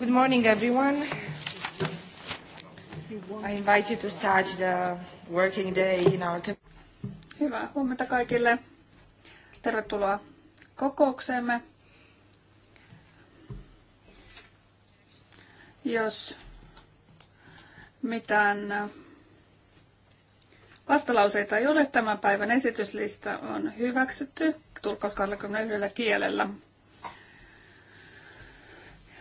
Good morning, everyone. I invite you to start the working day in our Hyvää huomenta kaikille. Tervetuloa kokoukseemme. Jos mitään vastalauseita ei ole, tämän päivän esityslista on hyväksytty tulkkaus 21 kielellä.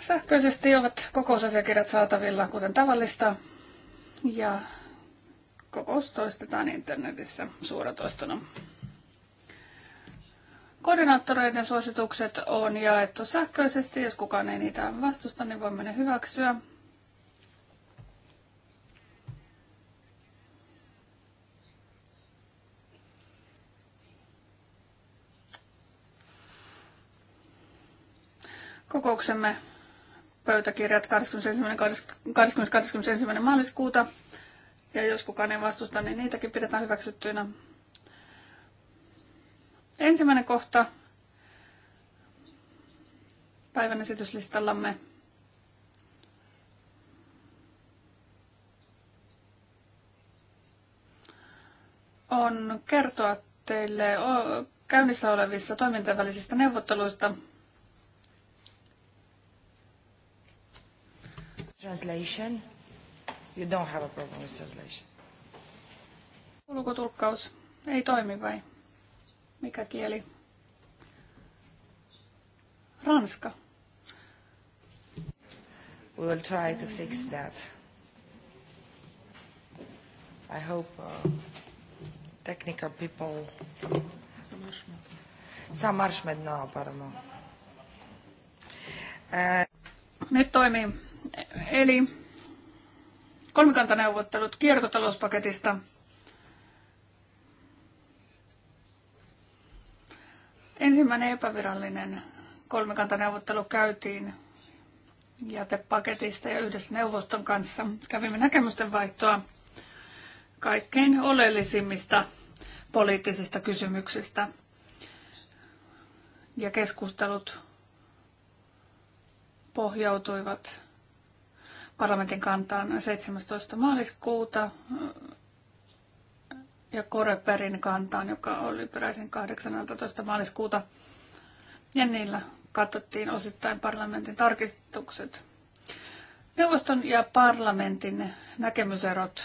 Sähköisesti ovat kokousasiakirjat saatavilla, kuten tavallista, ja kokous toistetaan internetissä suoratoistona. Koordinaattoreiden suositukset on jaettu sähköisesti. Jos kukaan ei niitä vastusta, niin voimme ne hyväksyä. Kokouksemme pöytäkirjat 21. maaliskuuta. Ja jos kukaan ei vastusta, niin niitäkin pidetään hyväksyttyinä. Ensimmäinen kohta päivän esityslistallamme on kertoa teille käynnissä olevissa toimintavälisistä neuvotteluista – Translation? You don't have a problem with translation. Ulkotulkkaus ei toimi vai? Mikä kieli? Ranska. We will try to fix that. I hope uh, technical people... Sam Marshmed, no, uh, Nyt toimii. Eli kolmikantaneuvottelut kiertotalouspaketista. Ensimmäinen epävirallinen kolmikantaneuvottelu käytiin jätepaketista ja yhdessä neuvoston kanssa kävimme näkemysten vaihtoa kaikkein oleellisimmista poliittisista kysymyksistä. Ja keskustelut pohjautuivat parlamentin kantaan 17. maaliskuuta ja Koreperin kantaan, joka oli peräisin 18. maaliskuuta. Ja niillä katsottiin osittain parlamentin tarkistukset. Neuvoston ja parlamentin näkemyserot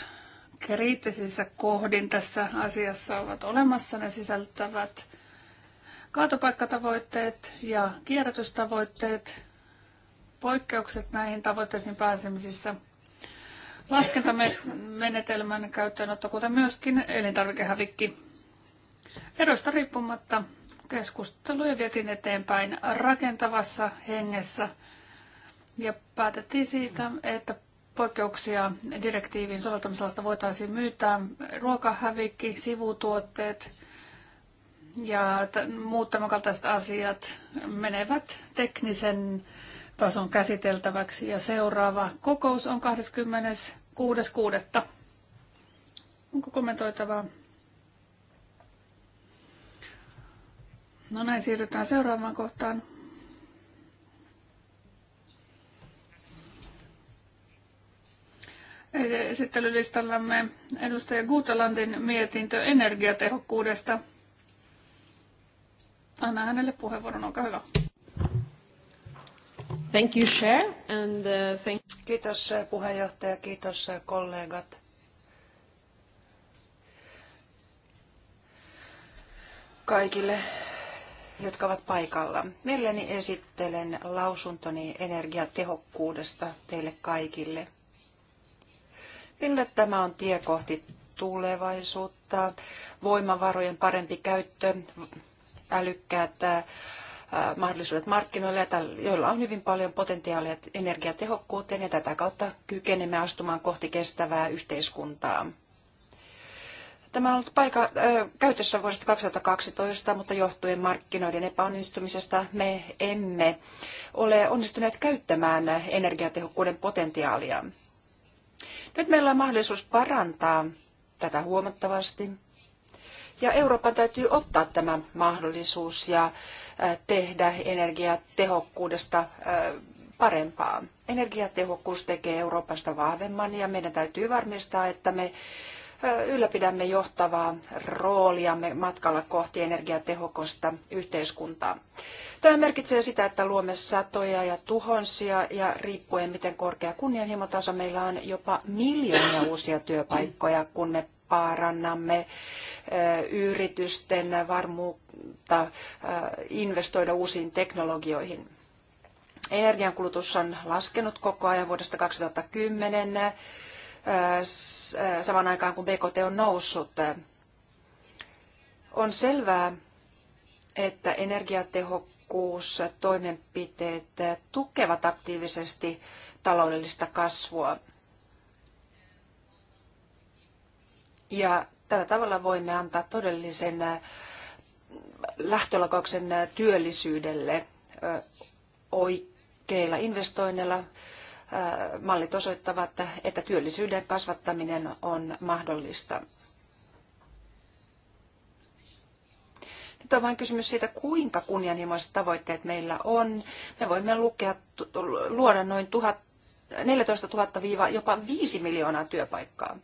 kriittisissä kohdin tässä asiassa ovat olemassa. Ne sisältävät kaatopaikkatavoitteet ja kierrätystavoitteet, poikkeukset näihin tavoitteisiin pääsemisissä. Laskentamenetelmän käyttöönotto, kuten myöskin elintarvikehävikki. Erosta riippumatta keskusteluja vietiin eteenpäin rakentavassa hengessä ja päätettiin siitä, että poikkeuksia direktiivin soveltamisalasta voitaisiin myytää ruokahävikki, sivutuotteet ja muut tämänkaltaiset asiat menevät teknisen tason käsiteltäväksi ja seuraava kokous on 26.6. Onko kommentoitavaa? No näin siirrytään seuraavaan kohtaan. Esittelylistallamme edustaja Guutelandin mietintö energiatehokkuudesta. Anna hänelle puheenvuoron, olkaa hyvä. Thank you, Chair, and uh, thank... Kiitos uh, puheenjohtaja, kiitos uh, kollegat. Kaikille, jotka ovat paikalla. Mielelläni esittelen lausuntoni energiatehokkuudesta teille kaikille. Minulle tämä on tie kohti tulevaisuutta, voimavarojen parempi käyttö, älykkäät mahdollisuudet markkinoille, joilla on hyvin paljon potentiaalia energiatehokkuuteen ja tätä kautta kykenemme astumaan kohti kestävää yhteiskuntaa. Tämä on ollut paikka, käytössä vuodesta 2012, mutta johtuen markkinoiden epäonnistumisesta me emme ole onnistuneet käyttämään energiatehokkuuden potentiaalia. Nyt meillä on mahdollisuus parantaa tätä huomattavasti. Ja Euroopan täytyy ottaa tämä mahdollisuus ja tehdä energiatehokkuudesta parempaa. Energiatehokkuus tekee Euroopasta vahvemman ja meidän täytyy varmistaa, että me ylläpidämme johtavaa rooliamme matkalla kohti energiatehokosta yhteiskuntaa. Tämä merkitsee sitä, että luomme satoja ja tuhansia ja riippuen miten korkea kunnianhimotaso meillä on jopa miljoonia uusia työpaikkoja, kun me parannamme Eh, yritysten varmuutta eh, investoida uusiin teknologioihin. Energiankulutus on laskenut koko ajan vuodesta 2010 eh, samaan aikaan kun BKT on noussut. On selvää, että energiatehokkuus toimenpiteet tukevat aktiivisesti taloudellista kasvua. Ja Tällä tavalla voimme antaa todellisen äh, lähtölakauksen äh, työllisyydelle oikeilla investoinneilla. Äh, mallit osoittavat, että työllisyyden kasvattaminen on mahdollista. Nyt on vain kysymys siitä, kuinka kunnianhimoiset tavoitteet meillä on. Me voimme lukea, luoda noin 14 000 jopa 5 miljoonaa työpaikkaa.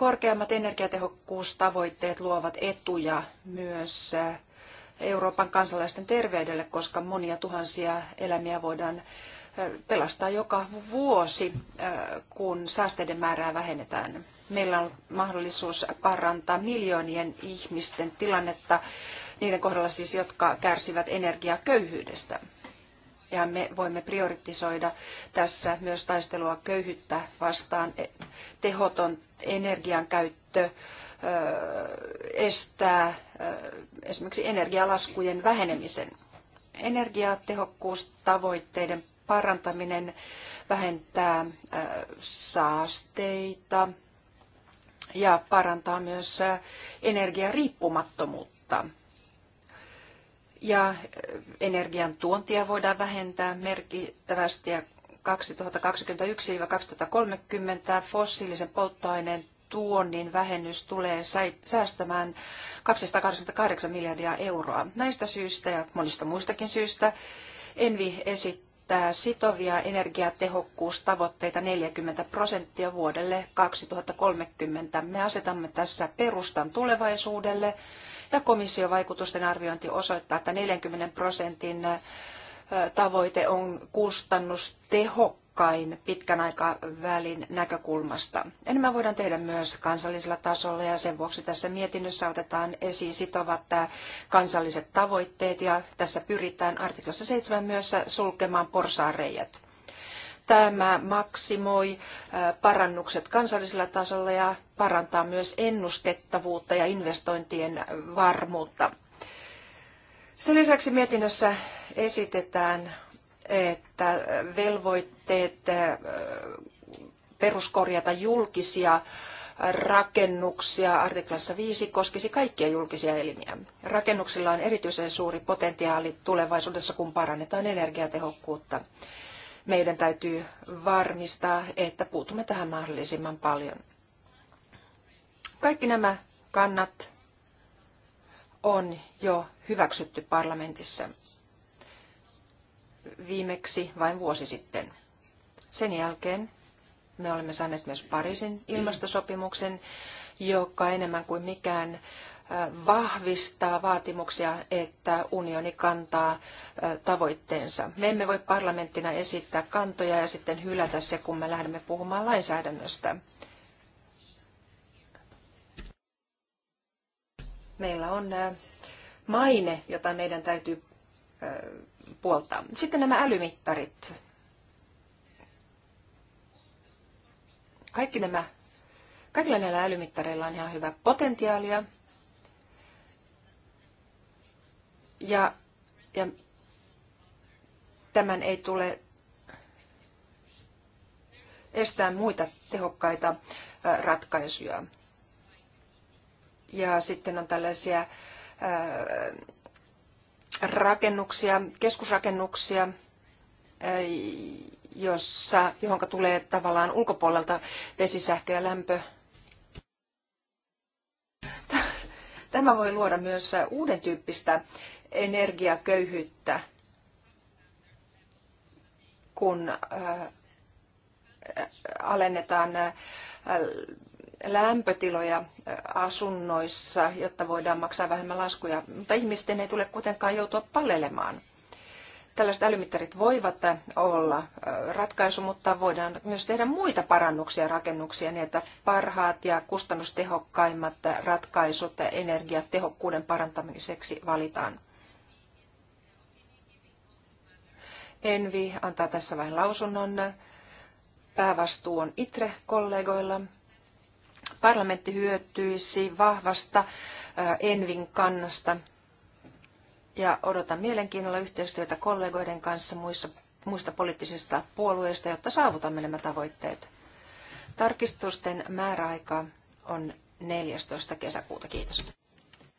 Korkeammat energiatehokkuustavoitteet luovat etuja myös eh, Euroopan kansalaisten terveydelle, koska monia tuhansia elämiä voidaan eh, pelastaa joka vuosi, eh, kun saasteiden määrää vähennetään. Meillä on mahdollisuus parantaa miljoonien ihmisten tilannetta, niiden kohdalla siis, jotka kärsivät energiaköyhyydestä ja me voimme prioritisoida tässä myös taistelua köyhyyttä vastaan. Tehoton energian käyttö estää esimerkiksi energialaskujen vähenemisen. Energiatehokkuustavoitteiden parantaminen vähentää saasteita ja parantaa myös energiariippumattomuutta ja eh, energian tuontia voidaan vähentää merkittävästi ja 2021-2030 fossiilisen polttoaineen tuonnin vähennys tulee säästämään 288 miljardia euroa. Näistä syistä ja monista muistakin syistä Envi esittää sitovia energiatehokkuustavoitteita 40 prosenttia vuodelle 2030. Me asetamme tässä perustan tulevaisuudelle ja komission vaikutusten arviointi osoittaa, että 40 prosentin tavoite on kustannustehokkain pitkän aikavälin näkökulmasta. Enemmän voidaan tehdä myös kansallisella tasolla ja sen vuoksi tässä mietinnössä otetaan esiin sitovat kansalliset tavoitteet ja tässä pyritään artiklassa 7 myös sulkemaan porsaanreijät tämä maksimoi parannukset kansallisella tasolla ja parantaa myös ennustettavuutta ja investointien varmuutta. Sen lisäksi mietinnössä esitetään, että velvoitteet peruskorjata julkisia rakennuksia artiklassa 5 koskisi kaikkia julkisia elimiä. Rakennuksilla on erityisen suuri potentiaali tulevaisuudessa, kun parannetaan energiatehokkuutta meidän täytyy varmistaa, että puutumme tähän mahdollisimman paljon. Kaikki nämä kannat on jo hyväksytty parlamentissa viimeksi vain vuosi sitten. Sen jälkeen me olemme saaneet myös Pariisin ilmastosopimuksen, joka enemmän kuin mikään vahvistaa vaatimuksia, että unioni kantaa tavoitteensa. Me emme voi parlamenttina esittää kantoja ja sitten hylätä se, kun me lähdemme puhumaan lainsäädännöstä. Meillä on maine, jota meidän täytyy puoltaa. Sitten nämä älymittarit. Kaikki nämä, kaikilla näillä älymittareilla on ihan hyvä potentiaalia, Ja, ja tämän ei tule estää muita tehokkaita ratkaisuja. Ja sitten on tällaisia rakennuksia, keskusrakennuksia, jossa, johon tulee tavallaan ulkopuolelta vesisähkö ja lämpö. Tämä voi luoda myös uuden tyyppistä energiaköyhyyttä, kun äh, alennetaan äh, lämpötiloja äh, asunnoissa, jotta voidaan maksaa vähemmän laskuja, mutta ihmisten ei tule kuitenkaan joutua palelemaan. Tällaiset älymittarit voivat olla ratkaisu, mutta voidaan myös tehdä muita parannuksia rakennuksia niin, että parhaat ja kustannustehokkaimmat ratkaisut energiatehokkuuden parantamiseksi valitaan. Envi antaa tässä vain lausunnon. Päävastuu on ITRE-kollegoilla. Parlamentti hyötyisi vahvasta Envin kannasta ja odotan mielenkiinnolla yhteistyötä kollegoiden kanssa muissa, muista poliittisista puolueista, jotta saavutamme nämä tavoitteet. Tarkistusten määräaika on 14. kesäkuuta. Kiitos.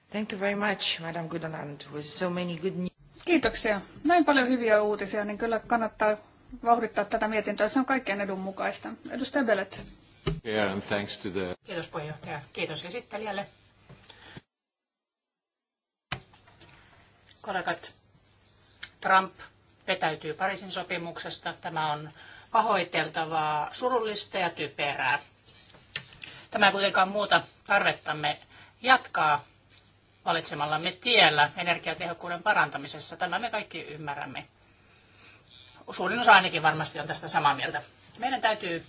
Thank you very much, Madam Goodland, with so many good news. Kiitoksia. Näin paljon hyviä uutisia, niin kyllä kannattaa vauhdittaa tätä mietintöä. Se on kaikkien edun mukaista. Edustaja Bellet. Yeah, to the... Kiitos puheenjohtaja. Kiitos esittelijälle. Kollegat, Trump vetäytyy Pariisin sopimuksesta. Tämä on pahoiteltavaa, surullista ja typerää. Tämä ei kuitenkaan muuta tarvettamme jatkaa valitsemallamme tiellä energiatehokkuuden parantamisessa. Tämä me kaikki ymmärrämme. Suurin osa ainakin varmasti on tästä samaa mieltä. Meidän täytyy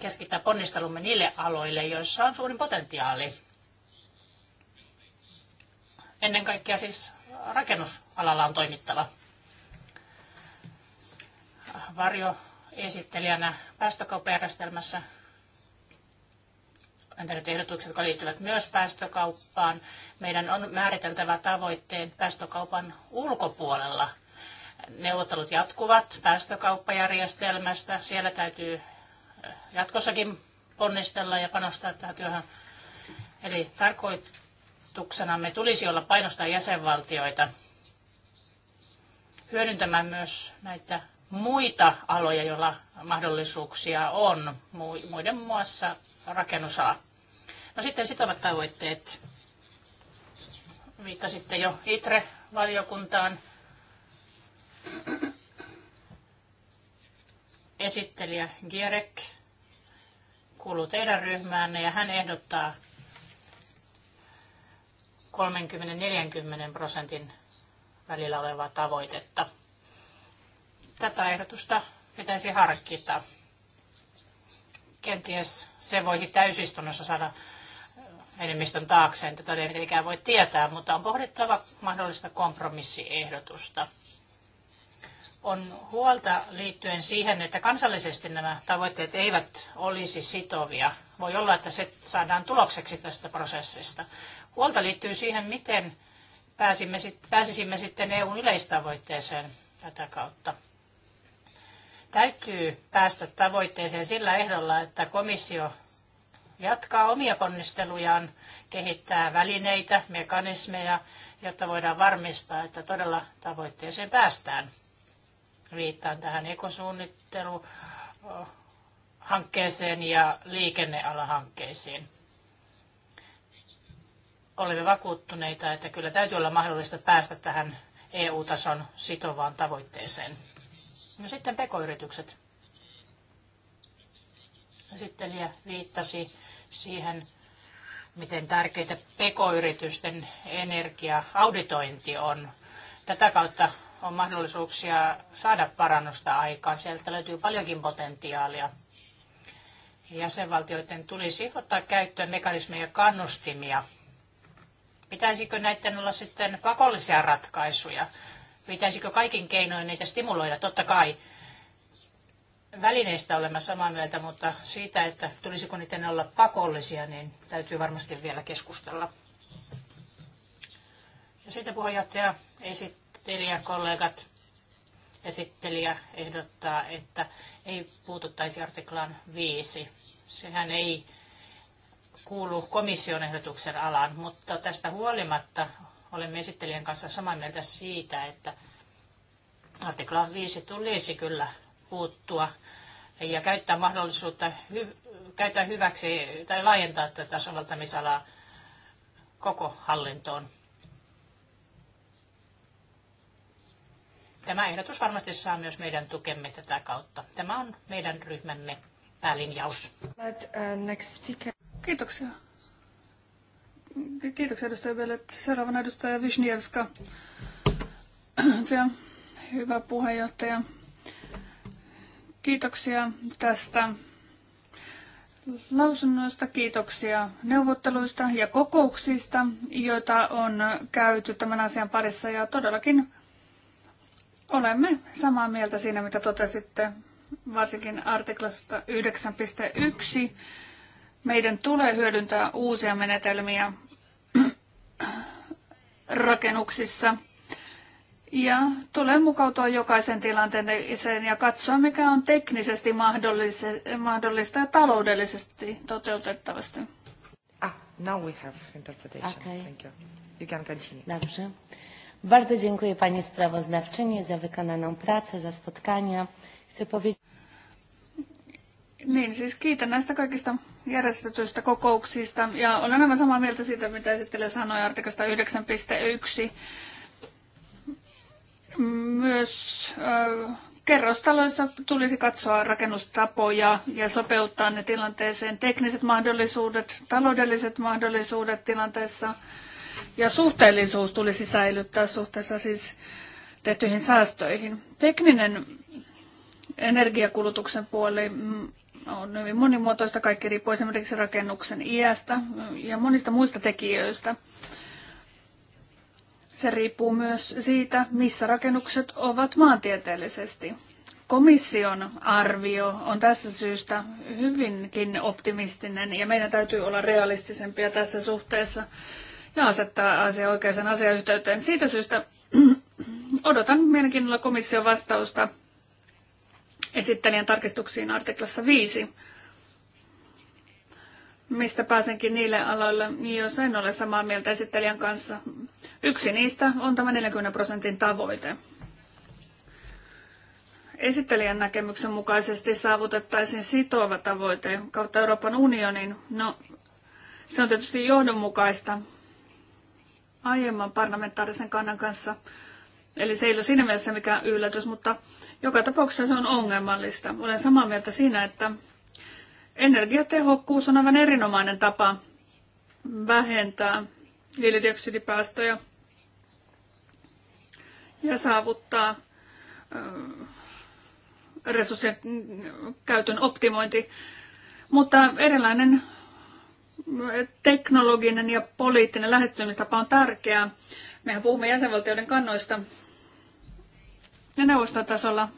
keskittää ponnistelumme niille aloille, joissa on suurin potentiaali. Ennen kaikkea siis rakennusalalla on toimittava. Varjo esittelijänä päästökauppajärjestelmässä antanut ehdotukset, jotka liittyvät myös päästökauppaan. Meidän on määriteltävä tavoitteen päästökaupan ulkopuolella. Neuvottelut jatkuvat päästökauppajärjestelmästä. Siellä täytyy eh, jatkossakin ponnistella ja panostaa tähän työhön. Eli tarkoituksenamme tulisi olla painostaa jäsenvaltioita hyödyntämään myös näitä muita aloja, joilla mahdollisuuksia on, muiden muassa rakennusala. No sitten sitovat tavoitteet. Viittasitte jo ITRE-valiokuntaan. Esittelijä Gierek kuuluu teidän ryhmäänne ja hän ehdottaa 30-40 prosentin välillä olevaa tavoitetta. Tätä ehdotusta pitäisi harkita. Kenties se voisi täysistunnossa saada enemmistön taakseen. Tätä ei mitenkään voi tietää, mutta on pohdittava mahdollista kompromissiehdotusta. On huolta liittyen siihen, että kansallisesti nämä tavoitteet eivät olisi sitovia. Voi olla, että se saadaan tulokseksi tästä prosessista. Huolta liittyy siihen, miten pääsimme, pääsisimme sitten EUn yleistavoitteeseen tätä kautta. Täytyy päästä tavoitteeseen sillä ehdolla, että komissio jatkaa omia ponnistelujaan, kehittää välineitä, mekanismeja, jotta voidaan varmistaa, että todella tavoitteeseen päästään. Viittaan tähän ekosuunnitteluhankkeeseen ja liikennealahankkeisiin. Olemme vakuuttuneita, että kyllä täytyy olla mahdollista päästä tähän EU-tason sitovaan tavoitteeseen. No sitten pekoyritykset. Lia viittasi siihen, miten tärkeitä pekoyritysten energiaauditointi on. Tätä kautta on mahdollisuuksia saada parannusta aikaan. Sieltä löytyy paljonkin potentiaalia. Jäsenvaltioiden tulisi ottaa käyttöön mekanismeja kannustimia. Pitäisikö näiden olla sitten pakollisia ratkaisuja? Pitäisikö kaikin keinoin niitä stimuloida? Totta kai välineistä olemme samaa mieltä, mutta siitä, että tulisiko niitä olla pakollisia, niin täytyy varmasti vielä keskustella. Ja sitten puheenjohtaja, esittelijä, kollegat, esittelijä ehdottaa, että ei puututtaisi artiklaan 5. Sehän ei kuulu komission ehdotuksen alaan, mutta tästä huolimatta Olemme esittelijän kanssa samaa mieltä siitä, että artiklaan 5 tulisi kyllä puuttua ja käyttää mahdollisuutta hy- käyttää hyväksi tai laajentaa tätä soveltamisalaa koko hallintoon. Tämä ehdotus varmasti saa myös meidän tukemme tätä kautta. Tämä on meidän ryhmämme päälinjaus. Uh, Kiitoksia. Kiitoksia edustaja Velet. Seuraavana edustaja Wisniewska. Hyvä puheenjohtaja. Kiitoksia tästä lausunnoista, kiitoksia neuvotteluista ja kokouksista, joita on käyty tämän asian parissa ja todellakin olemme samaa mieltä siinä, mitä totesitte, varsinkin artiklasta 9.1 meidän tulee hyödyntää uusia menetelmiä rakennuksissa ja tulee mukautua jokaisen tilanteeseen ja katsoa, mikä on teknisesti mahdollista ja taloudellisesti toteutettavasti. Ah, now we have interpretation. Okay. Thank you. You can continue. Dobrze. Bardzo dziękuję Pani sprawozdawczyni za wykonaną pracę, za spotkania. Chcę powiedzieć... Niin, siis kiitän näistä kaikista järjestetyistä kokouksista ja olen aivan samaa mieltä siitä, mitä esittelijä sanoi artikasta 9.1. Myös äh, kerrostaloissa tulisi katsoa rakennustapoja ja sopeuttaa ne tilanteeseen, tekniset mahdollisuudet, taloudelliset mahdollisuudet tilanteessa ja suhteellisuus tulisi säilyttää suhteessa siis tehtyihin säästöihin. Tekninen energiakulutuksen puoli mm, on hyvin monimuotoista. Kaikki riippuu esimerkiksi rakennuksen iästä ja monista muista tekijöistä. Se riippuu myös siitä, missä rakennukset ovat maantieteellisesti. Komission arvio on tässä syystä hyvinkin optimistinen ja meidän täytyy olla realistisempia tässä suhteessa ja asettaa asia oikeaan asiayhteyteen. Siitä syystä odotan mielenkiinnolla komission vastausta esittelijän tarkistuksiin artiklassa 5, mistä pääsenkin niille aloille, jos en ole samaa mieltä esittelijän kanssa. Yksi niistä on tämä 40 prosentin tavoite. Esittelijän näkemyksen mukaisesti saavutettaisiin sitova tavoite kautta Euroopan unionin. No, se on tietysti johdonmukaista aiemman parlamentaarisen kannan kanssa – Eli se ei ole siinä mielessä mikään yllätys, mutta joka tapauksessa se on ongelmallista. Olen samaa mieltä siinä, että energiatehokkuus on aivan erinomainen tapa vähentää hiilidioksidipäästöjä ja saavuttaa resurssien käytön optimointi. Mutta erilainen teknologinen ja poliittinen lähestymistapa on tärkeää Mehän puhumme jäsenvaltioiden kannoista ja neuvostotasolla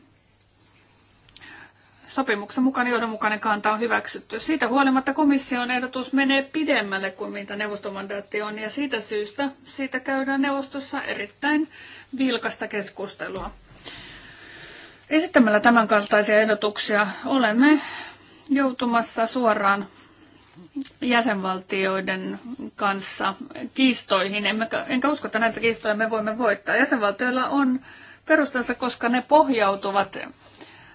sopimuksen mukaan johdonmukainen kanta on hyväksytty. Siitä huolimatta komission ehdotus menee pidemmälle kuin mitä neuvostomandaatti on, ja siitä syystä siitä käydään neuvostossa erittäin vilkasta keskustelua. Esittämällä tämänkaltaisia ehdotuksia olemme joutumassa suoraan jäsenvaltioiden kanssa kiistoihin. Emmekä, enkä usko, että näitä kiistoja me voimme voittaa. Jäsenvaltioilla on perustansa, koska ne pohjautuvat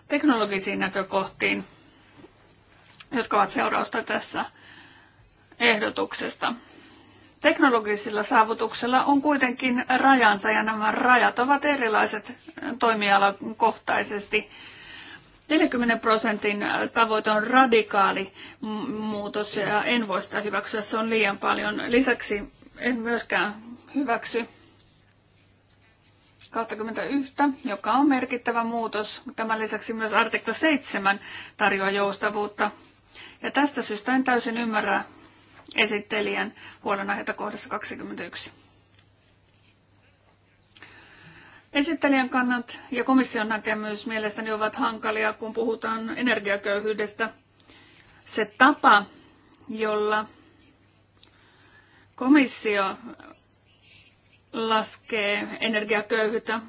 teknologisiin näkökohtiin, jotka ovat seurausta tässä ehdotuksesta. Teknologisilla saavutuksilla on kuitenkin rajansa ja nämä rajat ovat erilaiset toimialakohtaisesti. kohtaisesti 40 prosentin äh, tavoite on radikaali muutos ja en voi sitä hyväksyä, se on liian paljon. Lisäksi en myöskään hyväksy 21, joka on merkittävä muutos. Tämän lisäksi myös artikla 7 tarjoaa joustavuutta. Ja tästä syystä en täysin ymmärrä esittelijän huolenaiheita kohdassa 21. Esittelijän kannat ja komission näkemys mielestäni ovat hankalia, kun puhutaan energiaköyhyydestä. Se tapa, jolla komissio laskee energiaköyhyyttä,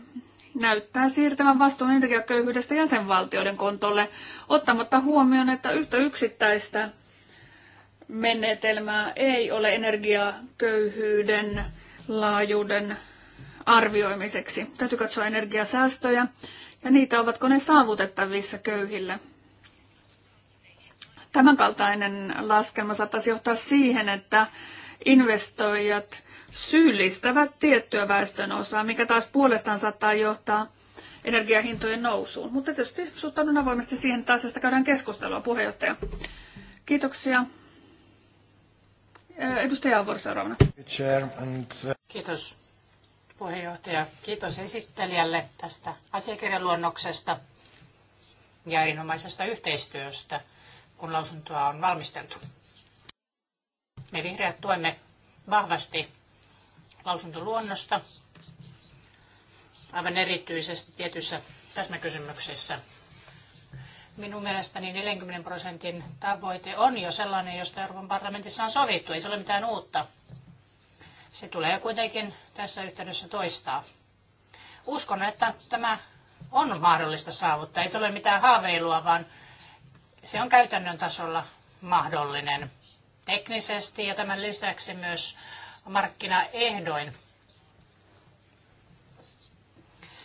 näyttää siirtävän vastuun energiaköyhyydestä jäsenvaltioiden kontolle, ottamatta huomioon, että yhtä yksittäistä menetelmää ei ole energiaköyhyyden laajuuden arvioimiseksi. Täytyy katsoa energiasäästöjä ja niitä, ovatko ne saavutettavissa köyhille. Tämänkaltainen laskelma saattaisi johtaa siihen, että investoijat syyllistävät tiettyä väestön osaa, mikä taas puolestaan saattaa johtaa energiahintojen nousuun. Mutta tietysti suhtaudun avoimesti siihen, että asiasta käydään keskustelua, puheenjohtaja. Kiitoksia. Edustaja Avor seuraavana. Uh, Kiitos puheenjohtaja. Kiitos esittelijälle tästä asiakirjaluonnoksesta ja erinomaisesta yhteistyöstä, kun lausuntoa on valmisteltu. Me vihreät tuemme vahvasti lausuntoluonnosta, aivan erityisesti tietyissä täsmäkysymyksissä. Minun mielestäni 40 prosentin tavoite on jo sellainen, josta Euroopan parlamentissa on sovittu. Ei se ole mitään uutta. Se tulee kuitenkin tässä yhteydessä toistaa. Uskon, että tämä on mahdollista saavuttaa. Ei se ole mitään haaveilua, vaan se on käytännön tasolla mahdollinen teknisesti ja tämän lisäksi myös markkinaehdoin.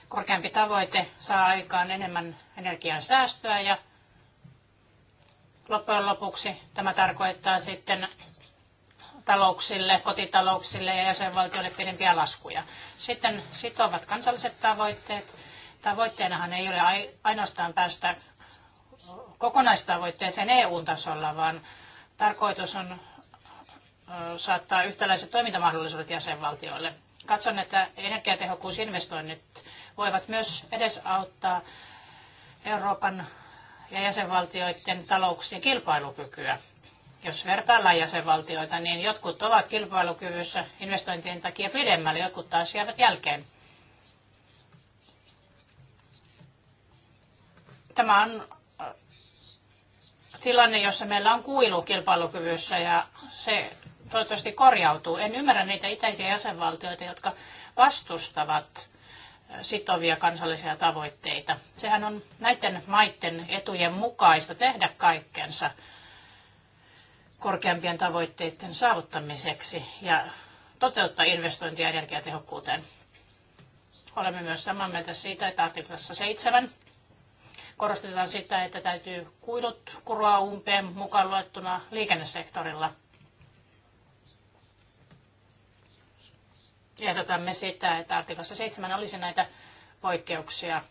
Korkeampi tavoite saa aikaan enemmän energian säästöä ja loppujen lopuksi tämä tarkoittaa sitten talouksille, kotitalouksille ja jäsenvaltioille pienempiä laskuja. Sitten sitovat kansalliset tavoitteet. Tavoitteenahan ei ole ainoastaan päästä kokonaistavoitteeseen EU-tasolla, vaan tarkoitus on saattaa yhtäläiset toimintamahdollisuudet jäsenvaltioille. Katson, että energiatehokkuusinvestoinnit voivat myös edesauttaa Euroopan ja jäsenvaltioiden talouksien kilpailukykyä. Jos vertaillaan jäsenvaltioita, niin jotkut ovat kilpailukyvyssä investointien takia pidemmälle, jotkut taas jäävät jälkeen. Tämä on äh, tilanne, jossa meillä on kuilu kilpailukyvyssä ja se toivottavasti korjautuu. En ymmärrä niitä itäisiä jäsenvaltioita, jotka vastustavat äh, sitovia kansallisia tavoitteita. Sehän on näiden maiden etujen mukaista tehdä kaikkensa korkeampien tavoitteiden saavuttamiseksi ja toteuttaa investointia energiatehokkuuteen. Olemme myös samaa mieltä siitä, että artiklassa 7 korostetaan sitä, että täytyy kuidut kuroa umpeen mukaan luettuna liikennesektorilla. Ehdotamme sitä, että artiklassa 7 olisi näitä poikkeuksia.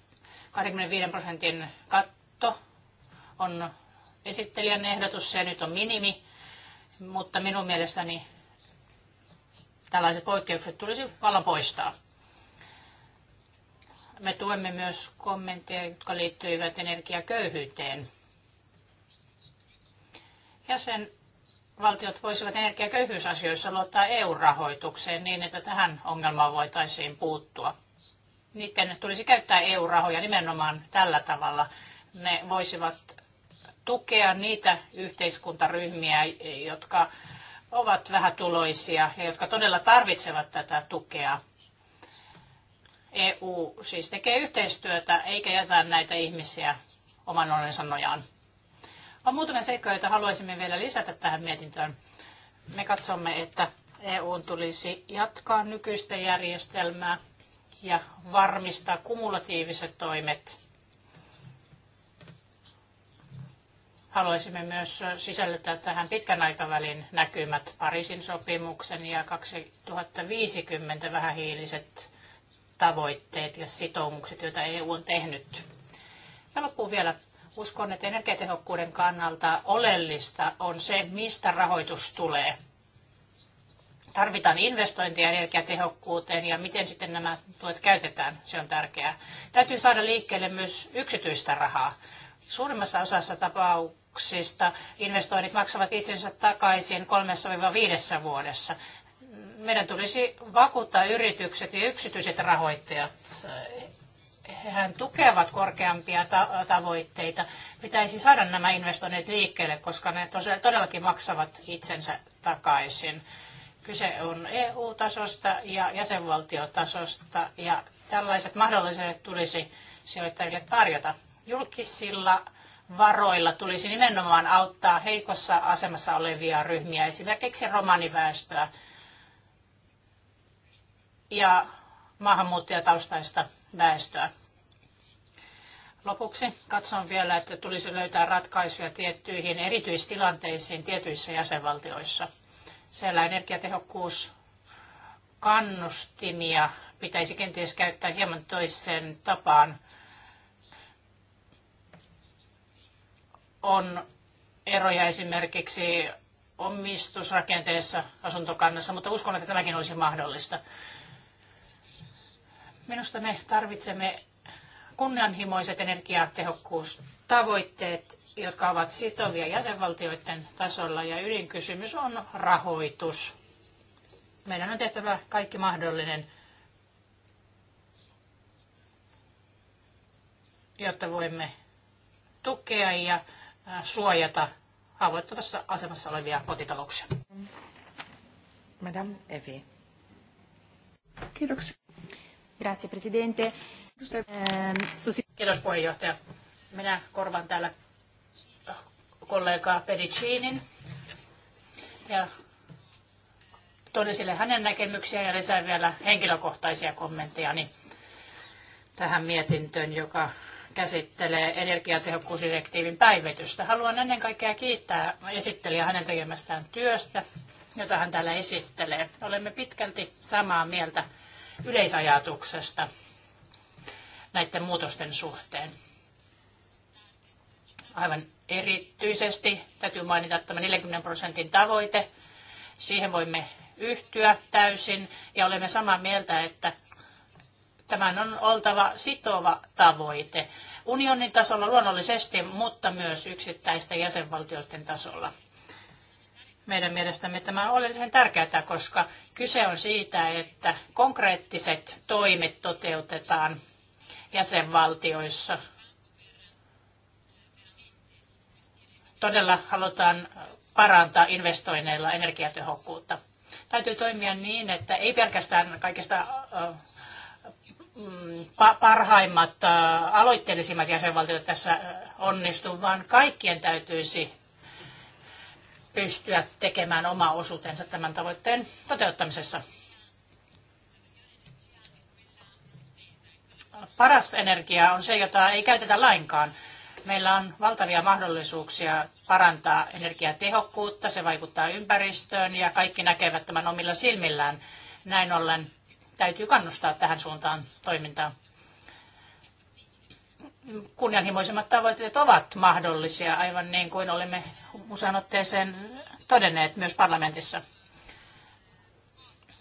25 prosentin katto on esittelijän ehdotus, se nyt on minimi mutta minun mielestäni tällaiset poikkeukset tulisi vallan poistaa. Me tuemme myös kommentteja, jotka liittyivät energiaköyhyyteen. valtiot voisivat energiaköyhyysasioissa luottaa EU-rahoitukseen niin, että tähän ongelmaan voitaisiin puuttua. Niiden tulisi käyttää EU-rahoja nimenomaan tällä tavalla. Ne voisivat tukea niitä yhteiskuntaryhmiä, jotka ovat vähätuloisia ja jotka todella tarvitsevat tätä tukea. EU siis tekee yhteistyötä eikä jätä näitä ihmisiä oman onnensa nojaan. On muutamia seikkoja, joita haluaisimme vielä lisätä tähän mietintöön. Me katsomme, että EU tulisi jatkaa nykyistä järjestelmää ja varmistaa kumulatiiviset toimet Haluaisimme myös sisällyttää tähän pitkän aikavälin näkymät Pariisin sopimuksen ja 2050 vähähiiliset tavoitteet ja sitoumukset, joita EU on tehnyt. Ja loppuun vielä uskon, että energiatehokkuuden kannalta oleellista on se, mistä rahoitus tulee. Tarvitaan investointia energiatehokkuuteen ja miten sitten nämä tuet käytetään, se on tärkeää. Täytyy saada liikkeelle myös yksityistä rahaa. Suurimmassa osassa tapauksessa sijoituksista investoinnit maksavat itsensä takaisin 3-5 vuodessa. Meidän tulisi vakuuttaa yritykset ja yksityiset rahoittajat. Hehän tukevat korkeampia tavoitteita. Pitäisi saada nämä investoinnit liikkeelle, koska ne todellakin maksavat itsensä takaisin. Kyse on EU-tasosta ja jäsenvaltiotasosta ja tällaiset mahdollisuudet tulisi sijoittajille tarjota. Julkisilla varoilla tulisi nimenomaan auttaa heikossa asemassa olevia ryhmiä, esimerkiksi romaniväestöä ja maahanmuuttajataustaista väestöä. Lopuksi katson vielä, että tulisi löytää ratkaisuja tiettyihin erityistilanteisiin tietyissä jäsenvaltioissa. Siellä energiatehokkuus kannustimia pitäisi kenties käyttää hieman toiseen tapaan on eroja esimerkiksi omistusrakenteessa asuntokannassa, mutta uskon, että tämäkin olisi mahdollista. Minusta me tarvitsemme kunnianhimoiset energiatehokkuustavoitteet, jotka ovat sitovia jäsenvaltioiden tasolla, ja ydinkysymys on rahoitus. Meidän on tehtävä kaikki mahdollinen, jotta voimme tukea ja suojata haavoittuvassa asemassa olevia kotitalouksia. Madame Evi. Kiitoksia. Grazie Presidente. Ehm, Kiitos puheenjohtaja. Minä korvan täällä kollega Pericinin ja tuon esille hänen näkemyksiä ja lisään vielä henkilökohtaisia kommentteja tähän mietintöön, joka käsittelee energiatehokkuusdirektiivin päivitystä. Haluan ennen kaikkea kiittää esittelijää hänen tekemästään työstä, jota hän täällä esittelee. Olemme pitkälti samaa mieltä yleisajatuksesta näiden muutosten suhteen. Aivan erityisesti täytyy mainita tämä 40 prosentin tavoite. Siihen voimme yhtyä täysin ja olemme samaa mieltä, että Tämän on oltava sitova tavoite unionin tasolla luonnollisesti, mutta myös yksittäisten jäsenvaltioiden tasolla. Meidän mielestämme tämä on oleellisen tärkeää, koska kyse on siitä, että konkreettiset toimet toteutetaan jäsenvaltioissa. Todella halutaan parantaa investoinneilla energiatehokkuutta. Täytyy toimia niin, että ei pelkästään kaikista Mm, parhaimmat, äh, aloitteellisimmat jäsenvaltiot tässä äh, onnistu, vaan kaikkien täytyisi pystyä tekemään oma osuutensa tämän tavoitteen toteuttamisessa. Paras energia on se, jota ei käytetä lainkaan. Meillä on valtavia mahdollisuuksia parantaa energiatehokkuutta, se vaikuttaa ympäristöön ja kaikki näkevät tämän omilla silmillään. Näin ollen täytyy kannustaa tähän suuntaan toimintaa. Kunnianhimoisemmat tavoitteet ovat mahdollisia, aivan niin kuin olemme usean otteeseen todenneet myös parlamentissa.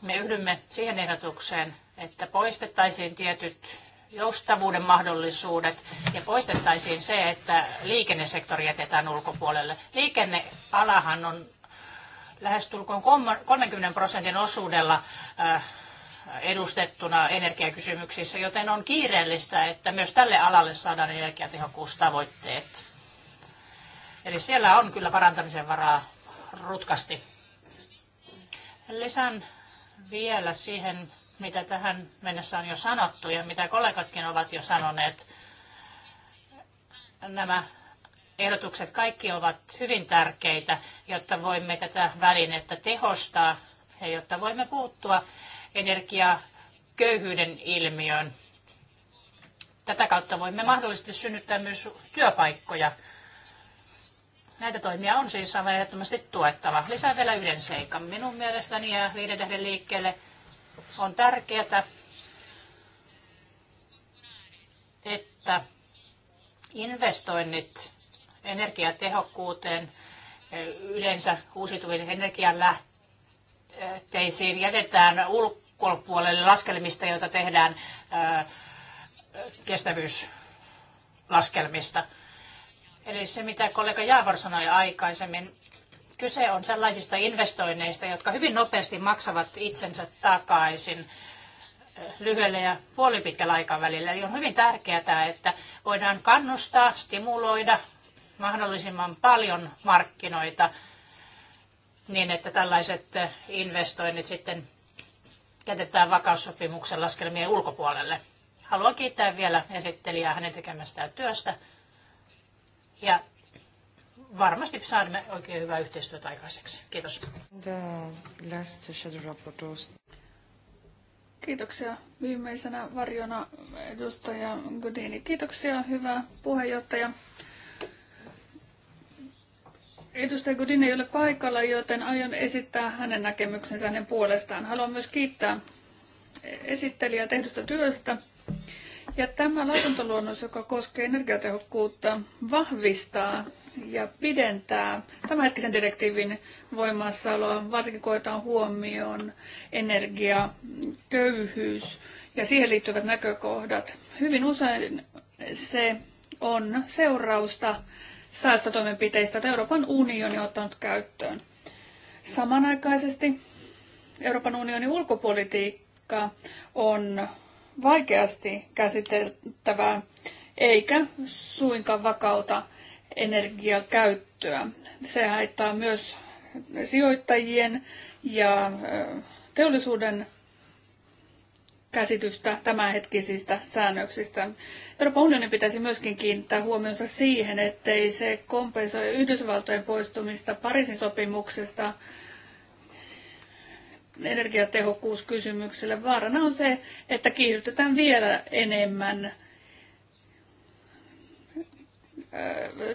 Me yhdymme siihen ehdotukseen, että poistettaisiin tietyt joustavuuden mahdollisuudet ja poistettaisiin se, että liikennesektori jätetään ulkopuolelle. Liikennealahan on lähestulkoon 30 prosentin osuudella äh, edustettuna energiakysymyksissä, joten on kiireellistä, että myös tälle alalle saadaan energiatehokkuustavoitteet. Eli siellä on kyllä parantamisen varaa rutkasti. Lisään vielä siihen, mitä tähän mennessä on jo sanottu ja mitä kollegatkin ovat jo sanoneet. Nämä ehdotukset kaikki ovat hyvin tärkeitä, jotta voimme tätä välinettä tehostaa ja jotta voimme puuttua energiaköyhyyden ilmiön. Tätä kautta voimme mahdollisesti synnyttää myös työpaikkoja. Näitä toimia on siis aivan ehdottomasti tuettava. Lisää vielä yhden seikan. Minun mielestäni ja viiden tähden liikkeelle on tärkeää, että investoinnit energiatehokkuuteen, yleensä uusiutuvien energianlähteisiin jätetään ulkoa ulkopuolelle laskelmista, joita tehdään kestävyyslaskelmista. Eli se, mitä kollega Jaavor sanoi aikaisemmin, kyse on sellaisista investoinneista, jotka hyvin nopeasti maksavat itsensä takaisin lyhyellä ja puolipitkällä aikavälillä. Eli on hyvin tärkeää, että voidaan kannustaa, stimuloida mahdollisimman paljon markkinoita niin, että tällaiset investoinnit sitten jätetään vakaussopimuksen laskelmien ulkopuolelle. Haluan kiittää vielä esittelijää hänen tekemästään työstä. Ja varmasti saamme oikein hyvää yhteistyötä aikaiseksi. Kiitos. Kiitoksia. Viimeisenä varjona edustaja Gudini. Kiitoksia, hyvä puheenjohtaja. Edustaja Godin ei ole paikalla, joten aion esittää hänen näkemyksensä hänen puolestaan. Haluan myös kiittää esittelijää tehdystä työstä. Ja tämä lausuntoluonnos, joka koskee energiatehokkuutta, vahvistaa ja pidentää tämänhetkisen direktiivin voimassaoloa, varsinkin koetaan huomioon energia, köyhyys ja siihen liittyvät näkökohdat. Hyvin usein se on seurausta säästötoimenpiteistä, joita Euroopan unioni on ottanut käyttöön. Samanaikaisesti Euroopan unionin ulkopolitiikka on vaikeasti käsiteltävää eikä suinkaan vakauta energiakäyttöä. Se haittaa myös sijoittajien ja teollisuuden käsitystä tämänhetkisistä säännöksistä. Euroopan unionin pitäisi myöskin kiinnittää huomionsa siihen, ettei se kompensoi Yhdysvaltojen poistumista Pariisin sopimuksesta energiatehokkuuskysymykselle. Vaarana on se, että kiihdytetään vielä enemmän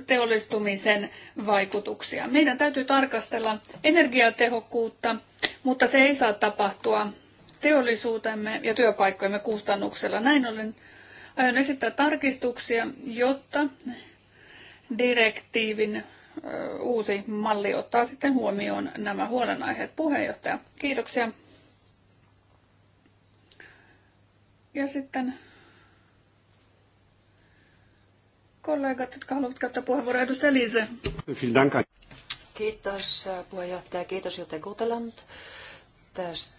teollistumisen vaikutuksia. Meidän täytyy tarkastella energiatehokkuutta, mutta se ei saa tapahtua teollisuutemme ja työpaikkojemme kustannuksella. Näin ollen aion esittää tarkistuksia, jotta direktiivin uusi malli ottaa sitten huomioon nämä huolenaiheet. Puheenjohtaja, kiitoksia. Ja sitten kollegat, jotka haluavat käyttää puheenvuoroa. Edustaja Lise. Kiitos äh, puheenjohtaja, kiitos Jute Guteland tästä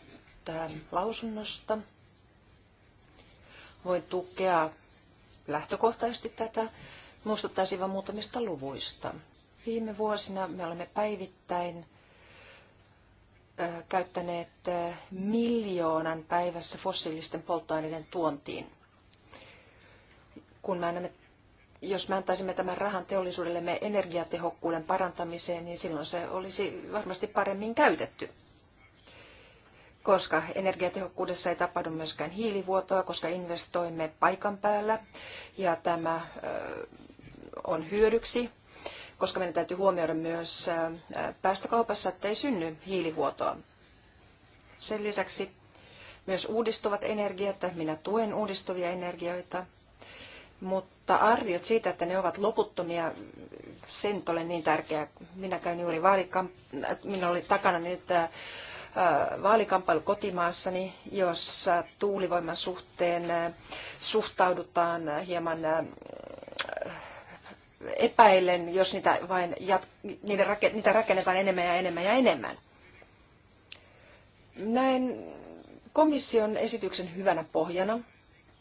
lausunnosta. Voin tukea lähtökohtaisesti tätä. Muistuttaisin vain muutamista luvuista. Viime vuosina me olemme päivittäin käyttäneet miljoonan päivässä fossiilisten polttoaineiden tuontiin. Kun mä annamme, jos me antaisimme tämän rahan teollisuudellemme energiatehokkuuden parantamiseen, niin silloin se olisi varmasti paremmin käytetty koska energiatehokkuudessa ei tapahdu myöskään hiilivuotoa, koska investoimme paikan päällä ja tämä on hyödyksi, koska meidän täytyy huomioida myös päästökaupassa, ettei synny hiilivuotoa. Sen lisäksi myös uudistuvat energiat, minä tuen uudistuvia energioita, mutta arviot siitä, että ne ovat loputtomia, se nyt ole niin tärkeää. Minä käyn juuri vaalikam... Äh, minä oli takana nyt äh, vaalikamppailu kotimaassani, jossa tuulivoiman suhteen suhtaudutaan hieman epäillen, jos niitä, vain jat- niitä rakennetaan enemmän ja enemmän ja enemmän. Näen komission esityksen hyvänä pohjana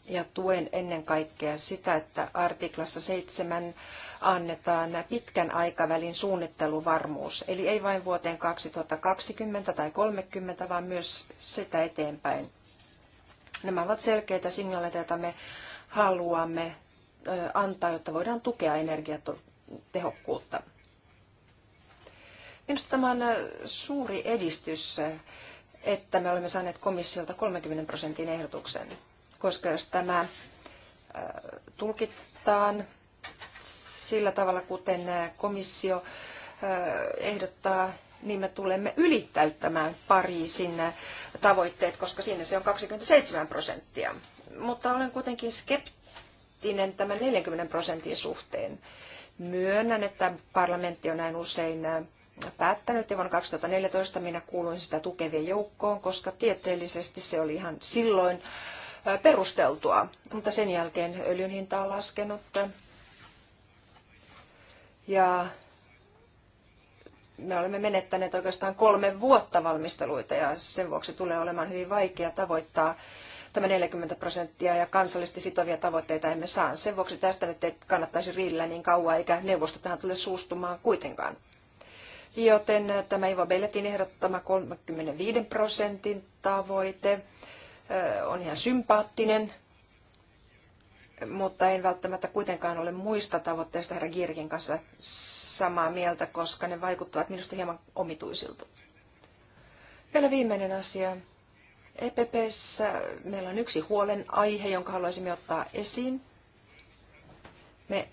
ja tuen ennen kaikkea sitä, että artiklassa 7 annetaan pitkän aikavälin suunnitteluvarmuus. Eli ei vain vuoteen 2020 tai 30, vaan myös sitä eteenpäin. Nämä ovat selkeitä signaaleja, joita me haluamme antaa, jotta voidaan tukea energiatehokkuutta. Minusta tämä on suuri edistys, että me olemme saaneet komissiolta 30 prosentin ehdotuksen koska jos tämä äh, tulkitaan sillä tavalla, kuten äh, komissio äh, ehdottaa, niin me tulemme ylittäyttämään Pariisin tavoitteet, koska siinä se on 27 prosenttia. Mutta olen kuitenkin skeptinen tämän 40 prosentin suhteen. Myönnän, että parlamentti on näin usein päättänyt ja vuonna 2014 minä kuuluin sitä tukevien joukkoon, koska tieteellisesti se oli ihan silloin äh, perusteltua, mutta sen jälkeen öljyn hinta on laskenut. Ja me olemme menettäneet oikeastaan kolme vuotta valmisteluita ja sen vuoksi tulee olemaan hyvin vaikea tavoittaa tämä 40 prosenttia ja kansallisesti sitovia tavoitteita emme saa. Sen vuoksi tästä nyt ei kannattaisi riidellä niin kauan eikä neuvosto tähän tule suustumaan kuitenkaan. Joten tämä Ivo Belletin ehdottama 35 prosentin tavoite on ihan sympaattinen, mutta en välttämättä kuitenkaan ole muista tavoitteista herra Girkin kanssa samaa mieltä, koska ne vaikuttavat minusta hieman omituisilta. Vielä viimeinen asia. EPPssä meillä on yksi huolenaihe, jonka haluaisimme ottaa esiin. Me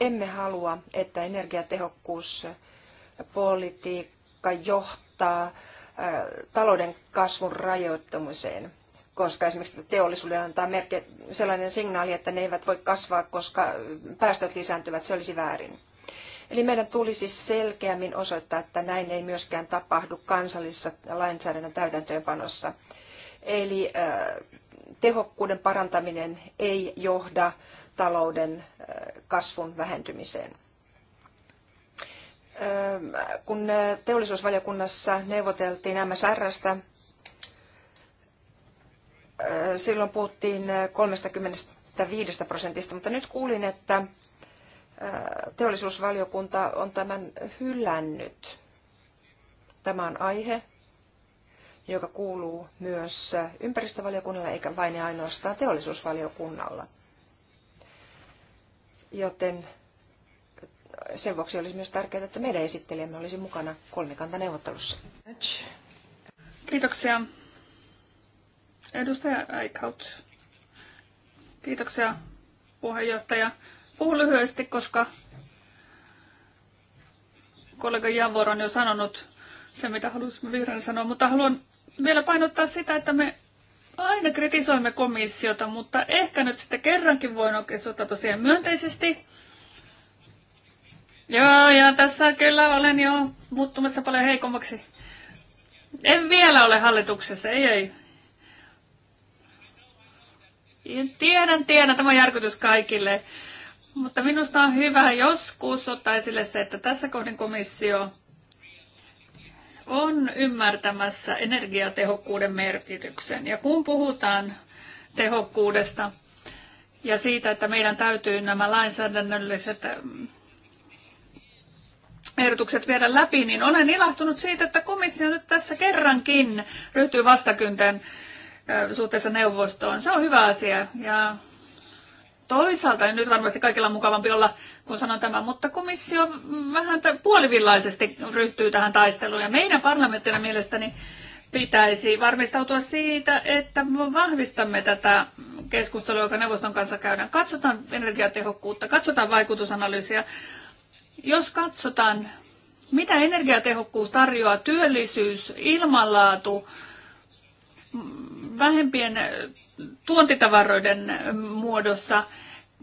emme halua, että energiatehokkuuspolitiikka johtaa talouden kasvun rajoittamiseen koska esimerkiksi teollisuudelle antaa merke, sellainen signaali, että ne eivät voi kasvaa, koska päästöt lisääntyvät, se olisi väärin. Eli meidän tulisi selkeämmin osoittaa, että näin ei myöskään tapahdu kansallisessa lainsäädännön täytäntöönpanossa. Eli äh, tehokkuuden parantaminen ei johda talouden äh, kasvun vähentymiseen. Ähm, kun äh, teollisuusvaliokunnassa neuvoteltiin MSRstä, silloin puhuttiin 35 prosentista, mutta nyt kuulin, että teollisuusvaliokunta on tämän hylännyt. Tämä on aihe, joka kuuluu myös ympäristövaliokunnalle eikä vain ja ainoastaan teollisuusvaliokunnalla. Joten sen vuoksi olisi myös tärkeää, että meidän esittelijämme olisi mukana kolmikantaneuvottelussa. Kiitoksia. Edustaja Eichhout. Kiitoksia puheenjohtaja. Puhun lyhyesti, koska kollega Javor on jo sanonut se, mitä halusimme vihreän sanoa, mutta haluan vielä painottaa sitä, että me aina kritisoimme komissiota, mutta ehkä nyt sitten kerrankin voin oikeastaan ottaa siihen myönteisesti. Joo, ja tässä kyllä olen jo muuttumassa paljon heikommaksi. En vielä ole hallituksessa, ei ei. Tiedän, tiedän, tämä on järkytys kaikille. Mutta minusta on hyvä joskus ottaa esille se, että tässä kohden komissio on ymmärtämässä energiatehokkuuden merkityksen. Ja kun puhutaan tehokkuudesta ja siitä, että meidän täytyy nämä lainsäädännölliset mm, ehdotukset viedä läpi, niin olen ilahtunut siitä, että komissio nyt tässä kerrankin ryhtyy vastakynteen suhteessa neuvostoon. Se on hyvä asia ja toisaalta nyt varmasti kaikilla on mukavampi olla, kun sanon tämän, mutta komissio vähän puolivillaisesti ryhtyy tähän taisteluun ja meidän parlamenttina mielestäni pitäisi varmistautua siitä, että vahvistamme tätä keskustelua, joka neuvoston kanssa käydään. Katsotaan energiatehokkuutta, katsotaan vaikutusanalyysiä. Jos katsotaan, mitä energiatehokkuus tarjoaa, työllisyys, ilmanlaatu, vähempien äh, tuontitavaroiden äh, muodossa.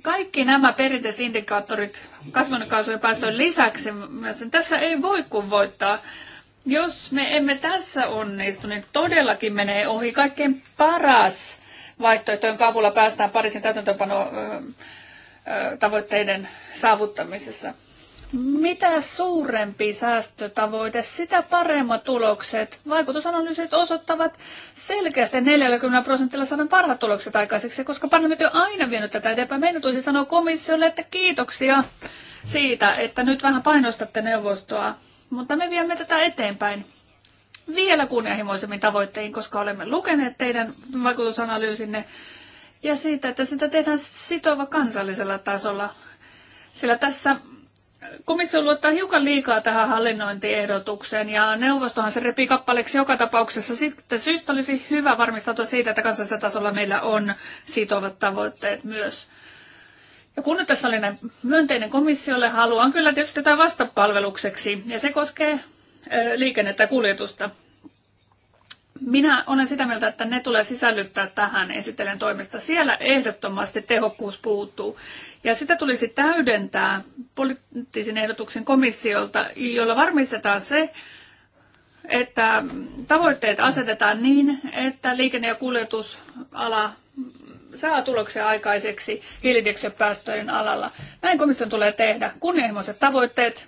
Kaikki nämä perinteiset indikaattorit kasvanekaasujen päästöjen lisäksi, tässä ei voi kuin voittaa. Jos me emme tässä onnistu, niin todellakin menee ohi kaikkein paras vaihtoehto, jonka avulla päästään Pariisin täytäntöönpano tavoitteiden saavuttamisessa. Mitä suurempi säästötavoite, sitä paremmat tulokset. Vaikutusanalyysit osoittavat selkeästi 40 prosentilla saadaan parhaat tulokset aikaiseksi, koska parlamentti on aina vienyt tätä eteenpäin. Meidän tulisi sanoa komissiolle, että kiitoksia siitä, että nyt vähän painostatte neuvostoa, mutta me viemme tätä eteenpäin vielä kunnianhimoisemmin tavoittein, koska olemme lukeneet teidän vaikutusanalyysinne ja siitä, että sitä tehdään sitova kansallisella tasolla. Sillä tässä komissio luottaa hiukan liikaa tähän hallinnointiehdotukseen ja neuvostohan se repii kappaleeksi joka tapauksessa. Sitten syystä olisi hyvä varmistautua siitä, että kansallisella tasolla meillä on sitovat tavoitteet myös. Ja kun nyt tässä oli näin myönteinen komissiolle, haluan kyllä tietysti tätä vastapalvelukseksi ja se koskee liikennettä ja kuljetusta. Minä olen sitä mieltä, että ne tulee sisällyttää tähän esittelen toimesta. Siellä ehdottomasti tehokkuus puuttuu. Ja sitä tulisi täydentää poliittisen ehdotuksen komissiolta, jolla varmistetaan se, että tavoitteet asetetaan niin, että liikenne- ja kuljetusala saa tuloksia aikaiseksi hiilidioksidipäästöjen alalla. Näin komission tulee tehdä kunnianhimoiset tavoitteet,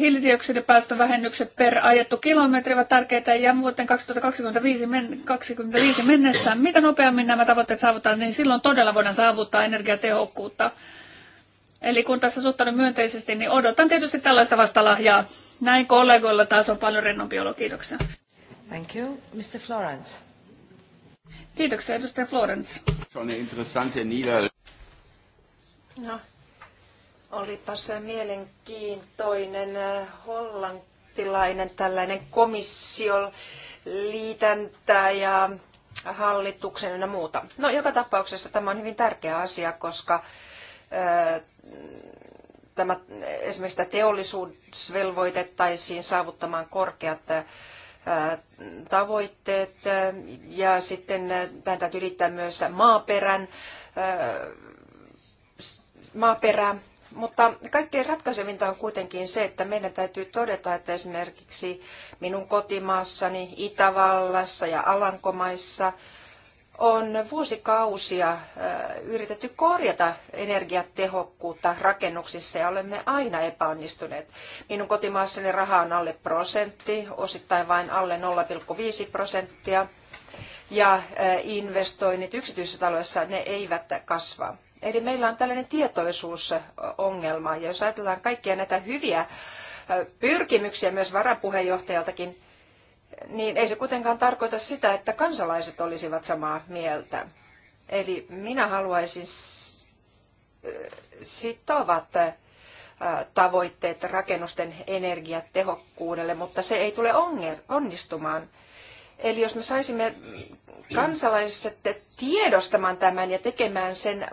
hiilidioksidipäästövähennykset per ajettu kilometri ovat tärkeitä ja vuoteen 2025 men- 25 mennessä, mitä nopeammin nämä tavoitteet saavutetaan, niin silloin todella voidaan saavuttaa energiatehokkuutta. Eli kun tässä suhtaudun myönteisesti, niin odotan tietysti tällaista vastalahjaa. Näin kollegoilla taas on paljon rennompi olo. Kiitoksia. Thank you. Mr. Florence. Kiitoksia, edustaja Florence. No, Olipas mielenkiintoinen äh, hollantilainen tällainen komissio ja hallituksen ynnä muuta. No joka tapauksessa tämä on hyvin tärkeä asia, koska ö, äh, tämä, esimerkiksi tämä teollisuus velvoitettaisiin saavuttamaan korkeat ö, äh, tavoitteet ja sitten tähän täytyy liittää myös maaperän, ö, maaperä mutta kaikkein ratkaisevinta on kuitenkin se, että meidän täytyy todeta, että esimerkiksi minun kotimaassani, Itävallassa ja Alankomaissa on vuosikausia yritetty korjata energiatehokkuutta rakennuksissa ja olemme aina epäonnistuneet. Minun kotimaassani raha on alle prosentti, osittain vain alle 0,5 prosenttia ja investoinnit yksityisissä taloissa ne eivät kasva. Eli meillä on tällainen tietoisuusongelma. Ja jos ajatellaan kaikkia näitä hyviä pyrkimyksiä myös varapuheenjohtajaltakin, niin ei se kuitenkaan tarkoita sitä, että kansalaiset olisivat samaa mieltä. Eli minä haluaisin sitovat tavoitteet rakennusten energiatehokkuudelle, mutta se ei tule onnistumaan. Eli jos me saisimme kansalaiset tiedostamaan tämän ja tekemään sen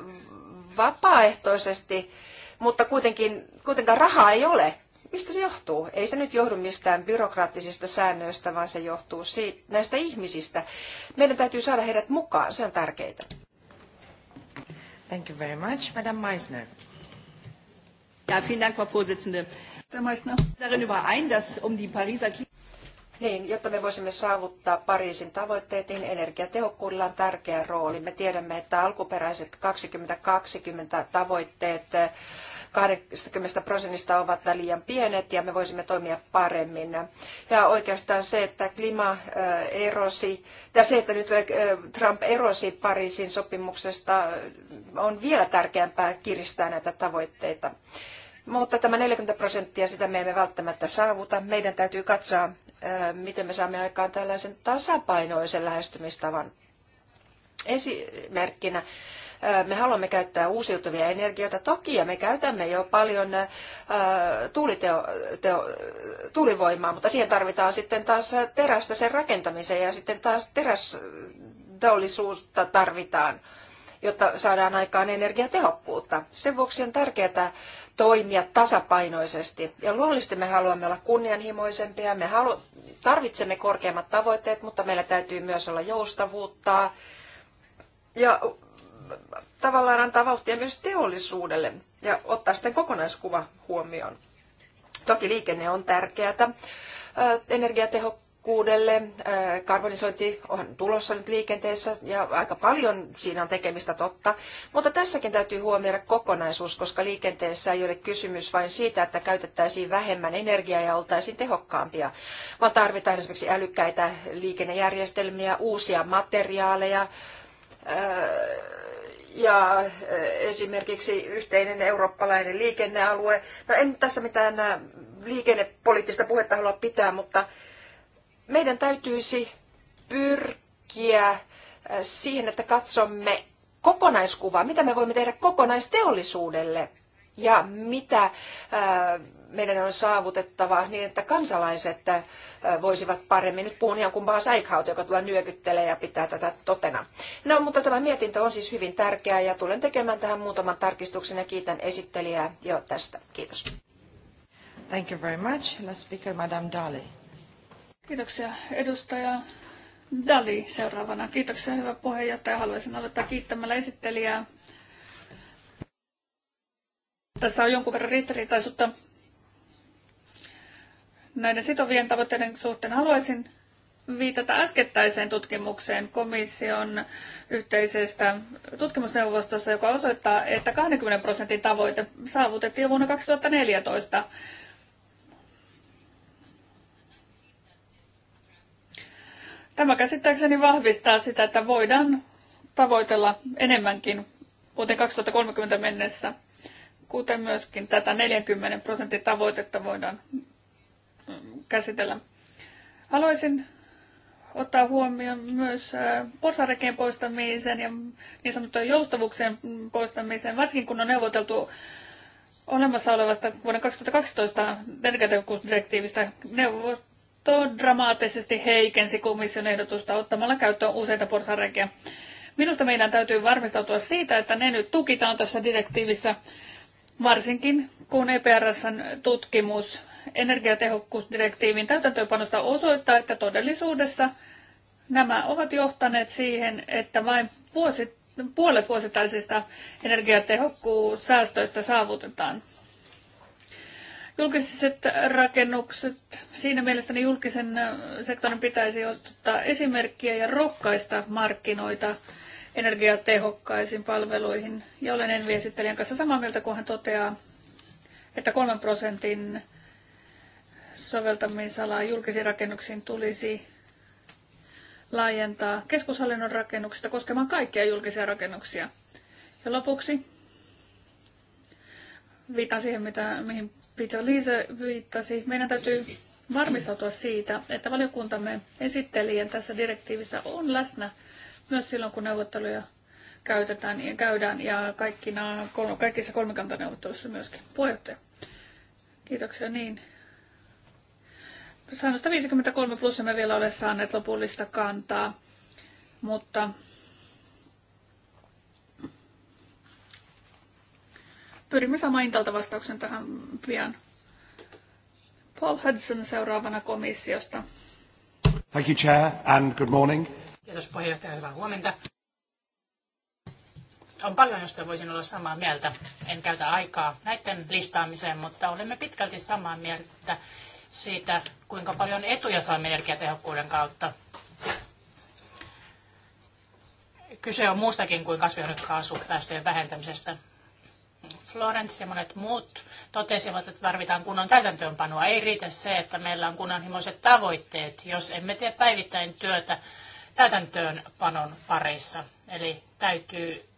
vapaaehtoisesti, mutta kuitenkin, kuitenkaan rahaa ei ole. Mistä se johtuu? Ei se nyt johdu mistään byrokraattisista säännöistä, vaan se johtuu siitä, näistä ihmisistä. Meidän täytyy saada heidät mukaan, se on tärkeää. Thank you very much, Meisner. Ja, vielen Dank, Frau Vorsitzende. Meisner. Darin überein, dass um die Pariser niin, jotta me voisimme saavuttaa Pariisin tavoitteet, niin energiatehokkuudella on tärkeä rooli. Me tiedämme, että alkuperäiset 2020 tavoitteet 80 eh, prosentista ovat liian pienet ja me voisimme toimia paremmin. Ja oikeastaan se, että klima eh, erosi, tai se, että nyt eh, Trump erosi Pariisin sopimuksesta, on vielä tärkeämpää kiristää näitä tavoitteita. Mutta tämä 40 prosenttia, sitä me emme välttämättä saavuta. Meidän täytyy katsoa, äh, miten me saamme aikaan tällaisen tasapainoisen lähestymistavan. Esimerkkinä äh, me haluamme käyttää uusiutuvia energioita. Toki ja me käytämme jo paljon ää, äh, tuuliteo, teo, tuulivoimaa, mutta siihen tarvitaan sitten taas terästä sen rakentamiseen ja sitten taas terästeollisuutta tarvitaan jotta saadaan aikaan energiatehokkuutta. Sen vuoksi on tärkeää toimia tasapainoisesti. Ja luonnollisesti me haluamme olla kunnianhimoisempia, me halu- tarvitsemme korkeammat tavoitteet, mutta meillä täytyy myös olla joustavuutta ja tavallaan antaa vauhtia myös teollisuudelle ja ottaa sitten kokonaiskuva huomioon. Toki liikenne on tärkeää, energiatehokkuus Kuudelle Karbonisointi on tulossa nyt liikenteessä ja aika paljon siinä on tekemistä totta. Mutta tässäkin täytyy huomioida kokonaisuus, koska liikenteessä ei ole kysymys vain siitä, että käytettäisiin vähemmän energiaa ja oltaisiin tehokkaampia, vaan tarvitaan esimerkiksi älykkäitä liikennejärjestelmiä, uusia materiaaleja, ja esimerkiksi yhteinen eurooppalainen liikennealue. No en tässä mitään liikennepoliittista puhetta halua pitää, mutta meidän täytyisi pyrkiä äh, siihen, että katsomme kokonaiskuvaa, mitä me voimme tehdä kokonaisteollisuudelle ja mitä äh, meidän on saavutettava niin, että kansalaiset äh, voisivat paremmin. Nyt puhun ihan kumpaa säikhaut, joka tulee nyökyttelee ja pitää tätä totena. No, mutta tämä mietintö on siis hyvin tärkeä ja tulen tekemään tähän muutaman tarkistuksen ja kiitän esittelijää jo tästä. Kiitos. Thank you very much. Last speaker, Madame Dali. Kiitoksia edustaja Dali seuraavana. Kiitoksia hyvä puheenjohtaja. Haluaisin aloittaa kiittämällä esittelijää. Tässä on jonkun verran ristiriitaisuutta näiden sitovien tavoitteiden suhteen. Haluaisin viitata äskettäiseen tutkimukseen komission yhteisestä tutkimusneuvostossa, joka osoittaa, että 20 prosentin tavoite saavutettiin jo vuonna 2014. Tämä käsittääkseni vahvistaa sitä, että voidaan tavoitella enemmänkin vuoteen 2030 mennessä, kuten myöskin tätä 40 prosentin tavoitetta voidaan mm, käsitellä. Haluaisin ottaa huomioon myös äh, porsarekeen poistamisen ja niin sanottujen joustavuuksien mm, poistamisen, varsinkin kun on neuvoteltu olemassa olevasta vuoden 2012 energiatehokkuusdirektiivistä. Neuvosto neuvosto dramaattisesti heikensi komission ehdotusta ottamalla käyttöön useita porsareikiä. Minusta meidän täytyy varmistautua siitä, että ne nyt tukitaan tässä direktiivissä, varsinkin kun EPRSn tutkimus energiatehokkuusdirektiivin täytäntöönpanosta osoittaa, että todellisuudessa nämä ovat johtaneet siihen, että vain vuosi, puolet vuosittaisista energiatehokkuussäästöistä saavutetaan. Julkiset rakennukset, siinä mielestäni julkisen sektorin pitäisi ottaa esimerkkiä ja rohkaista markkinoita energiatehokkaisiin palveluihin. Ja olen enviesittelijän kanssa samaa mieltä, kun hän toteaa, että kolmen prosentin soveltamisalaa julkisiin rakennuksiin tulisi laajentaa keskushallinnon rakennuksista koskemaan kaikkia julkisia rakennuksia. Ja lopuksi viitan siihen, mitä, mihin Peter Liese viittasi, meidän täytyy varmistautua siitä, että valiokuntamme esittelijän tässä direktiivissä on läsnä myös silloin, kun neuvotteluja käytetään ja käydään ja kaikkina, kaikissa kolmikantaneuvotteluissa myöskin. Puheenjohtaja. Kiitoksia niin. Säännöstä 53 plus emme vielä ole saaneet lopullista kantaa, mutta Pyrimme saamaan Intalta vastauksen tähän pian. Paul Hudson seuraavana komissiosta. Thank you, Chair, and good morning. Kiitos puheenjohtaja, hyvää huomenta. On paljon, josta voisin olla samaa mieltä. En käytä aikaa näiden listaamiseen, mutta olemme pitkälti samaa mieltä siitä, kuinka paljon etuja saamme energiatehokkuuden kautta. Kyse on muustakin kuin kasvihuonekaasupäästöjen vähentämisestä. Florence ja monet muut totesivat, että tarvitaan kunnon täytäntöönpanoa. Ei riitä se, että meillä on kunnanhimoiset tavoitteet, jos emme tee päivittäin työtä täytäntöönpanon parissa. Eli täytyy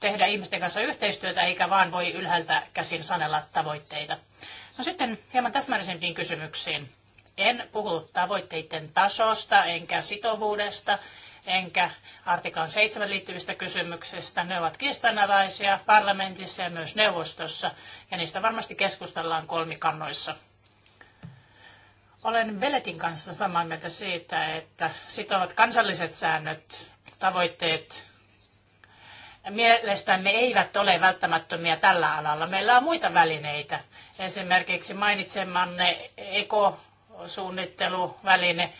tehdä ihmisten kanssa yhteistyötä, eikä vaan voi ylhäältä käsin sanella tavoitteita. No sitten hieman täsmällisempiin kysymyksiin. En puhu tavoitteiden tasosta enkä sitovuudesta enkä artiklan 7 liittyvistä kysymyksistä. Ne ovat kiistanalaisia parlamentissa ja myös neuvostossa, ja niistä varmasti keskustellaan kolmikannoissa. Olen Veletin kanssa samaa mieltä siitä, että sitovat kansalliset säännöt, tavoitteet mielestämme eivät ole välttämättömiä tällä alalla. Meillä on muita välineitä, esimerkiksi mainitsemanne ekosuunnitteluväline,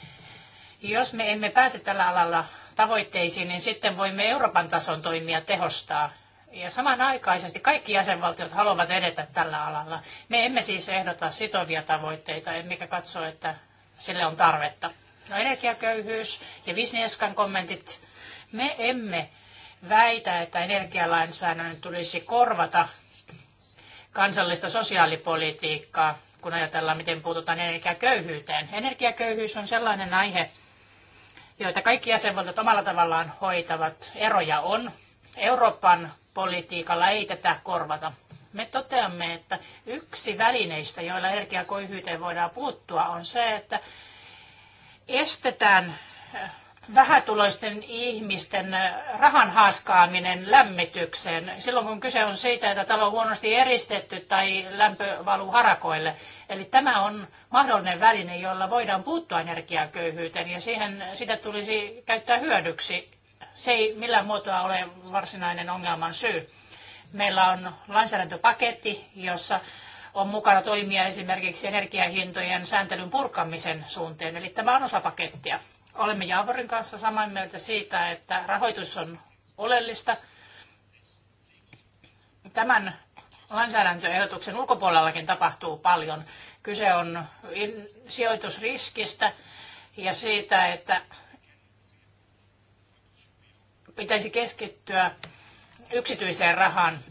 jos me emme pääse tällä alalla tavoitteisiin, niin sitten voimme Euroopan tason toimia tehostaa. Ja samanaikaisesti kaikki jäsenvaltiot haluavat edetä tällä alalla. Me emme siis ehdota sitovia tavoitteita, emmekä katso, että sille on tarvetta. No energiaköyhyys ja Visnieskan kommentit. Me emme väitä, että energialainsäädännön tulisi korvata kansallista sosiaalipolitiikkaa, kun ajatellaan, miten puututaan energiaköyhyyteen. Energiaköyhyys on sellainen aihe, joita kaikki jäsenvaltiot omalla tavallaan hoitavat. Eroja on. Euroopan politiikalla ei tätä korvata. Me toteamme, että yksi välineistä, joilla energiaköyhyyteen voidaan puuttua, on se, että estetään vähätuloisten ihmisten rahan haaskaaminen lämmitykseen. Silloin kun kyse on siitä, että talo on huonosti eristetty tai lämpö valuu harakoille. Eli tämä on mahdollinen väline, jolla voidaan puuttua energiaköyhyyteen ja siihen, sitä tulisi käyttää hyödyksi. Se ei millään muotoa ole varsinainen ongelman syy. Meillä on lainsäädäntöpaketti, jossa on mukana toimia esimerkiksi energiahintojen sääntelyn purkamisen suunteen, eli tämä on osa pakettia. Olemme Jaavorin kanssa samaa mieltä siitä, että rahoitus on oleellista. Tämän lainsäädäntöehdotuksen ulkopuolellakin tapahtuu paljon. Kyse on sijoitusriskistä ja siitä, että pitäisi keskittyä yksityiseen rahaan.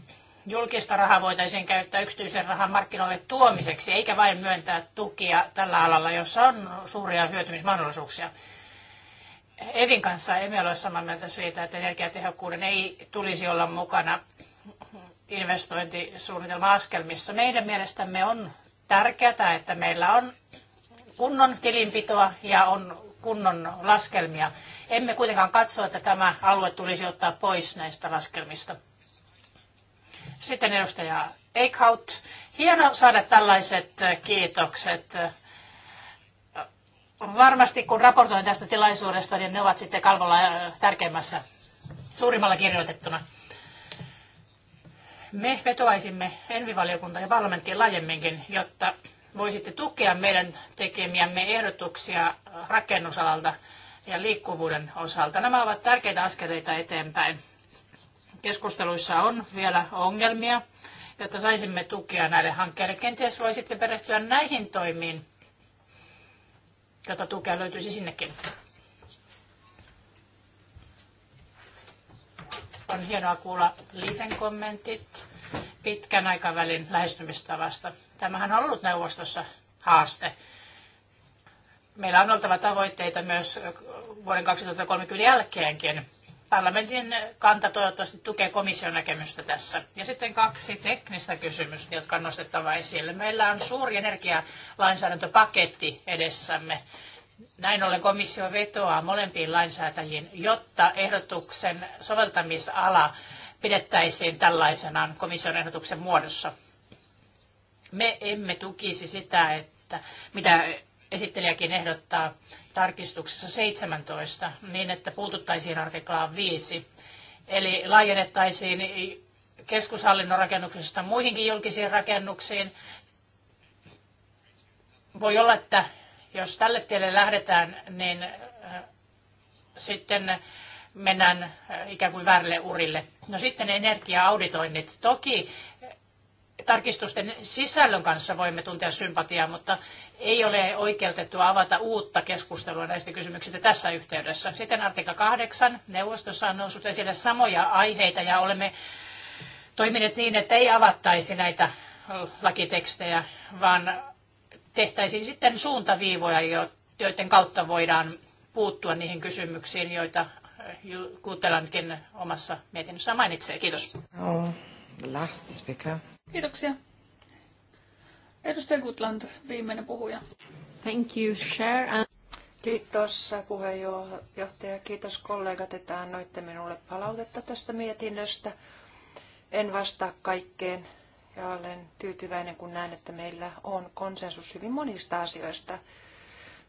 Julkista rahaa voitaisiin käyttää yksityisen rahan markkinoille tuomiseksi, eikä vain myöntää tukia tällä alalla, jossa on suuria hyötymismahdollisuuksia. Evin kanssa emme ole samaa mieltä siitä, että energiatehokkuuden ei tulisi olla mukana investointisuunnitelma-askelmissa. Meidän mielestämme on tärkeää, että meillä on kunnon tilinpitoa ja on kunnon laskelmia. Emme kuitenkaan katso, että tämä alue tulisi ottaa pois näistä laskelmista. Sitten edustaja Eichhout. Hieno saada tällaiset kiitokset varmasti kun raportoin tästä tilaisuudesta, niin ne ovat sitten kalvolla äh, tärkeimmässä, suurimmalla kirjoitettuna. Me vetoaisimme envivaliokunta ja parlamenttiin laajemminkin, jotta voisitte tukea meidän tekemiämme ehdotuksia rakennusalalta ja liikkuvuuden osalta. Nämä ovat tärkeitä askeleita eteenpäin. Keskusteluissa on vielä ongelmia, jotta saisimme tukea näille hankkeille. Kenties voisitte perehtyä näihin toimiin jota tukea löytyisi sinnekin. On hienoa kuulla Liisen kommentit pitkän aikavälin lähestymistavasta. Tämähän on ollut neuvostossa haaste. Meillä on oltava tavoitteita myös vuoden 2030 jälkeenkin parlamentin kanta toivottavasti tukee komission näkemystä tässä. Ja sitten kaksi teknistä kysymystä, jotka on nostettava esille. Meillä on suuri energialainsäädäntöpaketti edessämme. Näin ollen komissio vetoaa molempiin lainsäätäjiin, jotta ehdotuksen soveltamisala pidettäisiin tällaisenaan komission ehdotuksen muodossa. Me emme tukisi sitä, että mitä esittelijäkin ehdottaa tarkistuksessa 17 niin, että puututtaisiin artiklaan 5. Eli laajennettaisiin keskushallinnon rakennuksesta muihinkin julkisiin rakennuksiin. Voi olla, että jos tälle tielle lähdetään, niin äh, sitten mennään äh, ikään kuin väärille urille. No sitten energiaauditoinnit. Toki tarkistusten sisällön kanssa voimme tuntea sympatiaa, mutta ei ole oikeutettua avata uutta keskustelua näistä kysymyksistä tässä yhteydessä. Sitten artikla 8. Neuvostossa on noussut esille samoja aiheita ja olemme toimineet niin, että ei avattaisi näitä lakitekstejä, vaan tehtäisiin sitten suuntaviivoja, joiden kautta voidaan puuttua niihin kysymyksiin, joita Kuutelankin omassa mietinnössään mainitsee. Kiitos. Oh, last speaker. Kiitoksia. Edustaja Gutland, viimeinen puhuja. Thank you, Chair. Kiitos puheenjohtaja, kiitos kollegat, että annoitte minulle palautetta tästä mietinnöstä. En vastaa kaikkeen ja olen tyytyväinen, kun näen, että meillä on konsensus hyvin monista asioista.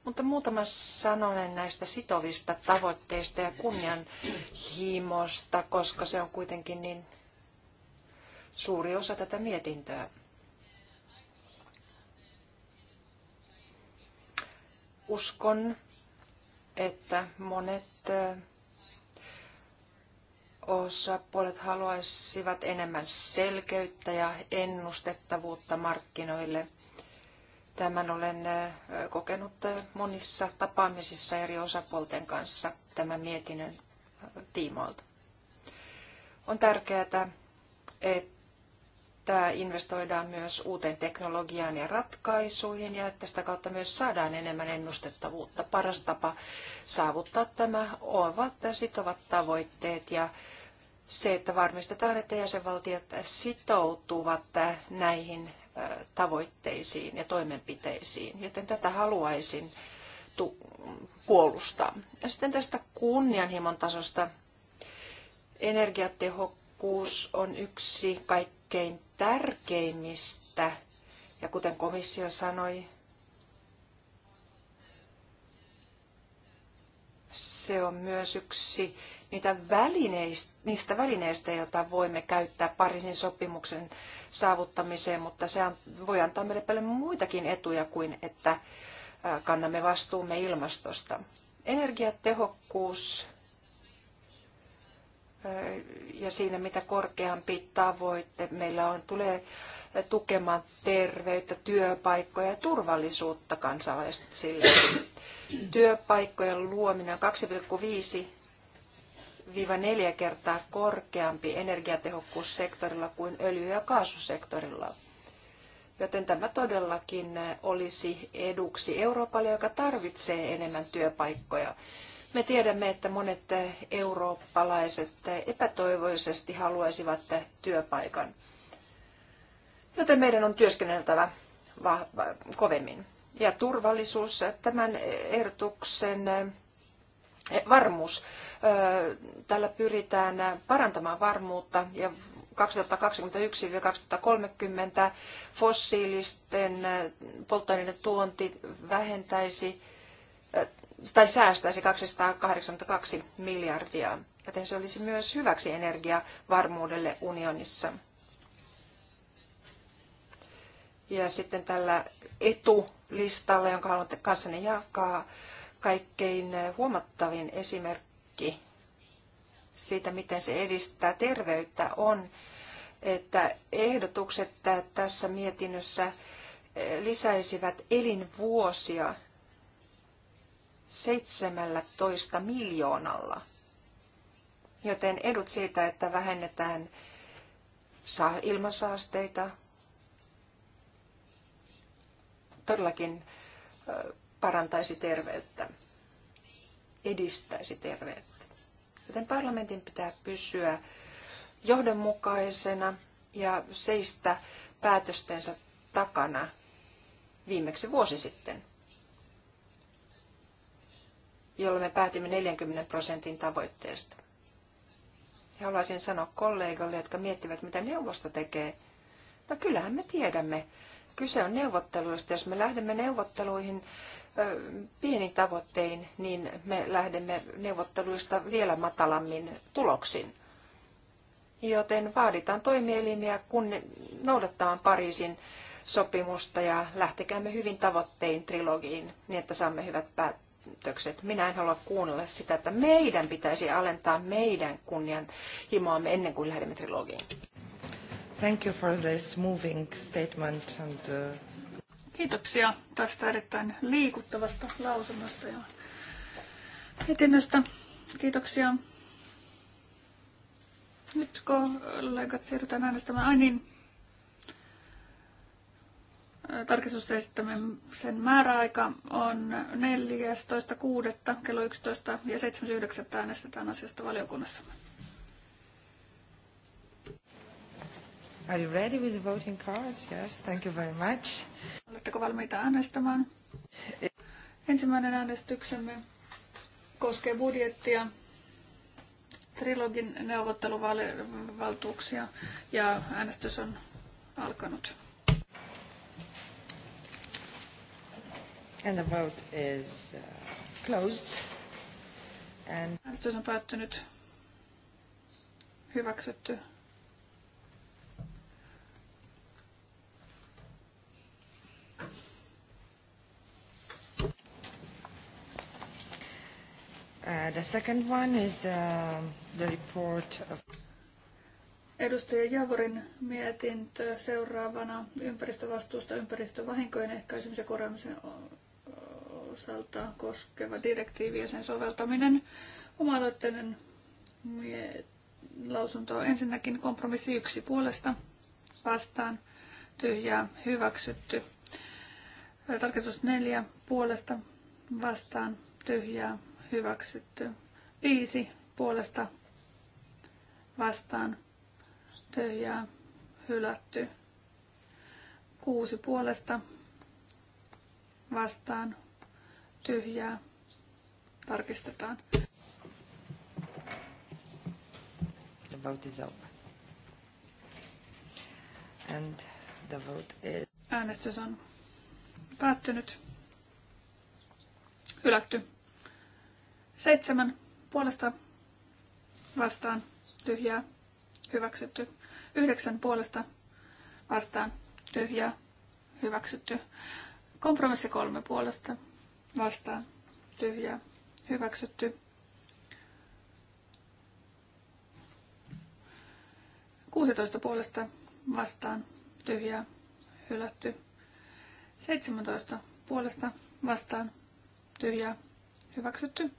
Mutta muutama sanonen näistä sitovista tavoitteista ja kunnianhimosta, koska se on kuitenkin niin suuri osa tätä mietintöä. Uskon, että monet osapuolet haluaisivat enemmän selkeyttä ja ennustettavuutta markkinoille. Tämän olen kokenut monissa tapaamisissa eri osapuolten kanssa tämän mietinnön tiimoilta. On tärkeää, että että investoidaan myös uuteen teknologiaan ja ratkaisuihin ja että sitä kautta myös saadaan enemmän ennustettavuutta. Paras tapa saavuttaa tämä ovat sitovat tavoitteet ja se, että varmistetaan, että jäsenvaltiot sitoutuvat näihin tavoitteisiin ja toimenpiteisiin, joten tätä haluaisin puolustaa. Ja sitten tästä kunnianhimon tasosta energiatehokkuus on yksi kaikkein kaikkein tärkeimmistä. Ja kuten komissio sanoi, se on myös yksi niitä välineistä, niistä välineistä, joita voimme käyttää Pariisin sopimuksen saavuttamiseen, mutta se voi antaa meille paljon muitakin etuja kuin, että kannamme vastuumme ilmastosta. Energiatehokkuus ja siinä mitä korkeampi tavoite meillä on, tulee tukemaan terveyttä, työpaikkoja ja turvallisuutta kansalaisille. Työpaikkojen luominen on 2,5-4 kertaa korkeampi energiatehokkuussektorilla kuin öljy- ja kaasusektorilla. Joten tämä todellakin olisi eduksi Euroopalle, joka tarvitsee enemmän työpaikkoja. Me tiedämme, että monet eurooppalaiset epätoivoisesti haluaisivat työpaikan, joten meidän on työskenneltävä vahva, kovemmin. Ja turvallisuus, tämän ehdotuksen eh, varmuus. Tällä pyritään parantamaan varmuutta ja 2021-2030 fossiilisten eh, polttoaineiden tuonti vähentäisi eh, tai säästäisi 282 miljardia, joten se olisi myös hyväksi energiavarmuudelle unionissa. Ja sitten tällä etulistalla, jonka haluan kanssani jakaa, kaikkein huomattavin esimerkki siitä, miten se edistää terveyttä, on, että ehdotukset tässä mietinnössä lisäisivät elinvuosia 17 miljoonalla. Joten edut siitä, että vähennetään ilmansaasteita, todellakin parantaisi terveyttä, edistäisi terveyttä. Joten parlamentin pitää pysyä johdonmukaisena ja seistä päätöstensä takana viimeksi vuosi sitten. Jolloin me päätimme 40 prosentin tavoitteesta. Ja haluaisin sanoa kollegoille, jotka miettivät, mitä neuvosto tekee. No kyllähän me tiedämme. Kyse on neuvotteluista. Jos me lähdemme neuvotteluihin ö, pienin tavoittein, niin me lähdemme neuvotteluista vielä matalammin tuloksin. Joten vaaditaan toimielimiä, kun noudattaa Pariisin sopimusta ja lähtekäämme hyvin tavoittein trilogiin, niin että saamme hyvät päät- päätökset. Minä en halua kuunnella sitä, että meidän pitäisi alentaa meidän kunnianhimoamme ennen kuin lähdemme trilogiin. Thank you for this moving statement and, uh... Kiitoksia tästä erittäin liikuttavasta lausunnosta ja mietinnöstä. Kiitoksia. Nyt kollegat siirrytään äänestämään. Ai niin, sen määräaika on 14.6. kello 11 ja 7.9. äänestetään asiasta valiokunnassa. Are you ready with the voting cards? Yes, thank you very much. Oletteko valmiita äänestämään? Ensimmäinen äänestyksemme koskee budjettia, trilogin neuvotteluvaltuuksia ja äänestys on alkanut. And the vote is uh, closed. And... Äänestys on päättynyt. Hyväksytty. Uh, the second one is uh, the report of... Edustaja Javorin mietintö seuraavana ympäristövastuusta ympäristövahinkojen ehkäisemisen ja korjaamisen osalta koskeva direktiivi ja sen soveltaminen. Oma-aloitteinen lausunto on ensinnäkin kompromissi yksi puolesta vastaan tyhjää hyväksytty. Tarkistus neljä puolesta vastaan tyhjää hyväksytty. Viisi puolesta vastaan tyhjää hylätty. Kuusi puolesta vastaan tyhjää. Tarkistetaan. The vote is open. And the vote is... Äänestys on päättynyt. Hylätty. Seitsemän puolesta vastaan tyhjää. Hyväksytty. Yhdeksän puolesta vastaan tyhjää. Hyväksytty. Kompromissi kolme puolesta vastaan tyhjää hyväksytty. Kuusitoista puolesta vastaan tyhjää hylätty. Seitsemäntoista puolesta vastaan tyhjää hyväksytty.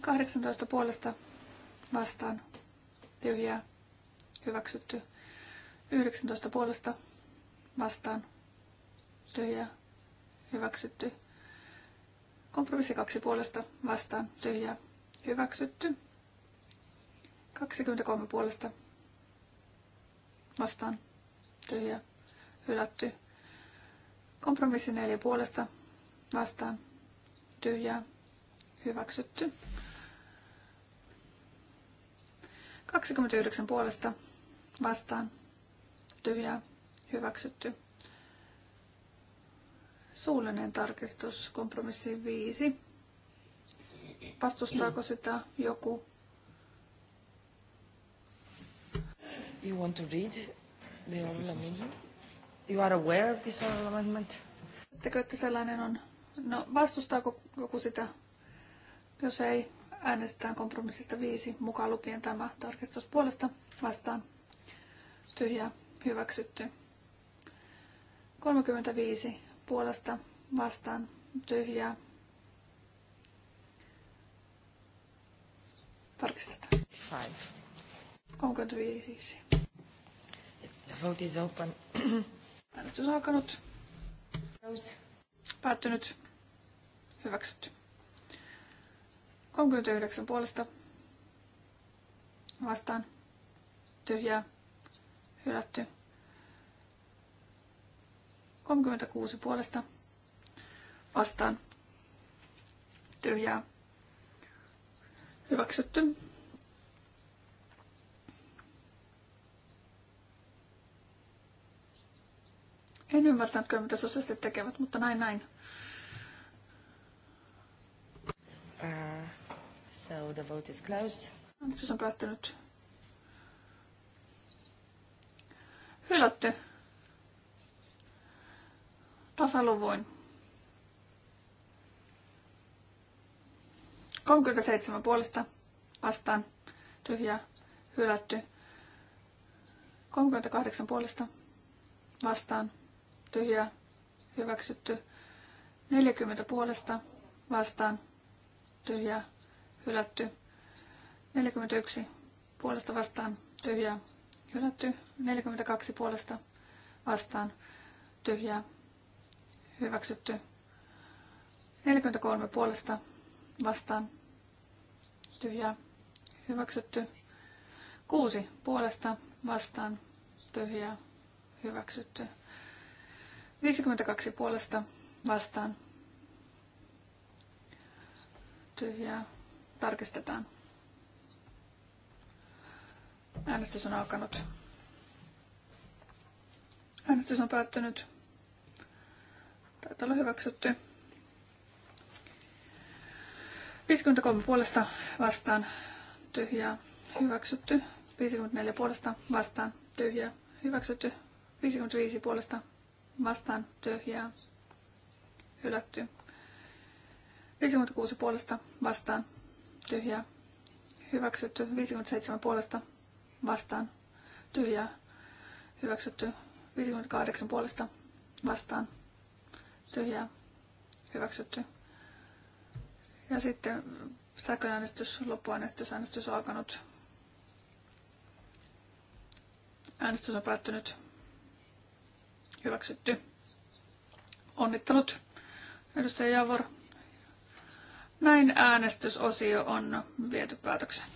Kahdeksantoista puolesta vastaan tyhjää hyväksytty. Yhdeksäntoista puolesta vastaan tyhjää hyväksytty. Kompromissi kaksi puolesta vastaan tyhjää hyväksytty. 23 puolesta vastaan tyhjää hylätty. Kompromissi neljä puolesta vastaan tyhjää hyväksytty. 29 puolesta vastaan tyhjää hyväksytty. Suullinen tarkistus, kompromissi 5. Vastustaako sitä joku? You want to read the oral amendment? You are aware of this oral amendment? Ettekö, että sellainen on? No, vastustaako joku sitä? Jos ei, äänestetään kompromissista viisi mukaan lukien tämä tarkistus puolesta vastaan. Tyhjä, hyväksytty. 35 puolesta vastaan tyhjää. Tarkistetaan. Five. Onko viisi? The vote is open. Äänestys on alkanut. Päättynyt. Hyväksytty. 39 puolesta. Vastaan. Tyhjää. Hylätty. 36 puolesta vastaan tyhjää hyväksytty. En ymmärtänyt kyllä, mitä sosiaaliset tekevät, mutta näin näin. Uh, so the vote is closed. Äänestys on päättynyt. Hylätty tasaluvuin. 37 puolesta vastaan tyhjä hylätty. 38 puolesta vastaan tyhjä hyväksytty. 40 puolesta vastaan tyhjä hylätty. 41 puolesta vastaan tyhjä hylätty. 42 puolesta vastaan tyhjä Hyväksytty. 43 puolesta vastaan. Tyhjää. Hyväksytty. 6 puolesta vastaan. Tyhjää. Hyväksytty. 52 puolesta vastaan. Tyhjää. Tarkistetaan. Äänestys on alkanut. Äänestys on päättynyt. Taitaa olla hyväksytty. 53 puolesta vastaan tyhjää hyväksytty. 54 puolesta vastaan tyhjää hyväksytty. 55 puolesta vastaan tyhjää hylätty. 56 puolesta vastaan tyhjää hyväksytty. 57 puolesta vastaan tyhjää hyväksytty. 58 puolesta vastaan tyhjää hyväksytty. Ja sitten sähköäänestys, loppuäänestys, äänestys on alkanut. Äänestys on päättynyt. Hyväksytty. Onnittelut, edustaja Javor. Näin äänestysosio on viety päätökseen.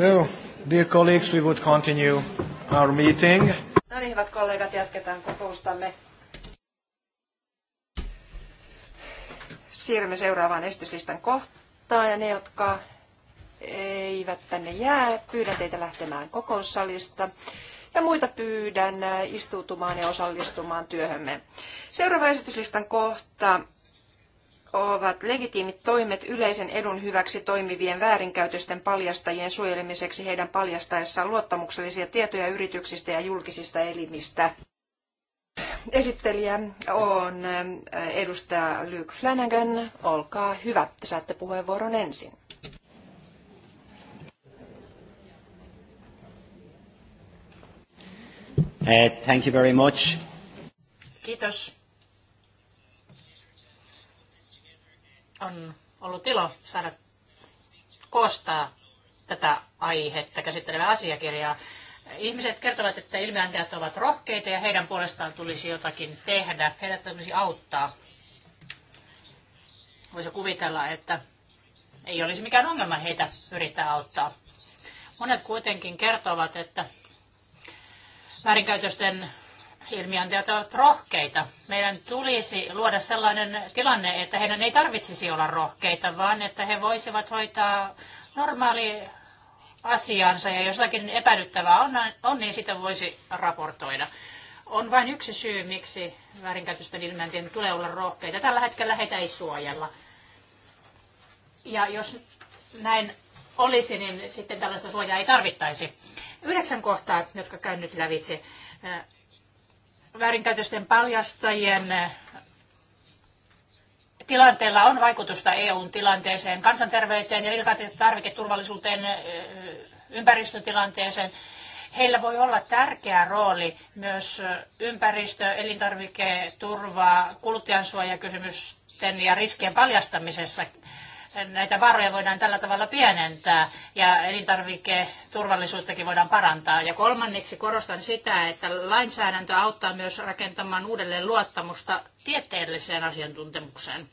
So, dear colleagues, we would continue our meeting. No niin, hyvät kollegat, jatketaan kokoustamme. Siirrymme seuraavaan esityslistan kohtaan ja ne, jotka eivät tänne jää, pyydän teitä lähtemään kokoussalista ja muita pyydän istuutumaan ja osallistumaan työhömme. Seuraava esityslistan kohta ovat legitiimit toimet yleisen edun hyväksi toimivien väärinkäytösten paljastajien suojelemiseksi heidän paljastaessaan luottamuksellisia tietoja yrityksistä ja julkisista elimistä. Esittelijä on äh, edustaja Luke Flanagan. Olkaa hyvä, saatte puheenvuoron ensin. Eh, thank you very much. Kiitos. On ollut ilo saada koostaa tätä aihetta käsittelevää asiakirjaa. Ihmiset kertovat, että ilmiantajat ovat rohkeita ja heidän puolestaan tulisi jotakin tehdä. Heidät tulisi auttaa. Voisi kuvitella, että ei olisi mikään ongelma heitä yrittää auttaa. Monet kuitenkin kertovat, että väärinkäytösten ilmiöntäjät ovat rohkeita. Meidän tulisi luoda sellainen tilanne, että heidän ei tarvitsisi olla rohkeita, vaan että he voisivat hoitaa normaali asiansa ja jos jotakin epäilyttävää on, on, niin sitä voisi raportoida. On vain yksi syy, miksi väärinkäytösten ilmiöntien tulee olla rohkeita. Tällä hetkellä heitä ei suojella. Ja jos näin olisi, niin sitten tällaista suojaa ei tarvittaisi. Yhdeksän kohtaa, jotka käyn nyt lävitse. Äh, väärinkäytösten paljastajien eh, tilanteella on vaikutusta EUn tilanteeseen, kansanterveyteen ja tarviketurvallisuuteen, eh, ympäristötilanteeseen. Heillä voi olla tärkeä rooli myös eh, ympäristö, elintarviketurvaa, kuluttajansuojakysymysten ja riskien paljastamisessa näitä vaaroja voidaan tällä tavalla pienentää ja elintarviketurvallisuuttakin voidaan parantaa. Ja kolmanneksi korostan sitä, että lainsäädäntö auttaa myös rakentamaan uudelleen luottamusta tieteelliseen asiantuntemukseen.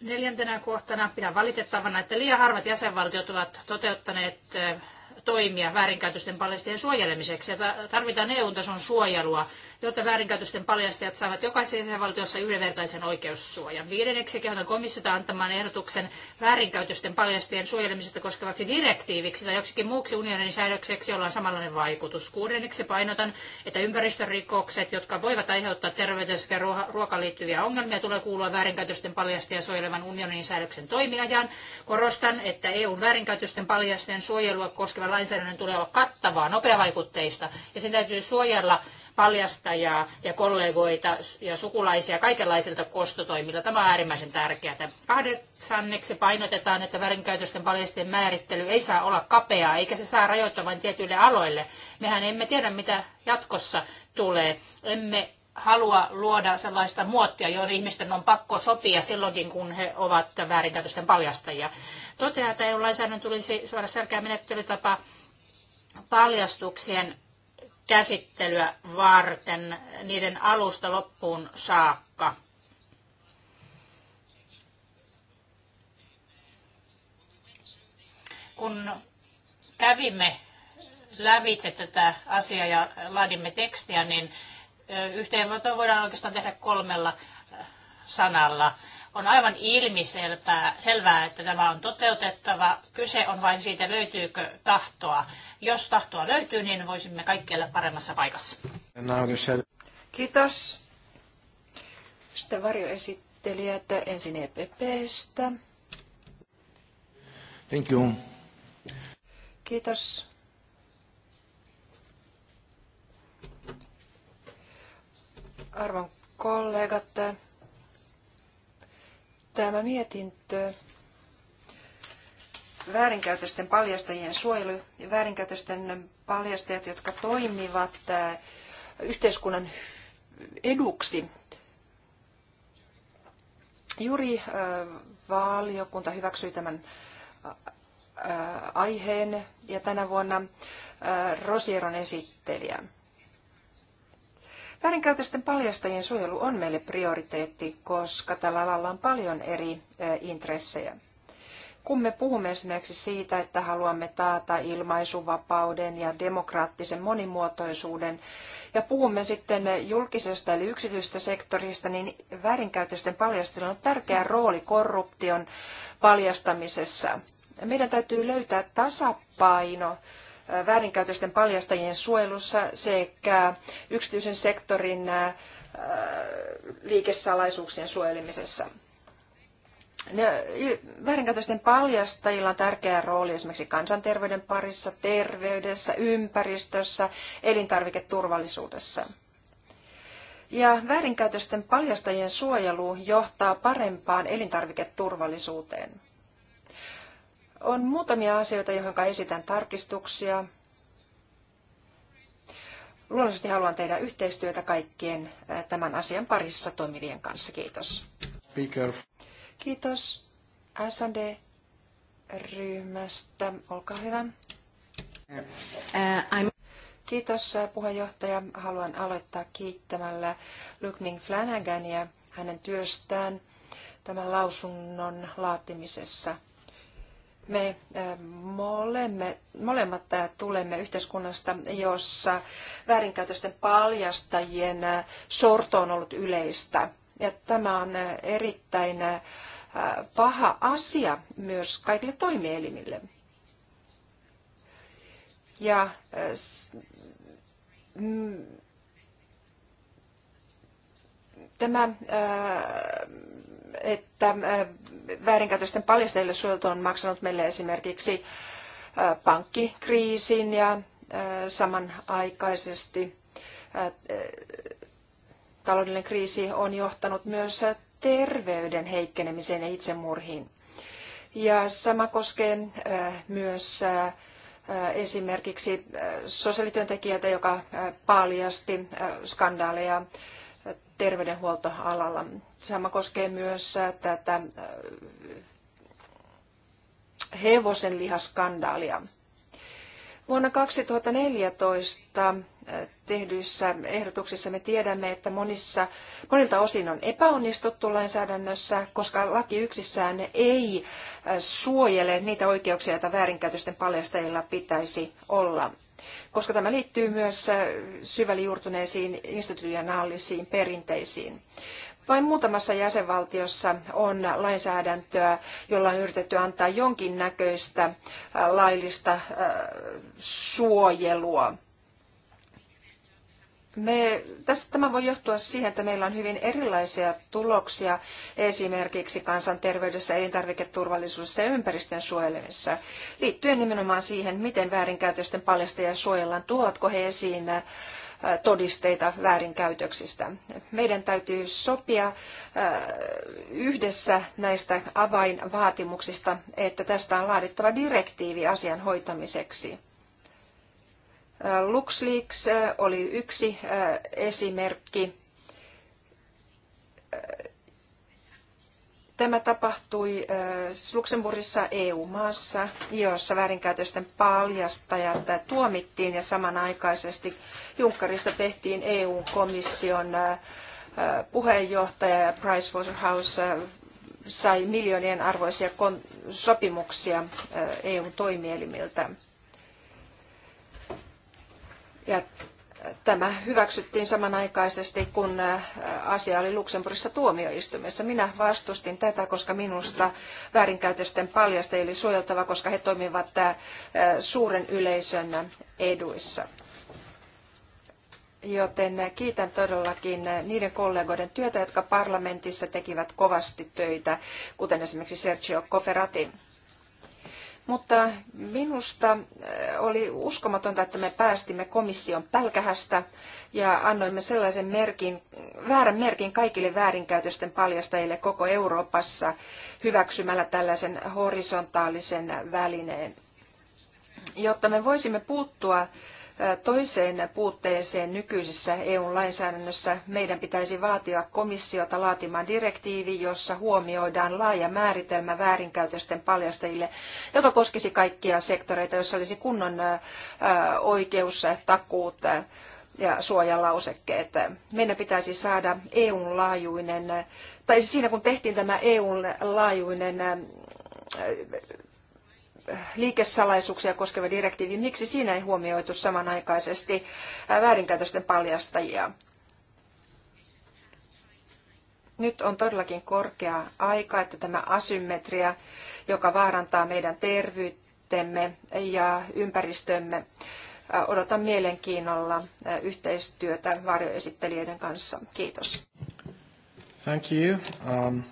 Neljäntenä kohtana pidän valitettavana, että liian harvat jäsenvaltiot ovat toteuttaneet eh, toimia väärinkäytösten paljastajien suojelemiseksi. Tarvitaan EU-tason suojelua, jotta väärinkäytösten paljastajat saavat jokaisessa jäsenvaltiossa yhdenvertaisen oikeussuojan. Viidenneksi kehotan komissiota antamaan ehdotuksen väärinkäytösten paljastajien suojelemisesta koskevaksi direktiiviksi tai joksikin muuksi unionin säädökseksi, jolla on samanlainen vaikutus. Kuudenneksi painotan, että ympäristörikokset, jotka voivat aiheuttaa terveyteen sekä ruokaan liittyviä ongelmia, tulee kuulua väärinkäytösten paljastajia suojelevan unionin säädöksen toimiajan. Korostan, että e n väärinkäytösten paljastajien suojelua koskeva lainsäädännön tulee olla kattavaa, nopeavaikutteista ja sen täytyy suojella paljastajaa ja kollegoita ja sukulaisia kaikenlaisilta kostotoimilta. Tämä on äärimmäisen tärkeää. Kahdeksanneksi painotetaan, että väärinkäytösten paljastajien määrittely ei saa olla kapeaa, eikä se saa rajoittaa vain tietyille aloille. Mehän emme tiedä, mitä jatkossa tulee. Emme halua luoda sellaista muottia, johon ihmisten on pakko sopia silloinkin, kun he ovat väärinkäytösten paljastajia. Toteaa, että EU-lainsäädännön tulisi suoda selkeä menettelytapa paljastuksien käsittelyä varten niiden alusta loppuun saakka. Kun kävimme lävitse tätä asiaa ja laadimme tekstiä, niin yhteenvetoa voidaan oikeastaan tehdä kolmella sanalla. On aivan ilmiselvää, selvää, että tämä on toteutettava. Kyse on vain siitä, löytyykö tahtoa. Jos tahtoa löytyy, niin voisimme kaikki olla paremmassa paikassa. Kiitos. Sitten varjoesittelijät ensin EPPstä. Thank you. Kiitos. Arvon kollegat, Tämä mietintö väärinkäytösten paljastajien suojelu, väärinkäytösten paljastajat, jotka toimivat äh, yhteiskunnan eduksi. Juuri äh, valiokunta hyväksyi tämän äh, aiheen ja tänä vuonna Rosieron esittelijä. Väärinkäytösten paljastajien suojelu on meille prioriteetti, koska tällä alalla on paljon eri intressejä. Kun me puhumme esimerkiksi siitä, että haluamme taata ilmaisuvapauden ja demokraattisen monimuotoisuuden, ja puhumme sitten julkisesta eli yksityistä sektorista, niin väärinkäytösten paljastajilla on tärkeä rooli korruption paljastamisessa. Meidän täytyy löytää tasapaino väärinkäytösten paljastajien suojelussa sekä yksityisen sektorin liikesalaisuuksien suojelemisessa. Ne, väärinkäytösten paljastajilla on tärkeä rooli esimerkiksi kansanterveyden parissa, terveydessä, ympäristössä, elintarviketurvallisuudessa. Ja väärinkäytösten paljastajien suojelu johtaa parempaan elintarviketurvallisuuteen. On muutamia asioita, joihin esitän tarkistuksia. Luonnollisesti haluan tehdä yhteistyötä kaikkien äh, tämän asian parissa toimivien kanssa. Kiitos. Speaker. Kiitos SND-ryhmästä. Olkaa hyvä. Äh, Kiitos äh, puheenjohtaja. Haluan aloittaa kiittämällä Lukming Flanagania hänen työstään tämän lausunnon laatimisessa – me molemme, molemmat tulemme yhteiskunnasta, jossa väärinkäytösten paljastajien sorto on ollut yleistä. Ja tämä on erittäin paha asia myös kaikille toimielimille. Ja tämä, että väärinkäytösten paljastajille suojeltu on maksanut meille esimerkiksi pankkikriisin ja samanaikaisesti taloudellinen kriisi on johtanut myös terveyden heikkenemiseen ja itsemurhiin. Ja sama koskee myös esimerkiksi sosiaalityöntekijöitä, joka paljasti skandaaleja terveydenhuoltoalalla. Sama koskee myös äh, tätä äh, hevosen lihaskandaalia. Vuonna 2014 äh, tehdyissä ehdotuksissa me tiedämme, että monissa, monilta osin on epäonnistuttu lainsäädännössä, koska laki yksissään ei suojele niitä oikeuksia, joita väärinkäytösten paljastajilla pitäisi olla koska tämä liittyy myös äh, syvälle juurtuneisiin institutionaalisiin perinteisiin. Vain muutamassa jäsenvaltiossa on lainsäädäntöä, jolla on yritetty antaa jonkinnäköistä äh, laillista äh, suojelua me, tässä tämä voi johtua siihen, että meillä on hyvin erilaisia tuloksia esimerkiksi kansanterveydessä, elintarviketurvallisuudessa ja ympäristön suojelemisessa, liittyen nimenomaan siihen, miten väärinkäytösten paljastajia suojellaan, tuovatko he esiin äh, todisteita väärinkäytöksistä. Meidän täytyy sopia äh, yhdessä näistä avainvaatimuksista, että tästä on laadittava direktiivi asian hoitamiseksi. LuxLeaks äh, oli yksi äh, esimerkki. Äh, tämä tapahtui Luxemburgissa EU-maassa, jossa väärinkäytösten paljastajat tuomittiin ja samanaikaisesti Junckerista tehtiin EU-komission puheenjohtaja ja Pricewaterhouse sai miljoonien arvoisia sopimuksia EU-toimielimiltä. Ja äh, tämä hyväksyttiin samanaikaisesti, kun äh, asia oli Luxemburgissa tuomioistuimessa. Minä vastustin tätä, koska minusta väärinkäytösten paljastajia oli suojeltava, koska he toimivat äh, suuren yleisön eduissa. Joten kiitän todellakin niiden kollegoiden työtä, jotka parlamentissa tekivät kovasti töitä, kuten esimerkiksi Sergio Coferatin. Mutta minusta äh, oli uskomatonta, että me päästimme komission pälkähästä ja annoimme sellaisen merkin, väärän merkin kaikille väärinkäytösten paljastajille koko Euroopassa hyväksymällä tällaisen horisontaalisen välineen. Jotta me voisimme puuttua toiseen puutteeseen nykyisessä EU-lainsäädännössä meidän pitäisi vaatia komissiota laatimaan direktiivi, jossa huomioidaan laaja määritelmä väärinkäytösten paljastajille, joka koskisi kaikkia sektoreita, jossa olisi kunnon oikeus, takuut ja suojalausekkeet. Meidän pitäisi saada eu laajuinen, tai siis siinä kun tehtiin tämä eu laajuinen liikesalaisuuksia koskeva direktiivi, miksi siinä ei huomioitu samanaikaisesti väärinkäytösten paljastajia? Nyt on todellakin korkea aika, että tämä asymmetria, joka vaarantaa meidän terveytemme ja ympäristömme, odotan mielenkiinnolla yhteistyötä varjoesittelijöiden kanssa. Kiitos. Thank you. Um...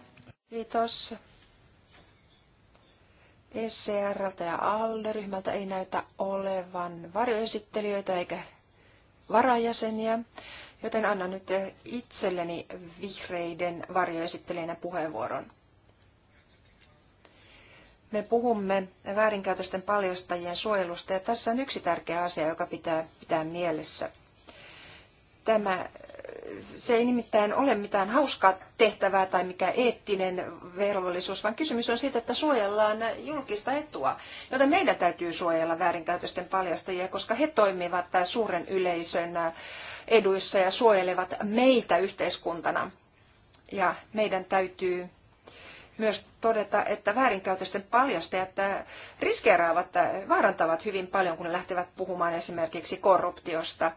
Kiitos scr e ja ALDE-ryhmältä ei näytä olevan varjoesittelijöitä eikä varajäseniä, joten annan nyt itselleni vihreiden varjoesittelijänä puheenvuoron. Me puhumme väärinkäytösten paljastajien suojelusta ja tässä on yksi tärkeä asia, joka pitää pitää mielessä. Tämä se ei nimittäin ole mitään hauskaa tehtävää tai mikä eettinen velvollisuus, vaan kysymys on siitä, että suojellaan julkista etua. Joten meidän täytyy suojella väärinkäytösten paljastajia, koska he toimivat suuren yleisön eduissa ja suojelevat meitä yhteiskuntana. Ja meidän täytyy myös todeta, että väärinkäytösten paljastajat riskeeraavat, vaarantavat hyvin paljon, kun ne lähtevät puhumaan esimerkiksi korruptiosta –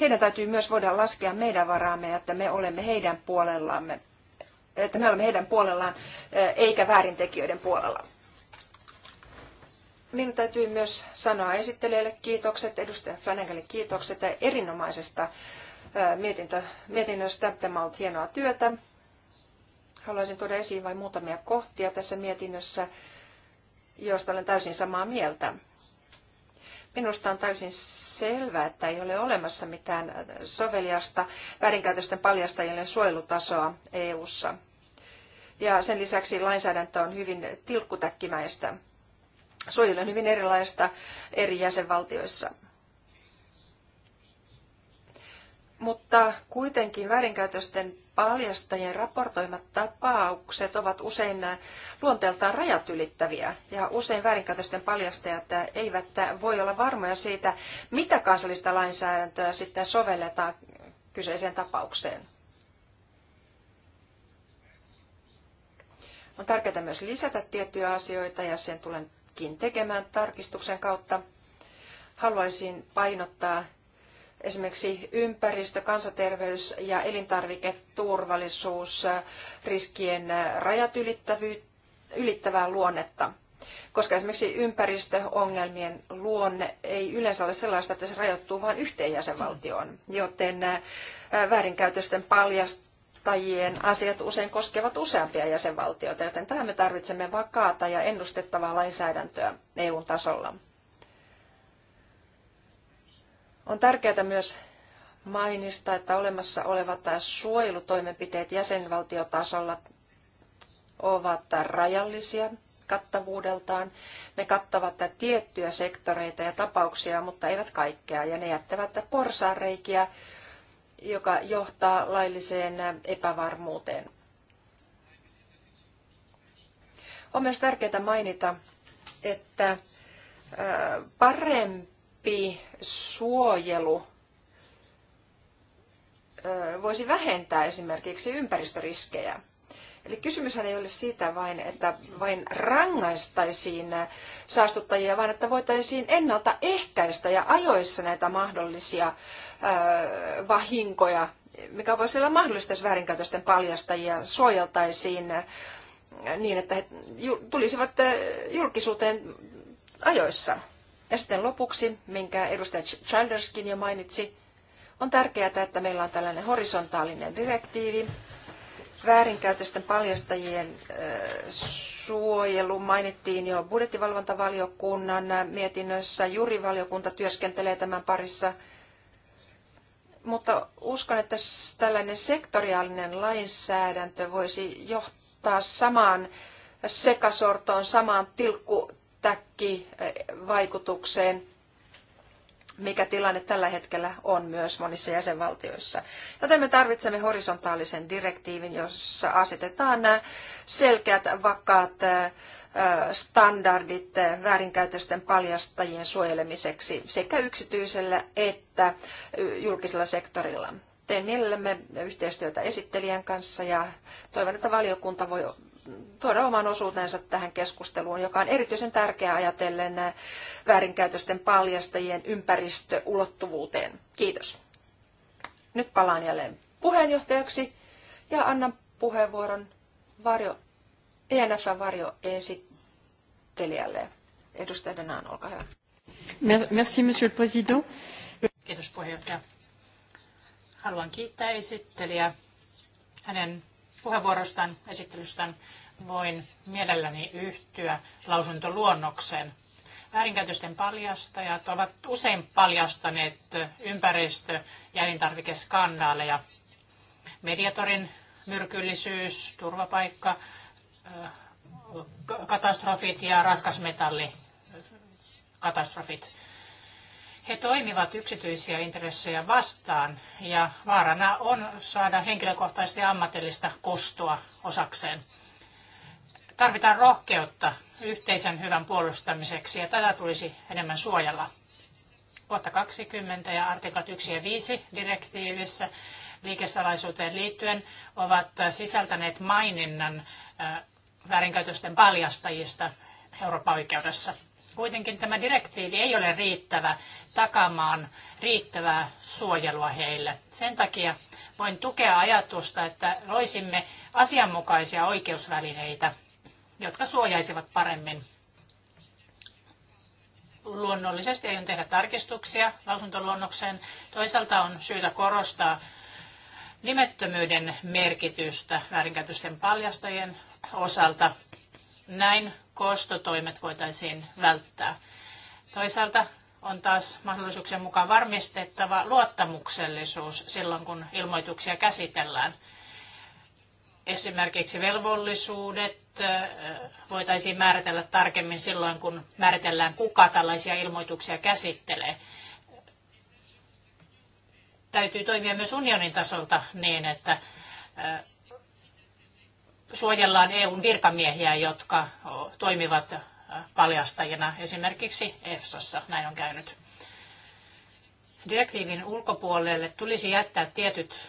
heidän täytyy myös voida laskea meidän varaamme, että me olemme heidän puolellamme, että me olemme heidän puolellaan eh, eikä väärintekijöiden puolella. Minun täytyy myös sanoa esittelijälle kiitokset, edustaja Flanagalle kiitokset erinomaisesta eh, mietintö, mietinnöstä. Tämä on ollut hienoa työtä. Haluaisin tuoda esiin vain muutamia kohtia tässä mietinnössä, joista olen täysin samaa mieltä. Minusta on täysin selvää, että ei ole olemassa mitään soveliasta väärinkäytösten paljastajille suojelutasoa EU:ssa. Ja sen lisäksi lainsäädäntö on hyvin tilkkutäkkimäistä. Suojelu on hyvin erilaista eri jäsenvaltioissa. Mutta kuitenkin väärinkäytösten paljastajien raportoimat tapaukset ovat usein luonteeltaan rajat ylittäviä ja usein väärinkäytösten paljastajat eivät voi olla varmoja siitä, mitä kansallista lainsäädäntöä sitten sovelletaan kyseiseen tapaukseen. On tärkeää myös lisätä tiettyjä asioita ja sen tulenkin tekemään tarkistuksen kautta. Haluaisin painottaa esimerkiksi ympäristö, kansanterveys ja elintarviketurvallisuus riskien rajat ylittävää luonnetta. Koska esimerkiksi ympäristöongelmien luonne ei yleensä ole sellaista, että se rajoittuu vain yhteen jäsenvaltioon, joten väärinkäytösten paljastajien asiat usein koskevat useampia jäsenvaltioita, joten tähän me tarvitsemme vakaata ja ennustettavaa lainsäädäntöä EUn tasolla. On tärkeää myös mainista, että olemassa olevat suojelutoimenpiteet jäsenvaltiotasolla ovat rajallisia kattavuudeltaan. Ne kattavat tiettyjä sektoreita ja tapauksia, mutta eivät kaikkea, ja ne jättävät porsaanreikiä, joka johtaa lailliseen epävarmuuteen. On myös tärkeää mainita, että parempi parempi suojelu voisi vähentää esimerkiksi ympäristöriskejä. Eli kysymyshän ei ole siitä vain, että vain rangaistaisiin saastuttajia, vaan että voitaisiin ennaltaehkäistä ja ajoissa näitä mahdollisia vahinkoja, mikä voisi olla mahdollista, jos väärinkäytösten paljastajia suojeltaisiin niin, että he tulisivat julkisuuteen ajoissa. Ja sitten lopuksi, minkä edustaja Childerskin jo mainitsi, on tärkeää, että meillä on tällainen horisontaalinen direktiivi, väärinkäytösten paljastajien suojelu mainittiin jo budjettivalvontavaliokunnan mietinnössä. Jurivaliokunta työskentelee tämän parissa. Mutta uskon, että tällainen sektoriaalinen lainsäädäntö voisi johtaa samaan sekasortoon, samaan tilkku, vaikutukseen, mikä tilanne tällä hetkellä on myös monissa jäsenvaltioissa. Joten me tarvitsemme horisontaalisen direktiivin, jossa asetetaan selkeät, vakaat standardit väärinkäytösten paljastajien suojelemiseksi sekä yksityisellä että julkisella sektorilla. Teen mielellämme yhteistyötä esittelijän kanssa ja toivon, että valiokunta voi tuoda oman osuutensa tähän keskusteluun, joka on erityisen tärkeää ajatellen äh, väärinkäytösten paljastajien ympäristöulottuvuuteen. Kiitos. Nyt palaan jälleen puheenjohtajaksi ja annan puheenvuoron varjo, enf esittelijälle. Edustaja Denaan, olkaa hyvä. Merci, monsieur le président. Kiitos puheenjohtaja. Haluan kiittää esittelijää hänen puheenvuorostaan, esittelystään voin mielelläni yhtyä lausuntoluonnokseen. Väärinkäytösten paljastajat ovat usein paljastaneet ympäristö- ja elintarvikeskandaaleja. Mediatorin myrkyllisyys, turvapaikka, äh, katastrofit ja äh, katastrofit. He toimivat yksityisiä intressejä vastaan ja vaarana on saada henkilökohtaista ja ammatillista kostoa osakseen tarvitaan rohkeutta yhteisen hyvän puolustamiseksi ja tätä tulisi enemmän suojella. Vuotta 20 ja artiklat 1 ja 5 direktiivissä liikesalaisuuteen liittyen ovat sisältäneet maininnan väärinkäytösten paljastajista Euroopan oikeudessa. Kuitenkin tämä direktiivi ei ole riittävä takamaan riittävää suojelua heille. Sen takia voin tukea ajatusta, että loisimme asianmukaisia oikeusvälineitä jotka suojaisivat paremmin. Luonnollisesti aion tehdä tarkistuksia lausuntoluonnokseen. Toisaalta on syytä korostaa nimettömyyden merkitystä väärinkäytösten paljastajien osalta. Näin kostotoimet voitaisiin välttää. Toisaalta on taas mahdollisuuksien mukaan varmistettava luottamuksellisuus silloin, kun ilmoituksia käsitellään. Esimerkiksi velvollisuudet voitaisiin määritellä tarkemmin silloin, kun määritellään, kuka tällaisia ilmoituksia käsittelee. Täytyy toimia myös unionin tasolta niin, että suojellaan EUn virkamiehiä, jotka toimivat paljastajina esimerkiksi EFSassa. Näin on käynyt. Direktiivin ulkopuolelle tulisi jättää tietyt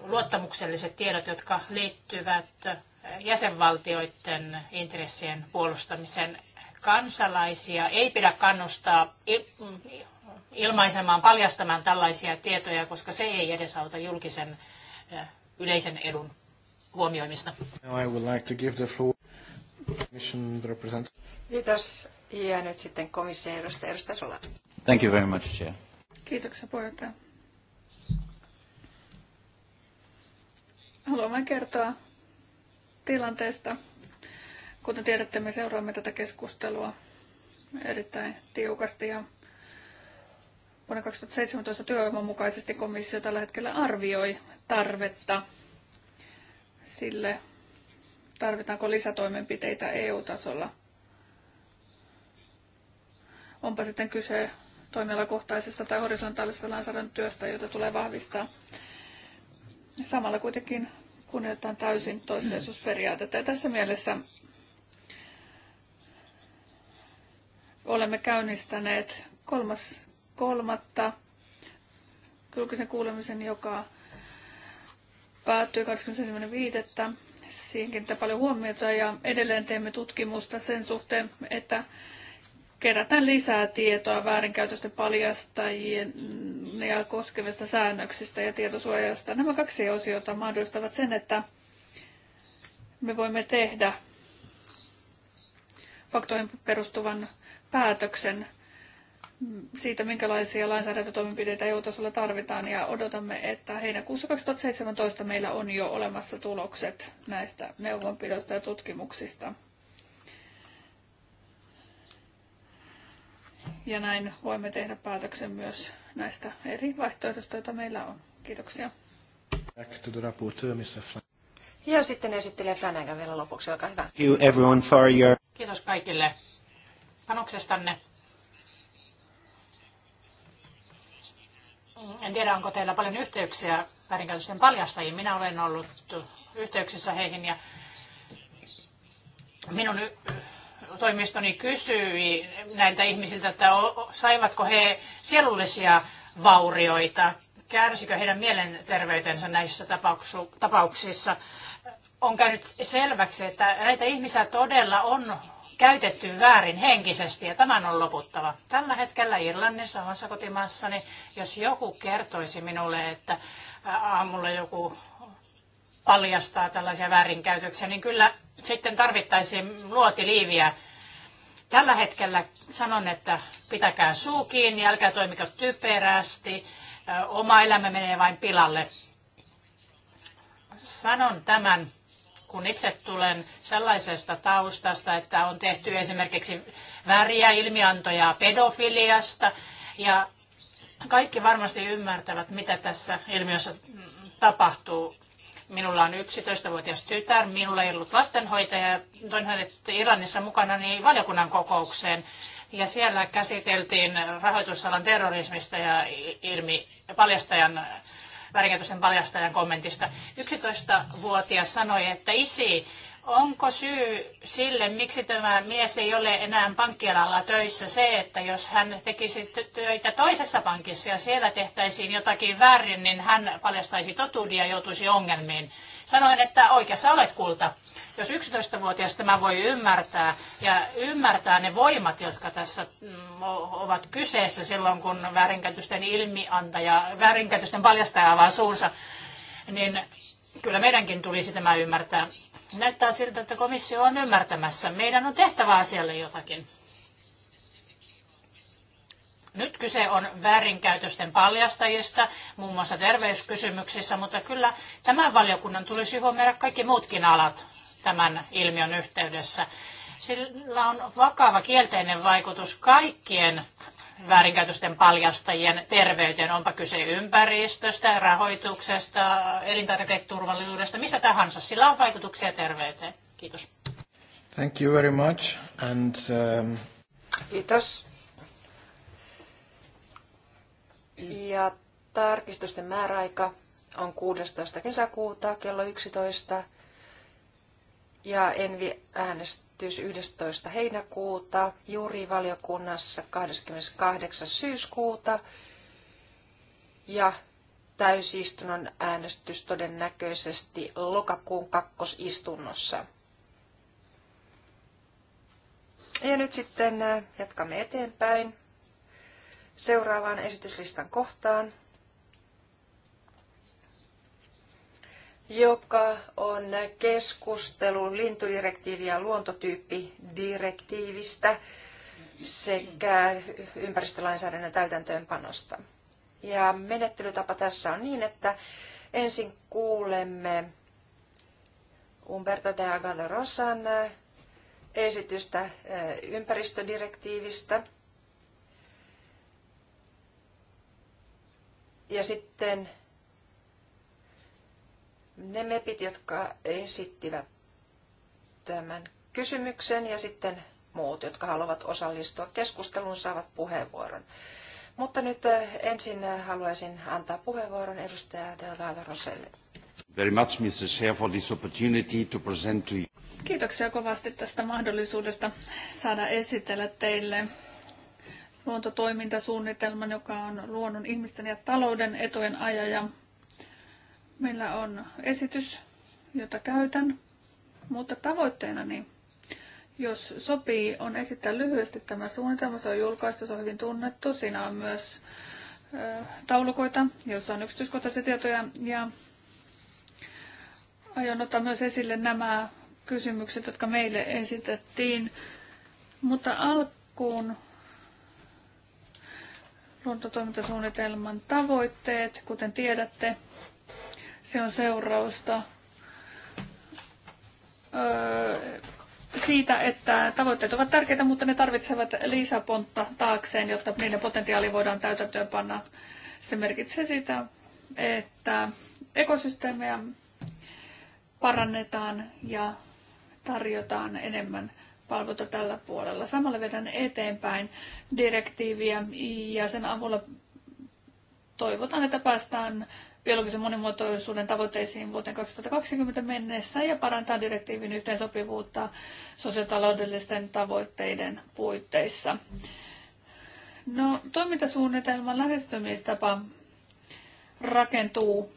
luottamukselliset tiedot, jotka liittyvät jäsenvaltioiden intressien puolustamisen. Kansalaisia ei pidä kannustaa ilmaisemaan, paljastamaan tällaisia tietoja, koska se ei edesauta julkisen yleisen edun huomioimista. Kiitos. Ja nyt sitten komission edustaja, edustaja Sola. Thank you very much, Chair. Kiitoksia puheenjohtaja. Haluan vain kertoa tilanteesta. Kuten tiedätte, me seuraamme tätä keskustelua erittäin tiukasti ja vuonna 2017 työohjelman mukaisesti komissio tällä hetkellä arvioi tarvetta sille, tarvitaanko lisätoimenpiteitä EU-tasolla. Onpa sitten kyse toimialakohtaisesta tai horisontaalisesta lainsäädäntötyöstä, jota tulee vahvistaa. Samalla kuitenkin kunnioitetaan täysin toissijaisuusperiaatetta. Ja tässä mielessä olemme käynnistäneet kolmas kolmatta julkisen kuulemisen, joka päättyy 21.5. Siihen kiinnittää paljon huomiota ja edelleen teemme tutkimusta sen suhteen, että kerätä lisää tietoa väärinkäytösten paljastajien ja koskevista säännöksistä ja tietosuojasta. Nämä kaksi osiota mahdollistavat sen, että me voimme tehdä faktoihin perustuvan päätöksen siitä, minkälaisia lainsäädäntötoimenpiteitä EU-tasolla tarvitaan ja odotamme, että heinäkuussa 2017 meillä on jo olemassa tulokset näistä neuvonpidosta ja tutkimuksista. Ja näin voimme tehdä päätöksen myös näistä eri vaihtoehdoista, joita meillä on. Kiitoksia. Back to the rapporteur, Mr. Ja sitten esittelee Flanagan vielä lopuksi, olkaa hyvä. You everyone for your... Kiitos kaikille panoksestanne. En tiedä, onko teillä paljon yhteyksiä väärinkäytösten paljastajiin. Minä olen ollut yhteyksissä heihin ja minun toimistoni kysyi näiltä ihmisiltä, että saivatko he sielullisia vaurioita, kärsikö heidän mielenterveytensä näissä tapauksissa. On käynyt selväksi, että näitä ihmisiä todella on käytetty väärin henkisesti ja tämän on loputtava. Tällä hetkellä Irlannissa omassa kotimaassani, jos joku kertoisi minulle, että aamulla joku paljastaa tällaisia väärinkäytöksiä, niin kyllä sitten tarvittaisiin luotiliiviä. Tällä hetkellä sanon, että pitäkää suu kiinni, älkää toimiko typerästi, oma elämä menee vain pilalle. Sanon tämän, kun itse tulen sellaisesta taustasta, että on tehty esimerkiksi väriä ilmiantoja pedofiliasta ja kaikki varmasti ymmärtävät, mitä tässä ilmiössä tapahtuu Minulla on 11-vuotias tytär, minulla ei ollut lastenhoitaja, toin hänet Irlannissa mukana niin valiokunnan kokoukseen. Ja siellä käsiteltiin rahoitusalan terrorismista ja ilmi paljastajan väärinkäytösten paljastajan kommentista. 11-vuotias sanoi, että isi Onko syy sille, miksi tämä mies ei ole enää pankkialalla töissä se, että jos hän tekisi töitä toisessa pankissa ja siellä tehtäisiin jotakin väärin, niin hän paljastaisi totuuden ja joutuisi ongelmiin? Sanoin, että oikeassa olet kulta. Jos 11-vuotias tämä voi ymmärtää ja ymmärtää ne voimat, jotka tässä mm, ovat kyseessä silloin, kun väärinkäytösten ilmiantaja, väärinkäytösten paljastaja avaa suunsa, niin kyllä meidänkin tulisi tämä ymmärtää. Näyttää siltä, että komissio on ymmärtämässä. Meidän on tehtävä asialle jotakin. Nyt kyse on väärinkäytösten paljastajista, muun muassa terveyskysymyksissä, mutta kyllä tämän valiokunnan tulisi huomioida kaikki muutkin alat tämän ilmiön yhteydessä. Sillä on vakava kielteinen vaikutus kaikkien väärinkäytösten paljastajien terveyteen, onpa kyse ympäristöstä, rahoituksesta, elintarviketurvallisuudesta, mistä tahansa. Sillä on vaikutuksia terveyteen. Kiitos. Thank you very much. And, um... Kiitos. Ja tarkistusten määräaika on 16. kesäkuuta kello 11 ja Envi-äänestys 11. heinäkuuta, juurivaliokunnassa 28. syyskuuta ja täysistunnon äänestys todennäköisesti lokakuun kakkosistunnossa. Ja nyt sitten äh, jatkamme eteenpäin seuraavaan esityslistan kohtaan. joka on keskustelu lintudirektiivi- ja luontotyyppidirektiivistä sekä ympäristölainsäädännön täytäntöönpanosta. Ja menettelytapa tässä on niin, että ensin kuulemme Umberto de Agado Rosan äh, esitystä äh, ympäristödirektiivistä. Ja sitten ne MEPit, jotka esittivät tämän kysymyksen ja sitten muut, jotka haluavat osallistua keskusteluun, saavat puheenvuoron. Mutta nyt äh, ensin äh, haluaisin antaa puheenvuoron edustaja Delgado Roselle. Very much, Mr. Chair, for this opportunity to present to you. Kiitoksia kovasti tästä mahdollisuudesta saada esitellä teille luontotoimintasuunnitelman, joka on luonnon ihmisten ja talouden etujen ajaja Meillä on esitys, jota käytän, mutta tavoitteena, niin jos sopii, on esittää lyhyesti tämä suunnitelma. Se on julkaistu, se on hyvin tunnettu. Siinä on myös taulukoita, joissa on yksityiskohtaisia tietoja ja aion ottaa myös esille nämä kysymykset, jotka meille esitettiin. Mutta alkuun luontotoimintasuunnitelman tavoitteet, kuten tiedätte, se on seurausta siitä, että tavoitteet ovat tärkeitä, mutta ne tarvitsevat lisäpontta taakseen, jotta niiden potentiaali voidaan täytäntöönpanna. Se merkitsee sitä, että ekosysteemejä parannetaan ja tarjotaan enemmän palveluita tällä puolella. Samalla vedän eteenpäin direktiiviä ja sen avulla toivotaan, että päästään biologisen monimuotoisuuden tavoitteisiin vuoteen 2020 mennessä ja parantaa direktiivin yhteensopivuutta sosiotaloudellisten tavoitteiden puitteissa. No, toimintasuunnitelman lähestymistapa rakentuu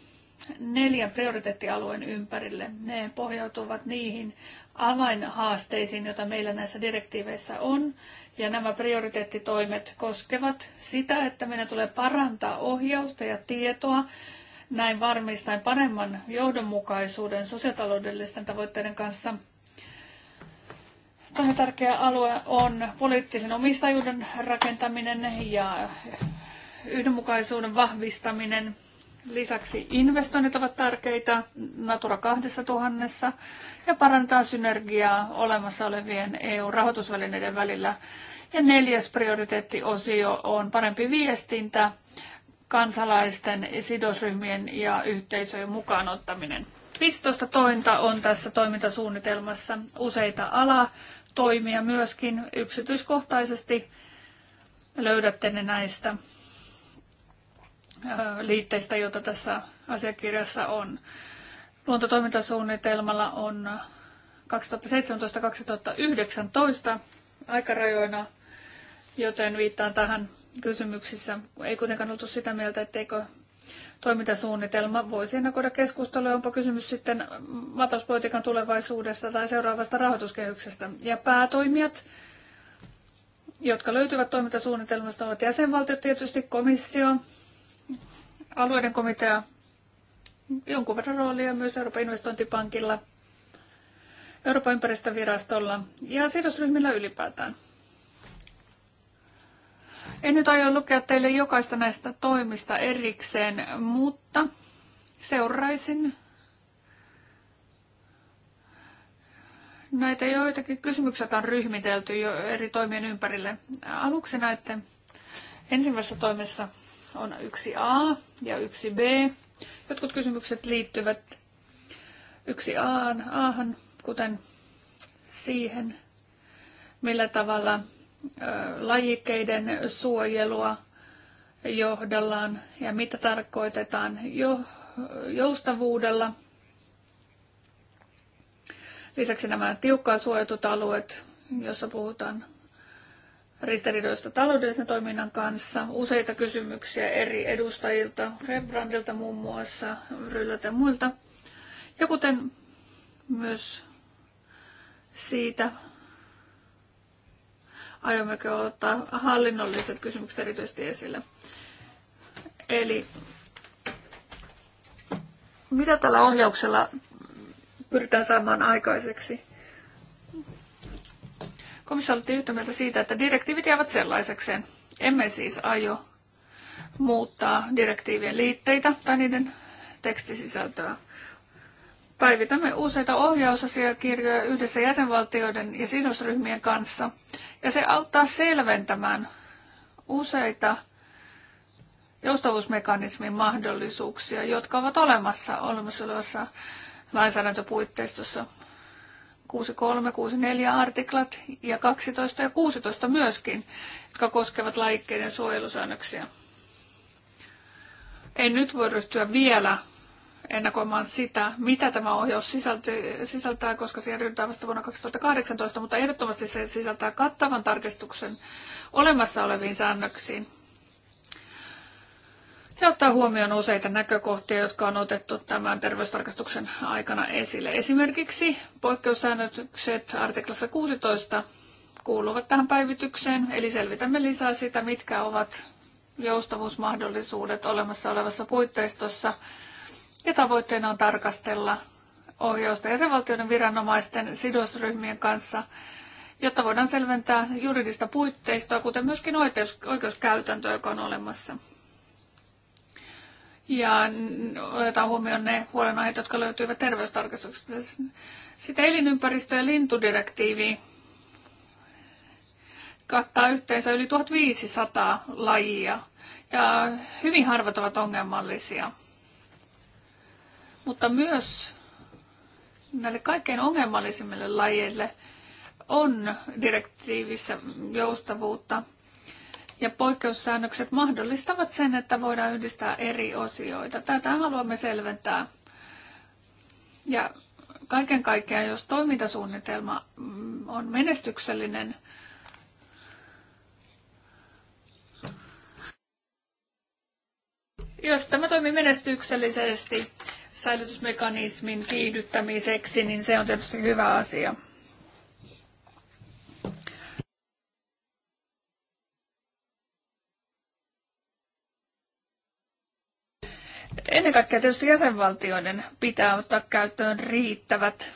neljän prioriteettialueen ympärille. Ne pohjautuvat niihin avainhaasteisiin, joita meillä näissä direktiiveissä on. Ja nämä prioriteettitoimet koskevat sitä, että meidän tulee parantaa ohjausta ja tietoa näin varmistaen paremman johdonmukaisuuden sosiotaloudellisten tavoitteiden kanssa. Toinen tärkeä alue on poliittisen omistajuuden rakentaminen ja yhdenmukaisuuden vahvistaminen. Lisäksi investoinnit ovat tärkeitä Natura 2000 ja parantaa synergiaa olemassa olevien EU-rahoitusvälineiden välillä. Ja neljäs prioriteettiosio on parempi viestintä kansalaisten, sidosryhmien ja yhteisöjen mukaanottaminen. 15 tointa on tässä toimintasuunnitelmassa useita alatoimia myöskin yksityiskohtaisesti. Löydätte ne näistä liitteistä, joita tässä asiakirjassa on. Luontotoimintasuunnitelmalla on 2017-2019 aikarajoina, joten viittaan tähän kysymyksissä. Ei kuitenkaan oltu sitä mieltä, etteikö toimintasuunnitelma voisi ennakoida keskustelua, onpa kysymys sitten maatalouspolitiikan tulevaisuudesta tai seuraavasta rahoituskehyksestä. Ja päätoimijat, jotka löytyvät toimintasuunnitelmasta, ovat jäsenvaltiot tietysti, komissio, alueiden komitea, jonkun verran roolia myös Euroopan investointipankilla, Euroopan ympäristövirastolla ja sidosryhmillä ylipäätään. En nyt aio lukea teille jokaista näistä toimista erikseen, mutta seuraisin näitä joitakin kysymyksiä on ryhmitelty jo eri toimien ympärille. Aluksi näette ensimmäisessä toimessa on yksi A ja yksi B. Jotkut kysymykset liittyvät yksi A, A kuten siihen, millä tavalla lajikkeiden suojelua johdallaan ja mitä tarkoitetaan jo, joustavuudella. Lisäksi nämä tiukkaan suojatut alueet, joissa puhutaan ristiriidoista taloudellisen toiminnan kanssa. Useita kysymyksiä eri edustajilta, Rembrandilta muun muassa, Ryllät ja muilta. Ja kuten myös siitä, aiommeko ottaa hallinnolliset kysymykset erityisesti esille. Eli mitä tällä ohjauksella pyritään saamaan aikaiseksi? Komissio oltiin yhtä mieltä siitä, että direktiivit jäävät sellaisekseen. Emme siis aio muuttaa direktiivien liitteitä tai niiden tekstisisältöä. Päivitämme useita ohjausasiakirjoja yhdessä jäsenvaltioiden ja sidosryhmien kanssa, ja se auttaa selventämään useita joustavuusmekanismin mahdollisuuksia, jotka ovat olemassa olemassa olevassa lainsäädäntöpuitteistossa. 63, 64 artiklat ja 12 ja 16 myöskin, jotka koskevat lajikkeiden suojelusäännöksiä. En nyt voi ryhtyä vielä ennakoimaan sitä, mitä tämä ohjaus sisältää, koska siihen ryhdytään vasta vuonna 2018, mutta ehdottomasti se sisältää kattavan tarkistuksen olemassa oleviin säännöksiin. Ja ottaa huomioon useita näkökohtia, jotka on otettu tämän terveystarkastuksen aikana esille. Esimerkiksi poikkeussäännökset artiklassa 16 kuuluvat tähän päivitykseen, eli selvitämme lisää sitä, mitkä ovat joustavuusmahdollisuudet olemassa olevassa puitteistossa – ja tavoitteena on tarkastella ohjausta jäsenvaltioiden viranomaisten sidosryhmien kanssa, jotta voidaan selventää juridista puitteistoa, kuten myöskin oikeus, oikeuskäytäntöä, joka on olemassa. Ja otetaan huomioon ne huolenaiheet, jotka löytyvät terveystarkastuksesta. Sitten elinympäristö- ja lintudirektiivi kattaa yhteensä yli 1500 lajia ja hyvin harvat ovat ongelmallisia – mutta myös näille kaikkein ongelmallisimmille lajeille on direktiivissä joustavuutta. Ja poikkeussäännökset mahdollistavat sen, että voidaan yhdistää eri osioita. Tätä haluamme selventää. Ja kaiken kaikkiaan, jos toimintasuunnitelma mm, on menestyksellinen, jos tämä toimii menestyksellisesti, säilytysmekanismin kiihdyttämiseksi, niin se on tietysti hyvä asia. Ennen kaikkea tietysti jäsenvaltioiden pitää ottaa käyttöön riittävät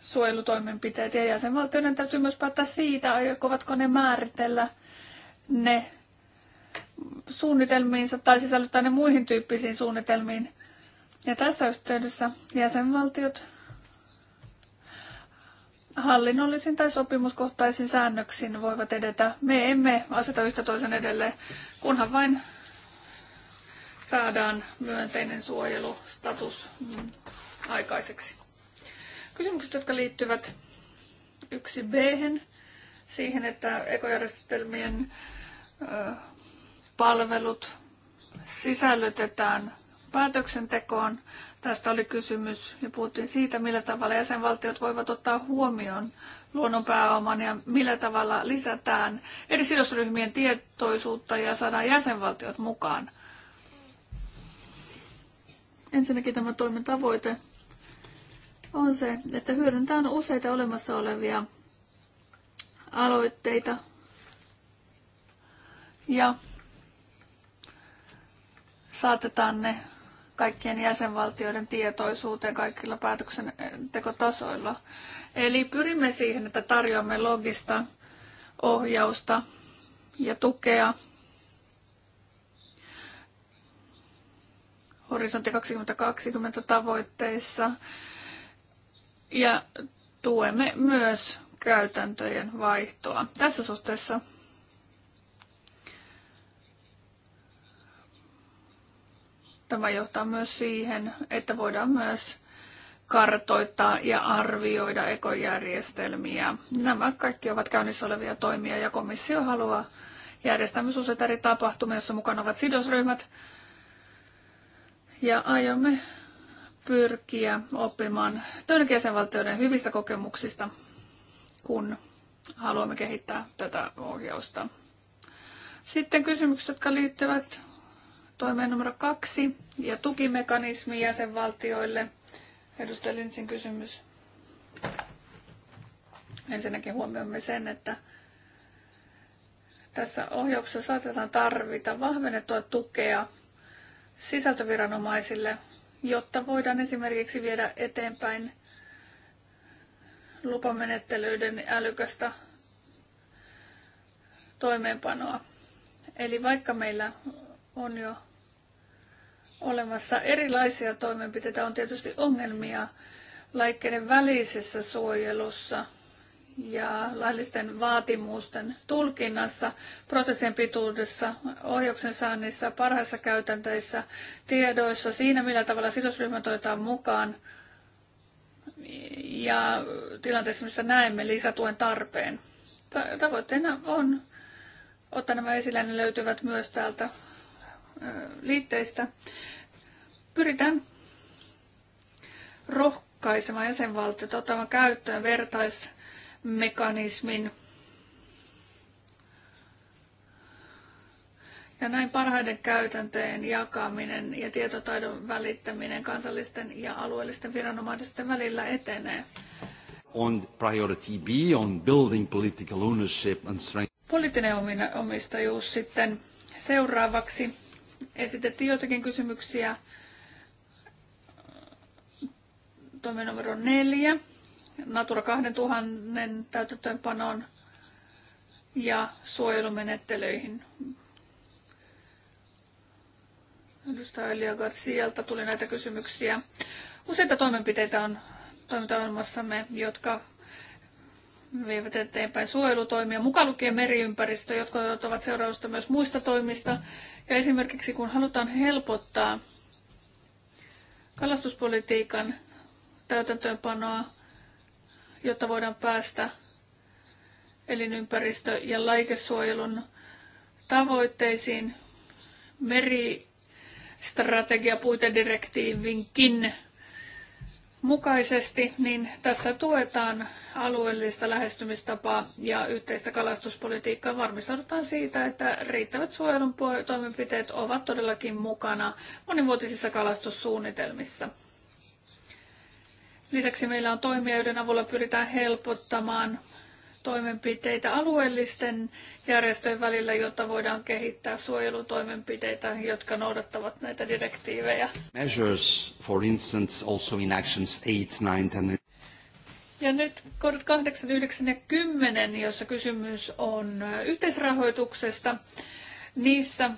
suojelutoimenpiteet ja jäsenvaltioiden täytyy myös päättää siitä, aikovatko ne määritellä ne suunnitelmiinsa tai sisällyttää ne muihin tyyppisiin suunnitelmiin, ja tässä yhteydessä jäsenvaltiot hallinnollisin tai sopimuskohtaisin säännöksin voivat edetä. Me emme aseta yhtä toisen edelle, kunhan vain saadaan myönteinen suojelustatus aikaiseksi. Kysymykset, jotka liittyvät 1b, siihen, että ekojärjestelmien palvelut sisällytetään päätöksentekoon. Tästä oli kysymys ja puhuttiin siitä, millä tavalla jäsenvaltiot voivat ottaa huomioon luonnonpääoman ja millä tavalla lisätään eri sidosryhmien tietoisuutta ja saadaan jäsenvaltiot mukaan. Ensinnäkin tämä toimen tavoite on se, että hyödyntää useita olemassa olevia aloitteita ja saatetaan ne kaikkien jäsenvaltioiden tietoisuuteen kaikilla päätöksentekotasoilla. Eli pyrimme siihen, että tarjoamme logista ohjausta ja tukea Horisontti 2020 tavoitteissa ja tuemme myös käytäntöjen vaihtoa. Tässä suhteessa Tämä johtaa myös siihen, että voidaan myös kartoittaa ja arvioida ekojärjestelmiä. Nämä kaikki ovat käynnissä olevia toimia ja komissio haluaa järjestää myös useita eri tapahtumia, joissa mukana ovat sidosryhmät. Ja aiomme pyrkiä oppimaan toinen jäsenvaltioiden hyvistä kokemuksista, kun haluamme kehittää tätä ohjausta. Sitten kysymykset, jotka liittyvät toimeen numero kaksi ja tukimekanismi jäsenvaltioille. Edustaja Linsin kysymys. Ensinnäkin huomioimme sen, että tässä ohjauksessa saatetaan tarvita vahvennettua tukea sisältöviranomaisille, jotta voidaan esimerkiksi viedä eteenpäin lupamenettelyiden älykästä toimeenpanoa. Eli vaikka meillä on jo olemassa erilaisia toimenpiteitä. On tietysti ongelmia laikkeiden välisessä suojelussa ja laillisten vaatimusten tulkinnassa, prosessin pituudessa, ohjauksen saannissa, parhaissa käytänteissä, tiedoissa, siinä millä tavalla sidosryhmät otetaan mukaan ja tilanteessa, missä näemme lisätuen tarpeen. Tavoitteena on ottaa nämä esille, ne löytyvät myös täältä liitteistä. Pyritään rohkaisemaan jäsenvaltiot ottamaan käyttöön vertaismekanismin. Ja näin parhaiden käytäntöjen jakaminen ja tietotaidon välittäminen kansallisten ja alueellisten viranomaisten välillä etenee. On priority B, on building political ownership and strength. Poliittinen omistajuus sitten seuraavaksi. Esitettiin joitakin kysymyksiä toimen numero neljä, Natura 2000 täytäntöönpanoon ja suojelumenettelyihin. Edustaja Elia Garcialta tuli näitä kysymyksiä. Useita toimenpiteitä on toimintaohjelmassamme, jotka vievät eteenpäin suojelutoimia, mukaan lukien meriympäristö, jotka ovat seurausta myös muista toimista. Ja esimerkiksi kun halutaan helpottaa kalastuspolitiikan täytäntöönpanoa, jotta voidaan päästä elinympäristö- ja laikesuojelun tavoitteisiin meristrategiapuitedirektiivinkin mukaisesti, niin tässä tuetaan alueellista lähestymistapaa ja yhteistä kalastuspolitiikkaa. Varmistaudutaan siitä, että riittävät suojelun toimenpiteet ovat todellakin mukana monivuotisissa kalastussuunnitelmissa. Lisäksi meillä on toimia, joiden avulla pyritään helpottamaan toimenpiteitä alueellisten järjestöjen välillä, jotta voidaan kehittää suojelutoimenpiteitä, jotka noudattavat näitä direktiivejä. Measures, for instance, also in actions 8, 9, 10. Ja nyt kohdat 8, 9 ja 10, jossa kysymys on yhteisrahoituksesta. Niissä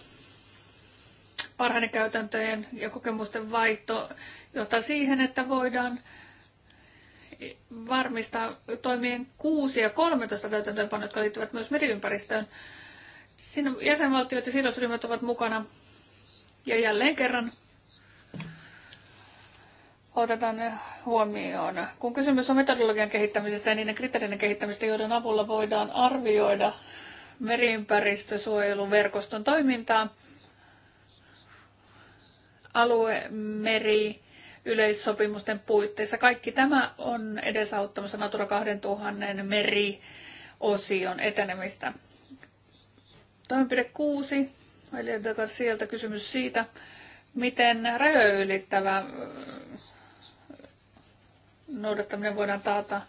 parhaiden käytäntöjen ja kokemusten vaihto johtaa siihen, että voidaan varmistaa toimien 6 ja 13 täytäntöönpano, jotka liittyvät myös meriympäristöön. Siinä jäsenvaltiot ja sidosryhmät ovat mukana. Ja jälleen kerran otetaan huomioon. Kun kysymys on metodologian kehittämisestä ja niiden kriteerien kehittämisestä, joiden avulla voidaan arvioida meriympäristösuojeluverkoston toimintaa, alue, meri, yleissopimusten puitteissa. Kaikki tämä on edesauttamassa Natura 2000 meriosion etenemistä. Toimenpide kuusi, eli sieltä kysymys siitä, miten rajoja ylittävä noudattaminen voidaan taata.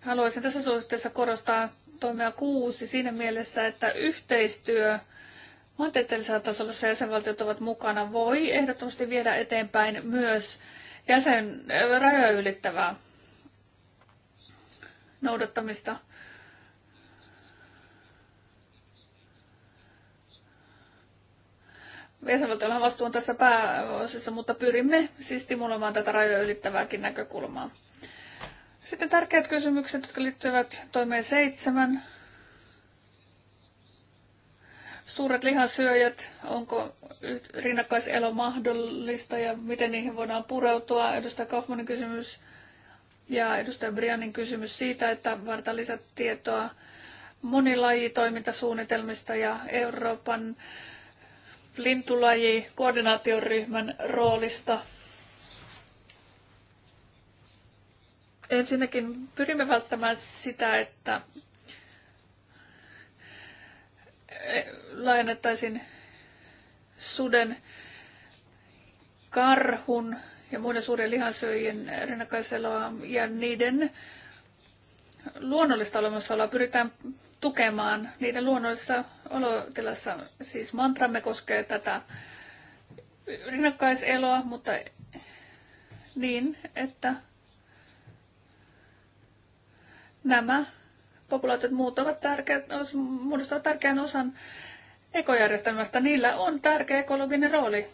Haluaisin tässä suhteessa korostaa toimia kuusi siinä mielessä, että yhteistyö maantieteellisellä tasolla, jossa jäsenvaltiot ovat mukana, voi ehdottomasti viedä eteenpäin myös jäsen, äh, rajoja ylittävää noudattamista. Jäsenvaltiolla vastuu on tässä pääosissa, mutta pyrimme siis stimuloimaan tätä rajoja ylittävääkin näkökulmaa. Sitten tärkeät kysymykset, jotka liittyvät toimeen seitsemän suuret lihansyöjät, onko rinnakkaiselo mahdollista ja miten niihin voidaan pureutua. Edustaja Kaufmanin kysymys ja edustaja Brianin kysymys siitä, että varta lisätietoa monilajitoimintasuunnitelmista ja Euroopan lintulaji koordinaatioryhmän roolista. Ensinnäkin pyrimme välttämään sitä, että laajennettaisiin suden, karhun ja muiden suurien lihansyöjien rinnakkaiseloa ja niiden luonnollista olemassaoloa pyritään tukemaan niiden luonnollisessa olotilassa. Siis mantramme koskee tätä rinnakkaiseloa, mutta niin, että nämä populaatiot muuttavat tärkeät, muodostavat tärkeän osan ekojärjestelmästä. Niillä on tärkeä ekologinen rooli.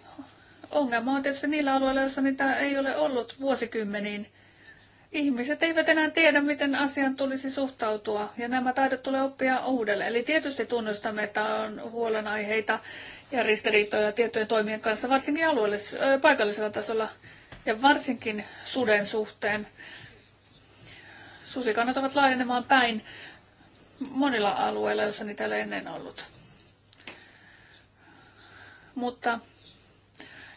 Ongelma on tietysti niillä alueilla, joissa niitä ei ole ollut vuosikymmeniin. Ihmiset eivät enää tiedä, miten asian tulisi suhtautua, ja nämä taidot tulee oppia uudelleen. Eli tietysti tunnustamme, että on huolenaiheita ja ristiriitoja tiettyjen toimien kanssa, varsinkin alueellis- paikallisella tasolla ja varsinkin suden suhteen. Susikannat ovat laajenemaan päin monilla alueilla, joissa niitä ei ole ennen ollut. Mutta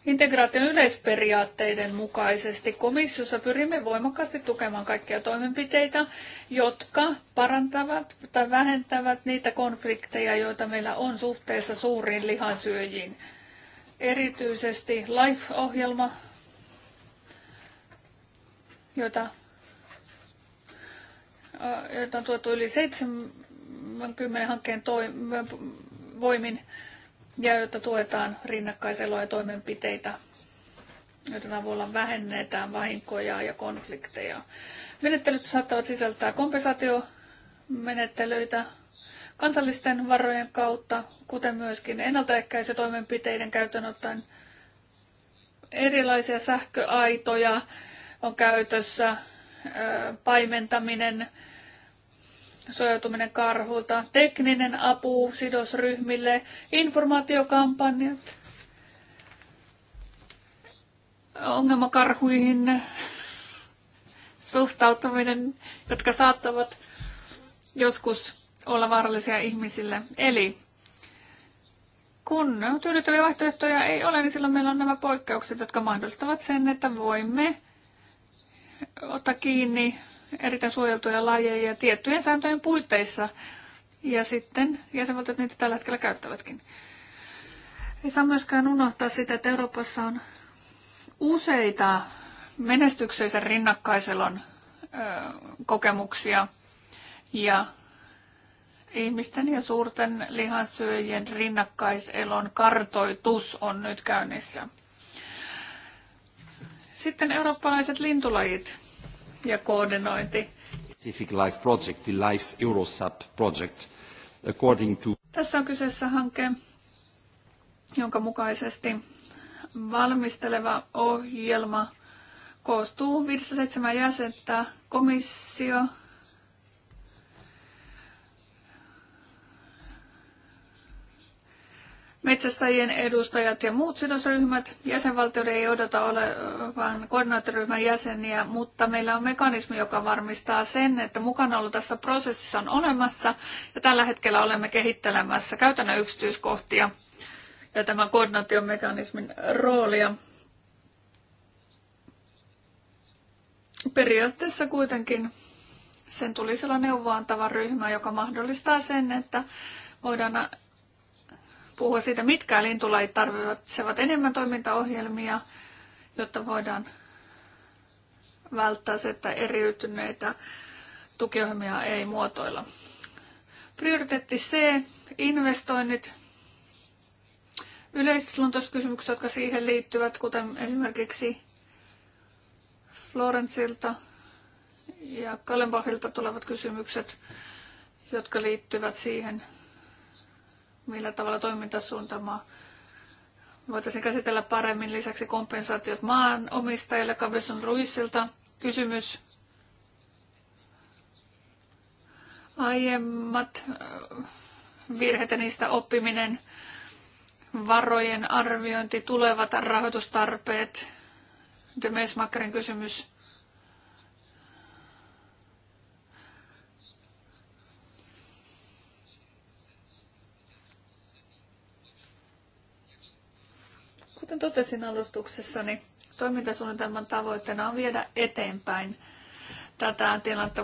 integraation yleisperiaatteiden mukaisesti komissiossa pyrimme voimakkaasti tukemaan kaikkia toimenpiteitä, jotka parantavat tai vähentävät niitä konflikteja, joita meillä on suhteessa suuriin lihansyöjiin. Erityisesti LIFE-ohjelma, jota joita on tuotu yli 70 hankkeen voimin ja jotta tuetaan rinnakkaiseloa ja toimenpiteitä, joiden avulla vähennetään vahinkoja ja konflikteja. Menettelyt saattavat sisältää kompensaatiomenettelyitä kansallisten varojen kautta, kuten myöskin ennaltaehkäisytoimenpiteiden käytön ottaen erilaisia sähköaitoja on käytössä, paimentaminen, suojautuminen karhulta, tekninen apu sidosryhmille, informaatiokampanjat, ongelmakarhuihin suhtautuminen, jotka saattavat joskus olla vaarallisia ihmisille. Eli kun tyydyttäviä vaihtoehtoja ei ole, niin silloin meillä on nämä poikkeukset, jotka mahdollistavat sen, että voimme ottaa kiinni erittäin suojeltuja lajeja tiettyjen sääntöjen puitteissa. Ja sitten jäsenvaltiot niitä tällä hetkellä käyttävätkin. Ei saa myöskään unohtaa sitä, että Euroopassa on useita menestykseisen rinnakkaiselon kokemuksia ja ihmisten ja suurten lihansyöjien rinnakkaiselon kartoitus on nyt käynnissä. Sitten eurooppalaiset lintulajit ja koordinointi. Specific Life Project, the Life Eurosub Project, according to... Tässä on kyseessä hanke, jonka mukaisesti valmisteleva ohjelma koostuu 57 jäsentä, komissio, Metsästäjien edustajat ja muut sidosryhmät, jäsenvaltioiden ei odota olevan koordinaattoryhmän jäseniä, mutta meillä on mekanismi, joka varmistaa sen, että mukanaolo tässä prosessissa on olemassa ja tällä hetkellä olemme kehittelemässä käytännön yksityiskohtia ja tämän koordinaatiomekanismin roolia. Periaatteessa kuitenkin sen tulisi olla neuvoantava ryhmä, joka mahdollistaa sen, että voidaan puhua siitä, mitkä lintulajit tarvitsevat enemmän toimintaohjelmia, jotta voidaan välttää se, että eriytyneitä tukiohjelmia ei muotoilla. Prioriteetti C, investoinnit, yleisluontoiskysymykset, jotka siihen liittyvät, kuten esimerkiksi Florensilta ja Kallenbachilta tulevat kysymykset, jotka liittyvät siihen, millä tavalla toimintasuuntamaa voitaisiin käsitellä paremmin. Lisäksi kompensaatiot maanomistajille Kavison Ruissilta. Kysymys. Aiemmat äh, virheet ja niistä oppiminen, varojen arviointi, tulevat rahoitustarpeet, Demesmakerin kysymys. Kuten totesin alustuksessani, toimintasuunnitelman tavoitteena on viedä eteenpäin tätä tilannetta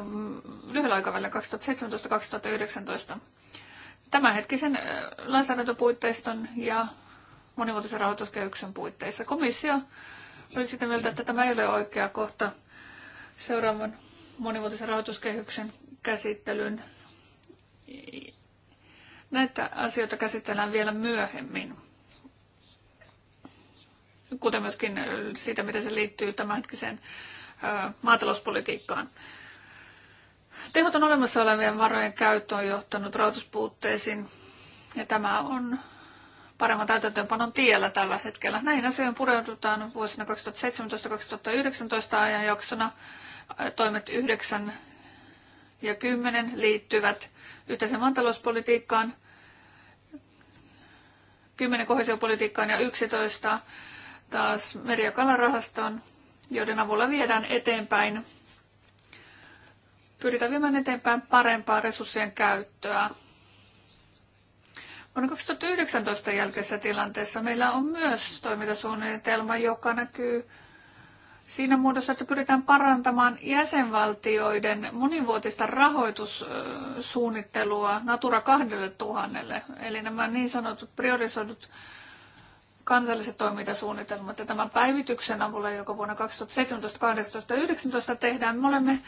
lyhyellä aikavälillä 2017-2019 tämänhetkisen äh, lainsäädäntöpuitteiston ja monivuotisen rahoituskehyksen puitteissa. Komissio oli sitä mieltä, että tämä ei ole oikea kohta seuraavan monivuotisen rahoituskehyksen käsittelyyn. Näitä asioita käsitellään vielä myöhemmin kuten myöskin siitä, miten se liittyy tämänhetkiseen maatalouspolitiikkaan. Tehoton olemassa olevien varojen käyttö on johtanut rahoituspuutteisiin ja tämä on paremman täytäntöönpanon tiellä tällä hetkellä. Näihin asioihin pureudutaan vuosina 2017-2019 ajanjaksona. Toimet 9 ja 10 liittyvät yhteiseen maatalouspolitiikkaan, 10 kohesiopolitiikkaan ja 11 taas meri- ja kalarahastoon, joiden avulla viedään eteenpäin, pyritään viemään eteenpäin parempaa resurssien käyttöä. Vuonna 2019 jälkeisessä tilanteessa meillä on myös toimintasuunnitelma, joka näkyy siinä muodossa, että pyritään parantamaan jäsenvaltioiden monivuotista rahoitussuunnittelua Natura 2000. Eli nämä niin sanotut priorisoidut kansalliset toimintasuunnitelmat. Ja tämän päivityksen avulla, joka vuonna 2017, 2018 ja 2019 tehdään, me olemme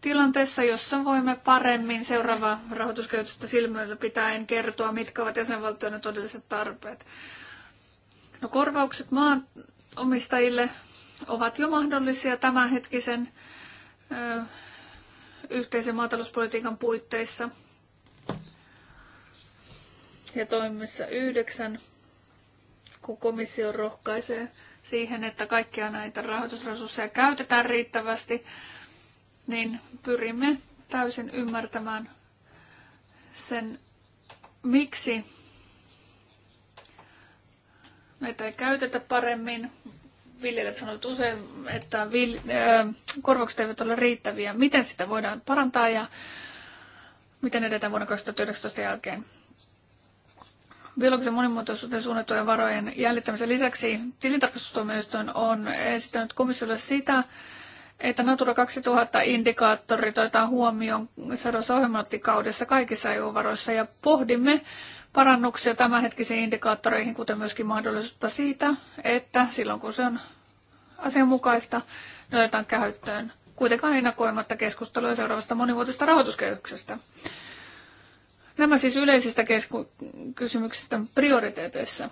tilanteessa, jossa voimme paremmin seuraava rahoituskehitystä silmällä pitäen kertoa, mitkä ovat jäsenvaltioiden todelliset tarpeet. No, korvaukset maanomistajille ovat jo mahdollisia tämänhetkisen ö, yhteisen maatalouspolitiikan puitteissa. Ja toimissa yhdeksän kun komissio rohkaisee siihen, että kaikkia näitä rahoitusresursseja käytetään riittävästi, niin pyrimme täysin ymmärtämään sen, miksi näitä ei käytetä paremmin. Viljelijät sanoivat usein, että vil- äh, korvaukset eivät ole riittäviä. Miten sitä voidaan parantaa ja miten edetään vuonna 2019 jälkeen? biologisen monimuotoisuuden suunnattujen varojen jäljittämisen lisäksi tilintarkastustuomioistuin on esittänyt komissiolle sitä, että Natura 2000-indikaattorit otetaan huomioon seuraavassa ohjelmointikaudessa kaikissa EU-varoissa ja pohdimme parannuksia tämänhetkisiin indikaattoreihin, kuten myöskin mahdollisuutta siitä, että silloin kun se on asianmukaista, ne otetaan käyttöön kuitenkaan ennakoimatta keskustelua seuraavasta monivuotisesta rahoituskehyksestä. Nämä siis yleisistä kesku- kysymyksistä prioriteeteissa.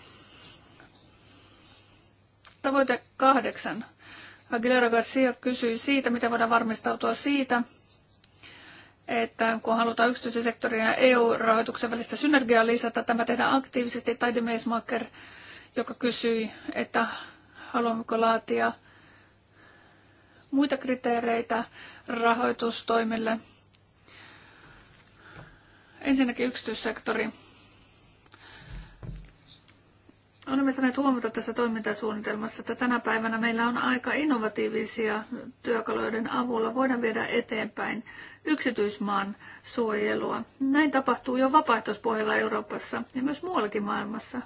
Tavoite kahdeksan. Aguilera Garcia kysyi siitä, miten voidaan varmistautua siitä, että kun halutaan yksityisen sektorin ja EU-rahoituksen välistä synergiaa lisätä, tämä tehdään aktiivisesti. Tai Demesmaker, joka kysyi, että haluammeko laatia muita kriteereitä rahoitustoimille Ensinnäkin yksityissektori. Olemme saaneet huomata tässä toimintasuunnitelmassa, että tänä päivänä meillä on aika innovatiivisia työkaluiden avulla voidaan viedä eteenpäin yksityismaan suojelua. Näin tapahtuu jo vapaaehtoispohjalla Euroopassa ja myös muuallakin maailmassa.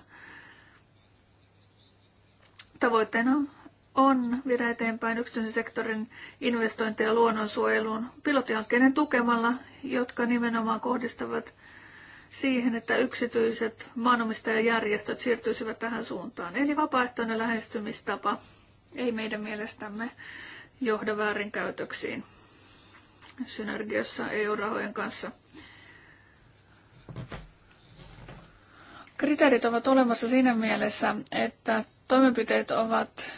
Tavoitteena on on viedä eteenpäin yksityisen sektorin investointeja luonnonsuojeluun pilotihankkeiden tukemalla, jotka nimenomaan kohdistavat siihen, että yksityiset maanomistajajärjestöt siirtyisivät tähän suuntaan. Eli vapaaehtoinen lähestymistapa ei meidän mielestämme johda väärinkäytöksiin synergiassa EU-rahojen kanssa. Kriteerit ovat olemassa siinä mielessä, että toimenpiteet ovat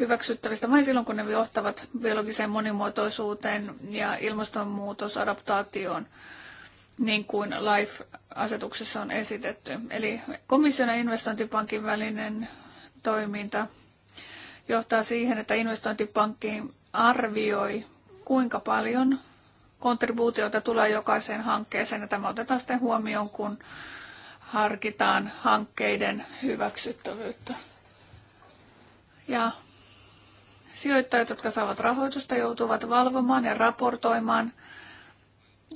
hyväksyttävistä vain silloin, kun ne johtavat biologiseen monimuotoisuuteen ja ilmastonmuutosadaptaatioon, niin kuin LIFE-asetuksessa on esitetty. Eli komission ja investointipankin välinen toiminta johtaa siihen, että investointipankki arvioi, kuinka paljon kontribuutioita tulee jokaiseen hankkeeseen, ja tämä otetaan sitten huomioon, kun harkitaan hankkeiden hyväksyttävyyttä. Ja Sijoittajat, jotka saavat rahoitusta, joutuvat valvomaan ja raportoimaan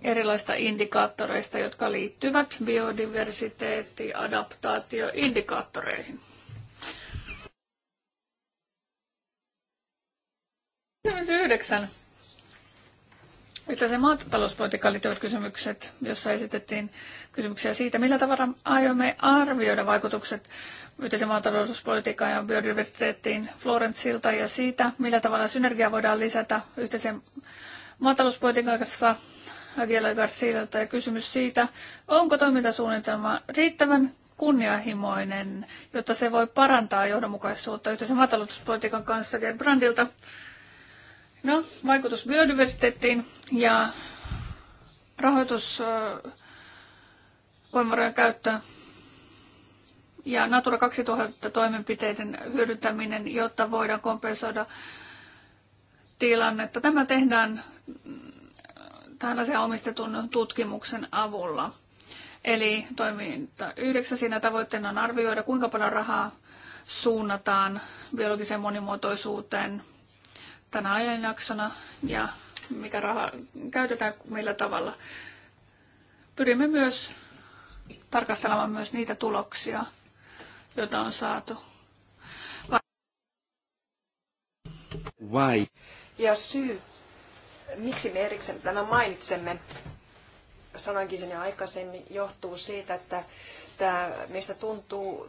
erilaista indikaattoreista, jotka liittyvät biodiversiteetti, adaptaatio, indikaattoreihin. Kysymys yhdeksän. Yhteisen maatalouspolitiikkaan liittyvät kysymykset, jossa esitettiin kysymyksiä siitä, millä tavalla aiomme arvioida vaikutukset yhteisen maatalouspolitiikan ja biodiversiteettiin Florentsilta ja siitä, millä tavalla synergiaa voidaan lisätä yhteisen maatalouspolitiikan kanssa Aguilar Garcialta ja kysymys siitä, onko toimintasuunnitelma riittävän kunnianhimoinen, jotta se voi parantaa johdonmukaisuutta yhteisen maatalouspolitiikan kanssa Brandilta. No, vaikutus biodiversiteettiin ja rahoitus voimavarojen käyttö ja Natura 2000 toimenpiteiden hyödyntäminen, jotta voidaan kompensoida tilannetta. Tämä tehdään mm, tähän asiaan omistetun tutkimuksen avulla. Eli toiminta yhdeksän siinä tavoitteena on arvioida, kuinka paljon rahaa suunnataan biologiseen monimuotoisuuteen tänä ajanjaksona ja mikä raha käytetään millä tavalla. Pyrimme myös tarkastelemaan myös niitä tuloksia, jota on saatu. Vai? Ja syy, miksi me erikseen tänä mainitsemme, sanoinkin sen jo aikaisemmin, niin johtuu siitä, että tämä, mistä tuntuu,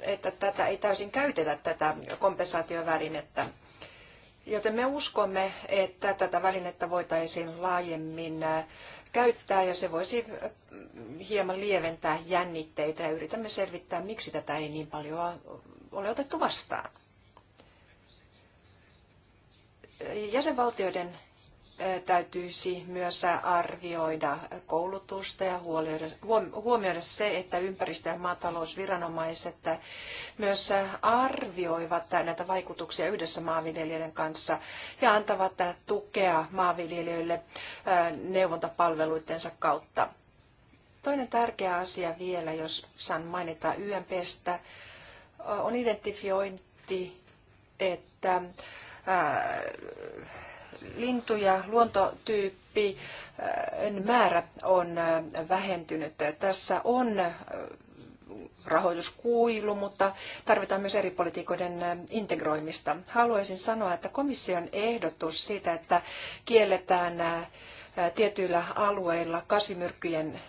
että tätä ei täysin käytetä tätä kompensaatiovälinettä. Joten me uskomme, että tätä välinettä voitaisiin laajemmin käyttää ja se voisi hieman lieventää jännitteitä ja yritämme selvittää, miksi tätä ei niin paljon ole otettu vastaan. Jäsenvaltioiden täytyisi myös arvioida koulutusta ja huomioida se, että ympäristö- ja maatalousviranomaiset myös arvioivat näitä vaikutuksia yhdessä maanviljelijöiden kanssa ja antavat tukea maanviljelijöille neuvontapalveluidensa kautta. Toinen tärkeä asia vielä, jos saan mainita YMPstä, on identifiointi, että lintu- ja luontotyyppi määrä on vähentynyt. Tässä on rahoituskuilu, mutta tarvitaan myös eri politiikoiden integroimista. Haluaisin sanoa, että komission ehdotus siitä, että kielletään tietyillä alueilla kasvimyrkkyjen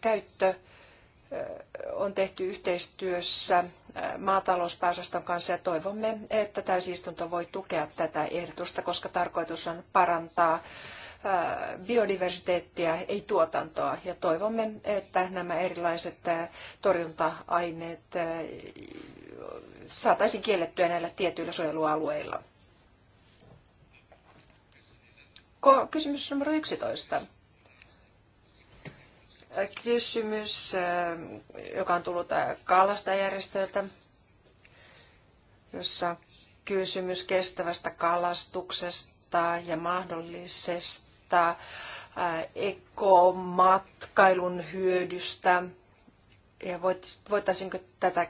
käyttö on tehty yhteistyössä maatalouspääosaston kanssa ja toivomme, että täysistunto voi tukea tätä ehdotusta, koska tarkoitus on parantaa biodiversiteettiä, ei tuotantoa. Ja toivomme, että nämä erilaiset torjunta-aineet saataisiin kiellettyä näillä tietyillä suojelualueilla. Kysymys numero 11 kysymys, eh, joka on tullut eh, kalastajärjestöltä, jossa on kysymys kestävästä kalastuksesta ja mahdollisesta eh, ekomatkailun hyödystä. Ja voitaisiinko tätä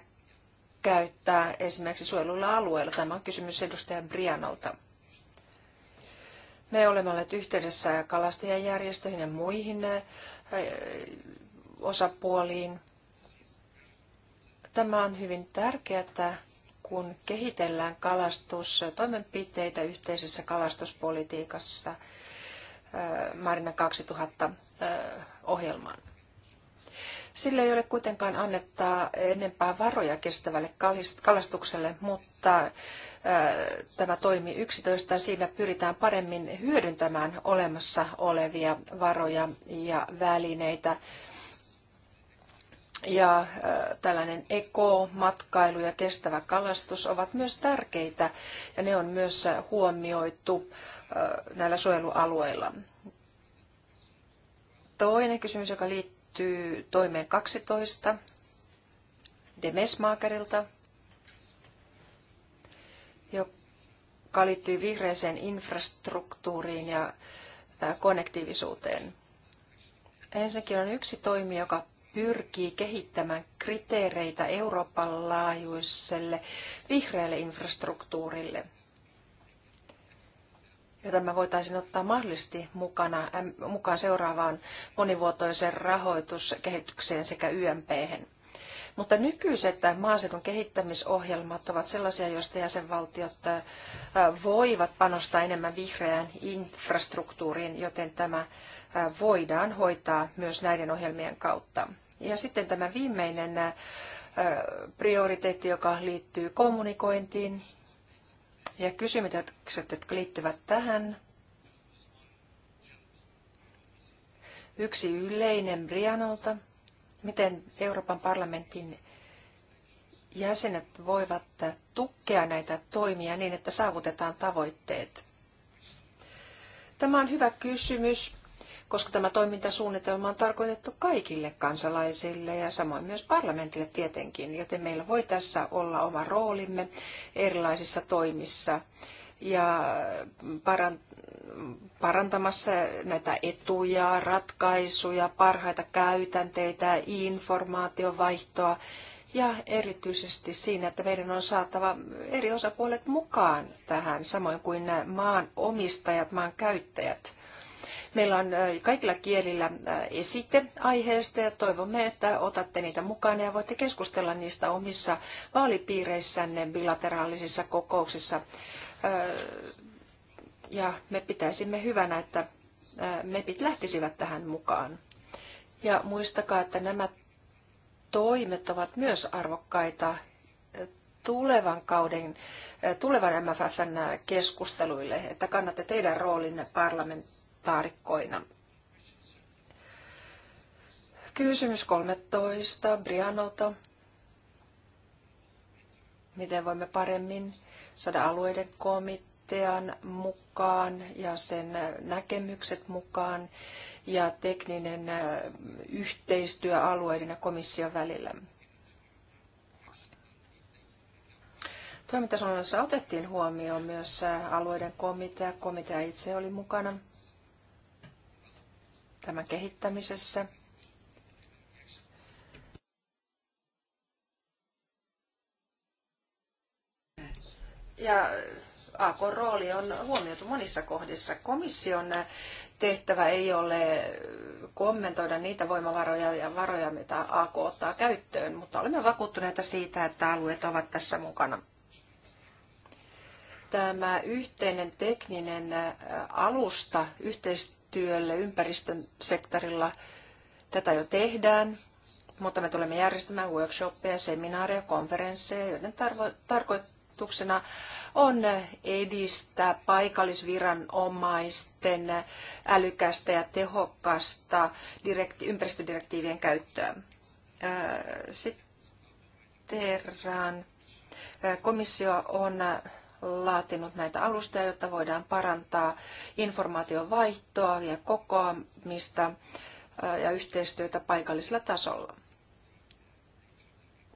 käyttää esimerkiksi suojelulla alueella? Tämä on kysymys edustaja Brianolta. Me olemme olleet yhteydessä kalastajajärjestöihin ja muihin Äh, osapuoliin. Tämä on hyvin tärkeää, kun kehitellään kalastustoimenpiteitä yhteisessä kalastuspolitiikassa äh, Marina 2000 äh, ohjelmaan. Sille ei ole kuitenkaan annettaa enempää varoja kestävälle kalastukselle, mutta äh, tämä toimi 11 siinä pyritään paremmin hyödyntämään olemassa olevia varoja ja välineitä. Ja äh, tällainen eko, matkailu ja kestävä kalastus ovat myös tärkeitä ja ne on myös huomioitu äh, näillä suojelualueilla. Toinen kysymys, joka liittyy liittyy toimeen 12 Demesmaakerilta, joka liittyy vihreäseen infrastruktuuriin ja konnektiivisuuteen. Ensinnäkin on yksi toimi, joka pyrkii kehittämään kriteereitä Euroopan laajuiselle vihreälle infrastruktuurille – jota me voitaisiin ottaa mahdollisesti mukana, mukaan seuraavaan monivuotoiseen rahoituskehitykseen sekä ymp -hän. Mutta nykyiset maaseudun kehittämisohjelmat ovat sellaisia, joista jäsenvaltiot voivat panostaa enemmän vihreään infrastruktuuriin, joten tämä voidaan hoitaa myös näiden ohjelmien kautta. Ja sitten tämä viimeinen prioriteetti, joka liittyy kommunikointiin ja kysymykset, jotka liittyvät tähän. Yksi yleinen Brianolta. Miten Euroopan parlamentin jäsenet voivat tukea näitä toimia niin, että saavutetaan tavoitteet? Tämä on hyvä kysymys koska tämä toimintasuunnitelma on tarkoitettu kaikille kansalaisille ja samoin myös parlamentille tietenkin, joten meillä voi tässä olla oma roolimme erilaisissa toimissa ja parantamassa näitä etuja, ratkaisuja, parhaita käytänteitä, informaatiovaihtoa ja erityisesti siinä, että meidän on saatava eri osapuolet mukaan tähän, samoin kuin nämä maanomistajat, maan käyttäjät. Meillä on kaikilla kielillä esite aiheesta ja toivomme, että otatte niitä mukaan ja voitte keskustella niistä omissa vaalipiireissänne bilateraalisissa kokouksissa. Ja me pitäisimme hyvänä, että mepit lähtisivät tähän mukaan. Ja muistakaa, että nämä toimet ovat myös arvokkaita tulevan kauden, tulevan MFFn keskusteluille, että kannatte teidän roolinne parlament, parlamentaarikkoina. Kysymys 13 Brianolta. Miten voimme paremmin saada alueiden komitean mukaan ja sen näkemykset mukaan ja tekninen yhteistyö alueiden ja komission välillä? Toimintasuunnassa otettiin huomioon myös alueiden komitea. Komitea itse oli mukana tämän kehittämisessä. Ja AK-rooli on huomioitu monissa kohdissa. Komission tehtävä ei ole kommentoida niitä voimavaroja ja varoja, mitä AK ottaa käyttöön, mutta olemme vakuuttuneita siitä, että alueet ovat tässä mukana. Tämä yhteinen tekninen alusta yhteistyö työlle ympäristön sektorilla. Tätä jo tehdään, mutta me tulemme järjestämään workshoppeja, seminaareja, konferensseja, joiden tarvo- tarkoituksena on edistää paikallisviranomaisten älykästä ja tehokasta direkti- ympäristödirektiivien käyttöä. Äh, sitten äh, komissio on laatinut näitä alustoja, jotta voidaan parantaa informaation vaihtoa ja kokoamista ja yhteistyötä paikallisella tasolla.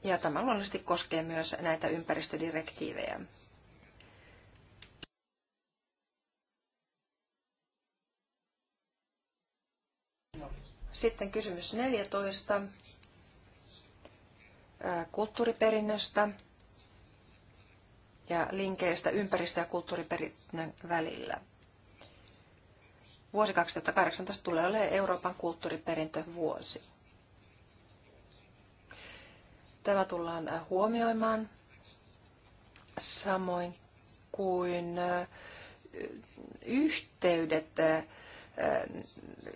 Ja tämä luonnollisesti koskee myös näitä ympäristödirektiivejä. Sitten kysymys 14 kulttuuriperinnöstä ja linkeistä ympäristö- ja kulttuuriperinnön välillä. Vuosi 2018 tulee olemaan Euroopan kulttuuriperintövuosi. Tämä tullaan äh, huomioimaan samoin kuin äh, yhteydet äh,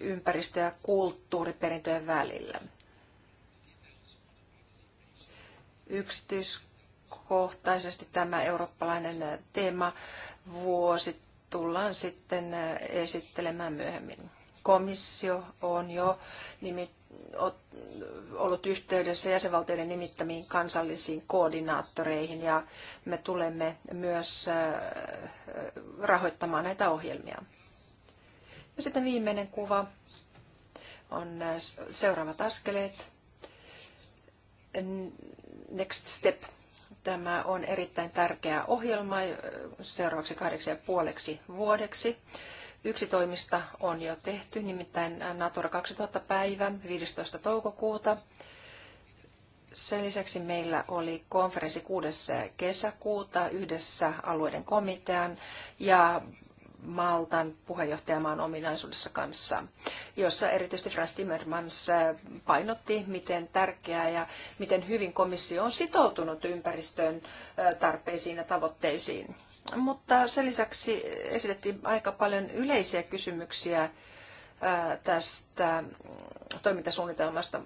ympäristö- ja kulttuuriperintöjen välillä. Yksityiskohtaisesti ajankohtaisesti tämä eurooppalainen teema vuosi tullaan sitten esittelemään myöhemmin. Komissio on jo nimittäin ollut yhteydessä jäsenvaltioiden nimittämiin kansallisiin koordinaattoreihin ja me tulemme myös äh, rahoittamaan näitä ohjelmia. Ja sitten viimeinen kuva on äh, seuraavat askeleet. Next Step Tämä on erittäin tärkeä ohjelma äh, seuraavaksi kahdeksi ja puoleksi vuodeksi. Yksi toimista on jo tehty, nimittäin Natura 2000 päivä 15. toukokuuta. Sen lisäksi meillä oli konferenssi 6. kesäkuuta yhdessä alueiden komitean ja Maltan puheenjohtajamaan ominaisuudessa kanssa, jossa erityisesti Frans Timmermans painotti, miten tärkeää ja miten hyvin komissio on sitoutunut ympäristön tarpeisiin ja tavoitteisiin. Mutta sen lisäksi esitettiin aika paljon yleisiä kysymyksiä tästä mm, toimintasuunnitelmasta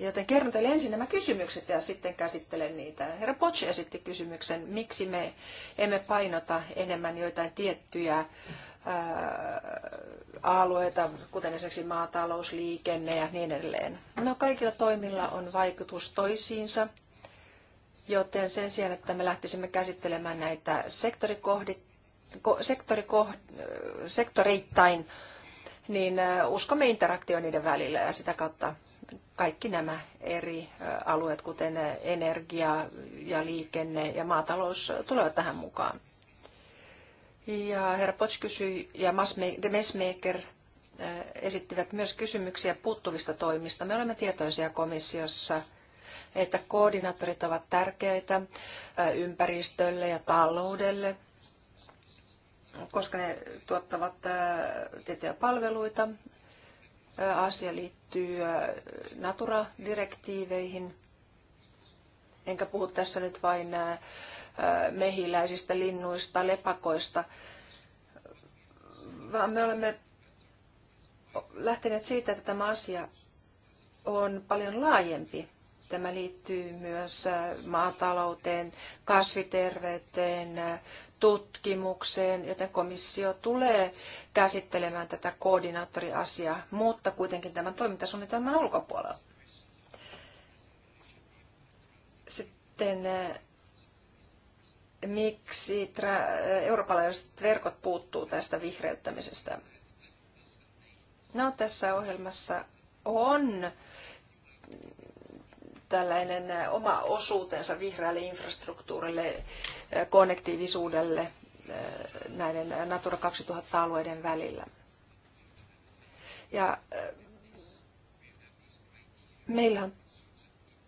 Joten kerron teille ensin nämä kysymykset ja sitten käsittelen niitä. Herra Potsi esitti kysymyksen, miksi me emme painota enemmän joitain tiettyjä alueita, kuten esimerkiksi maatalous, liikenne ja niin edelleen. No kaikilla toimilla on vaikutus toisiinsa, joten sen sijaan, että me lähtisimme käsittelemään näitä sektorikoh, sektoreittain, niin uskomme interaktioon niiden välillä ja sitä kautta kaikki nämä eri alueet, kuten energia ja liikenne ja maatalous, tulevat tähän mukaan. Ja herra Potts kysyi, ja De Messmaker esittivät myös kysymyksiä puuttuvista toimista. Me olemme tietoisia komissiossa, että koordinaattorit ovat tärkeitä ympäristölle ja taloudelle, koska ne tuottavat tiettyjä palveluita asia liittyy Natura-direktiiveihin. Enkä puhu tässä nyt vain mehiläisistä, linnuista, lepakoista, vaan me olemme lähteneet siitä, että tämä asia on paljon laajempi. Tämä liittyy myös maatalouteen, kasviterveyteen, tutkimukseen, joten komissio tulee käsittelemään tätä koordinaattoriasiaa, mutta kuitenkin tämän toimintasuunnitelman ulkopuolella. Sitten eh, miksi eh, eurooppalaiset verkot puuttuu tästä vihreyttämisestä? No, tässä ohjelmassa on tällainen oma osuutensa vihreälle infrastruktuurille, konnektiivisuudelle näiden Natura 2000-alueiden välillä. Ja meillä on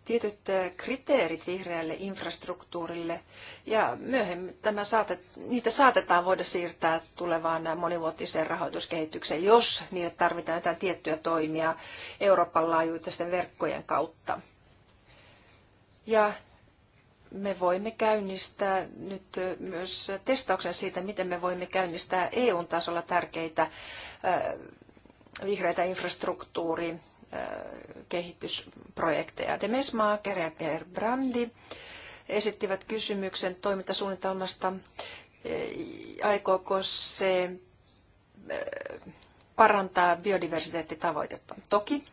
tietyt kriteerit vihreälle infrastruktuurille ja myöhemmin tämä saatet, niitä saatetaan voida siirtää tulevaan monivuotiseen rahoituskehitykseen, jos niille tarvitaan jotain tiettyjä toimia Euroopan laajuisten verkkojen kautta. Ja me voimme käynnistää nyt myös testauksen siitä, miten me voimme käynnistää EU-tasolla tärkeitä vihreitä infrastruktuurin kehitysprojekteja. Demesmaaker ja Gerbrandi esittivät kysymyksen toimintasuunnitelmasta, aikooko se parantaa biodiversiteettitavoitetta. Toki,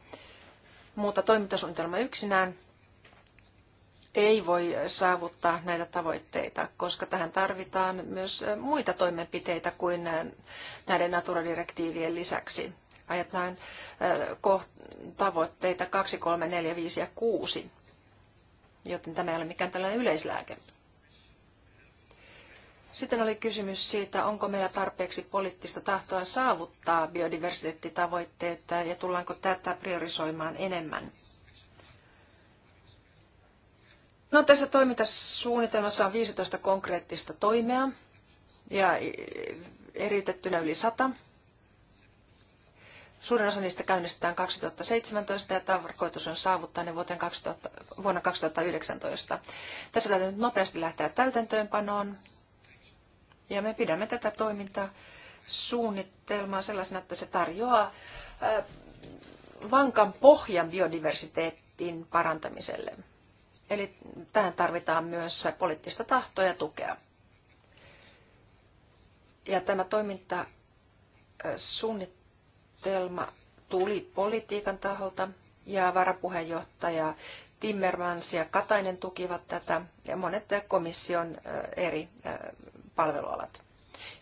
mutta toimintasuunnitelma yksinään ei voi saavuttaa näitä tavoitteita, koska tähän tarvitaan myös muita toimenpiteitä kuin näiden naturadirektiivien direktiivien lisäksi. Ajatellaan tavoitteita 2, 3, 4, 5 ja 6, joten tämä ei ole mikään tällainen yleislääke. Sitten oli kysymys siitä, onko meillä tarpeeksi poliittista tahtoa saavuttaa biodiversiteettitavoitteet ja tullaanko tätä priorisoimaan enemmän. No tässä toimintasuunnitelmassa on 15 konkreettista toimea ja eriytettynä yli 100. Suurin osa niistä käynnistetään 2017 ja tarkoitus on saavuttaa ne vuoteen 2000, vuonna 2019. Tässä täytyy nyt nopeasti lähteä täytäntöönpanoon ja me pidämme tätä toimintaa suunnitelmaa sellaisena, että se tarjoaa vankan pohjan biodiversiteettiin parantamiselle. Eli tähän tarvitaan myös poliittista tahtoa ja tukea. Ja tämä toimintasuunnitelma tuli politiikan taholta ja varapuheenjohtaja Timmermans ja Katainen tukivat tätä ja monet komission eri palvelualat.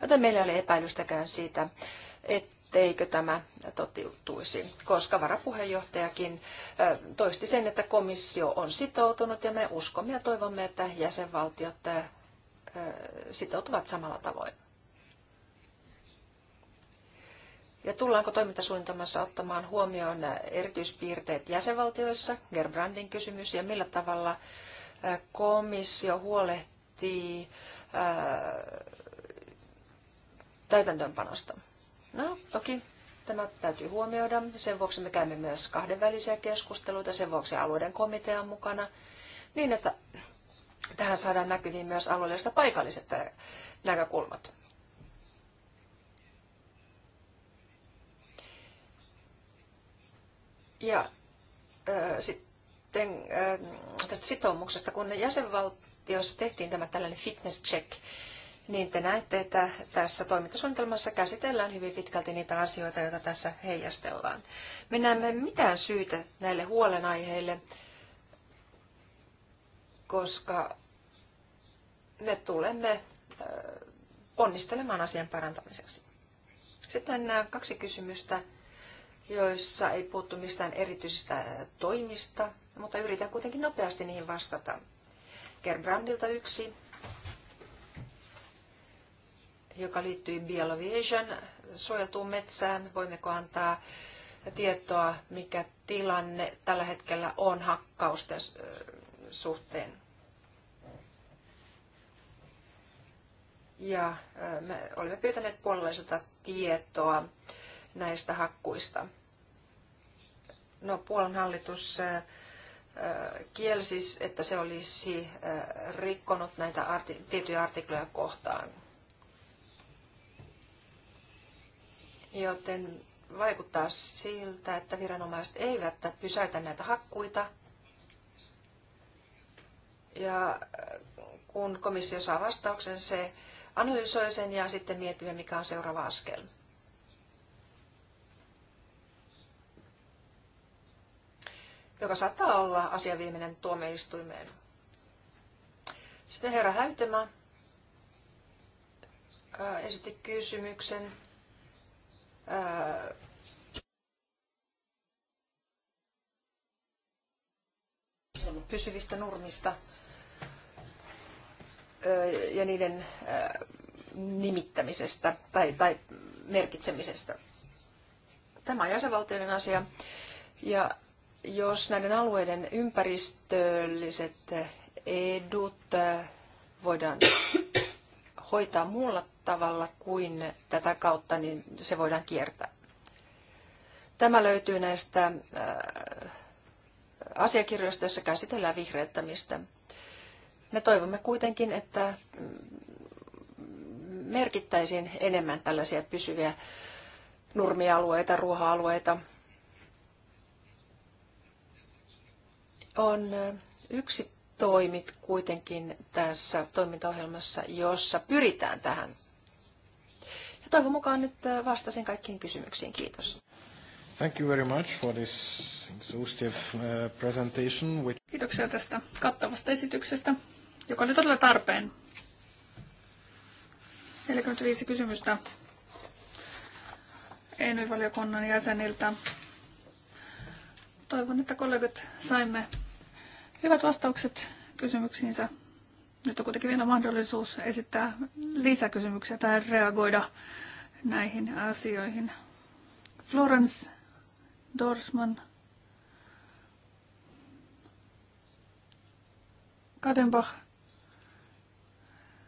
Joten meillä ei ole epäilystäkään siitä, että etteikö tämä totiutuisi, koska varapuheenjohtajakin toisti sen, että komissio on sitoutunut ja me uskomme ja toivomme, että jäsenvaltiot sitoutuvat samalla tavoin. Ja tullaanko toimintasuunnitelmassa ottamaan huomioon erityispiirteet jäsenvaltioissa, Gerbrandin kysymys, ja millä tavalla komissio huolehtii täytäntöönpanosta? No, toki tämä täytyy huomioida. Sen vuoksi me käymme myös kahdenvälisiä keskusteluita, sen vuoksi alueiden komitean mukana, niin että tähän saadaan näkyviin myös alueellista paikalliset näkökulmat. Ja äh, sitten äh, tästä sitoumuksesta, kun jäsenvaltiossa tehtiin tämä tällainen fitness check, äh, niin te näette, että tässä toimintasuunnitelmassa käsitellään hyvin pitkälti niitä asioita, joita tässä heijastellaan. Me näemme mitään syytä näille huolenaiheille, koska me tulemme onnistelemaan asian parantamiseksi. Sitten nämä kaksi kysymystä, joissa ei puuttu mistään erityisistä toimista, mutta yritän kuitenkin nopeasti niihin vastata. Gerbrandilta yksi joka liittyy Bielovision suojeltuun metsään. Voimmeko antaa tietoa, mikä tilanne tällä hetkellä on hakkausten suhteen? Ja me olemme pyytäneet puolalaiselta tietoa näistä hakkuista. No, Puolan hallitus kielsi, siis, että se olisi rikkonut näitä arti- tiettyjä artikloja kohtaan. joten vaikuttaa siltä, että viranomaiset eivät pysäytä näitä hakkuita. Ja äh, kun komissio saa vastauksen, se analysoi sen ja sitten miettii, mikä on seuraava askel. joka saattaa olla asia viimeinen tuomioistuimeen. Sitten herra Häytemä äh, esitti kysymyksen Äh, pysyvistä nurmista äh, ja niiden äh, nimittämisestä tai, tai merkitsemisestä. Tämä on jäsenvaltioiden asia. Ja jos näiden alueiden ympäristölliset edut voidaan hoitaa muulla tavalla kuin tätä kautta, niin se voidaan kiertää. Tämä löytyy näistä äh, asiakirjoista, joissa käsitellään vihreyttämistä. Me toivomme kuitenkin, että mm, merkittäisiin enemmän tällaisia pysyviä nurmialueita, ruoha-alueita. On äh, yksi toimit kuitenkin tässä toimintaohjelmassa, jossa pyritään tähän ja toivon mukaan nyt äh, vastasin kaikkiin kysymyksiin. Kiitos. Thank you very much for this exhaustive uh, presentation. Which... Kiitoksia tästä kattavasta esityksestä, joka oli todella tarpeen. 45 kysymystä ENY-valiokunnan jäseniltä. Toivon, että kollegat saimme hyvät vastaukset kysymyksiinsä. Nyt on kuitenkin vielä mahdollisuus esittää lisäkysymyksiä tai reagoida näihin asioihin. Florence Dorsman Kadenbach,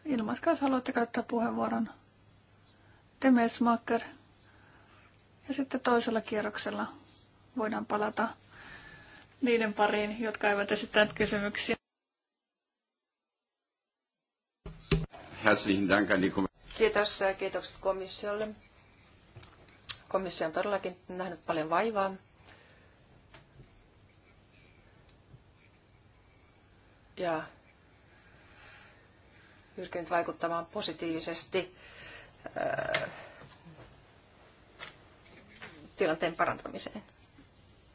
Ilmaiska, jos haluatte käyttää puheenvuoron. Demesmaker. Ja sitten toisella kierroksella voidaan palata niiden pariin, jotka eivät esittäneet kysymyksiä. Herzlichen Dank an die Kiitos ja kiitokset komissiolle. Komissio on todellakin nähnyt paljon vaivaa. Ja pyrkinyt vaikuttamaan positiivisesti äh, tilanteen parantamiseen.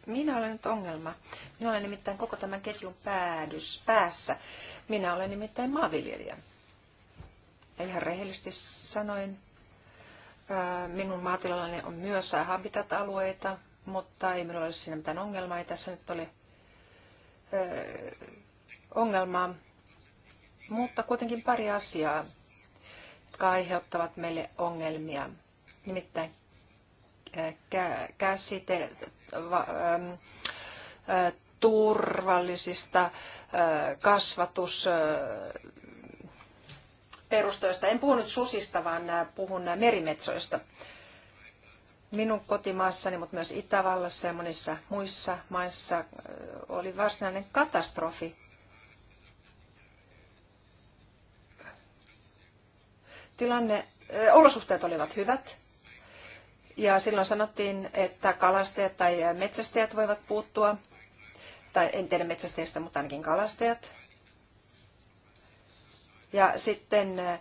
Minä olen nyt ongelma. Minä olen nimittäin koko tämän ketjun päädys, päässä. Minä olen nimittäin maanviljelijä. Ja ihan rehellisesti sanoen, minun maatilallani on myös habitat-alueita, mutta ei minulla ole siinä mitään ongelmaa. Ei tässä nyt ole ongelmaa, mutta kuitenkin pari asiaa, jotka aiheuttavat meille ongelmia. Nimittäin käsite turvallisista kasvatus perustoista. En puhu nyt susista, vaan äh, puhun äh, merimetsoista. Minun kotimaassani, mutta myös Itävallassa ja monissa muissa maissa äh, oli varsinainen katastrofi. Tilanne, olosuhteet olivat hyvät, ja silloin sanottiin, että kalastajat tai metsästäjät voivat puuttua, tai en tiedä metsästäjistä, mutta ainakin kalastajat. Ja sitten äh,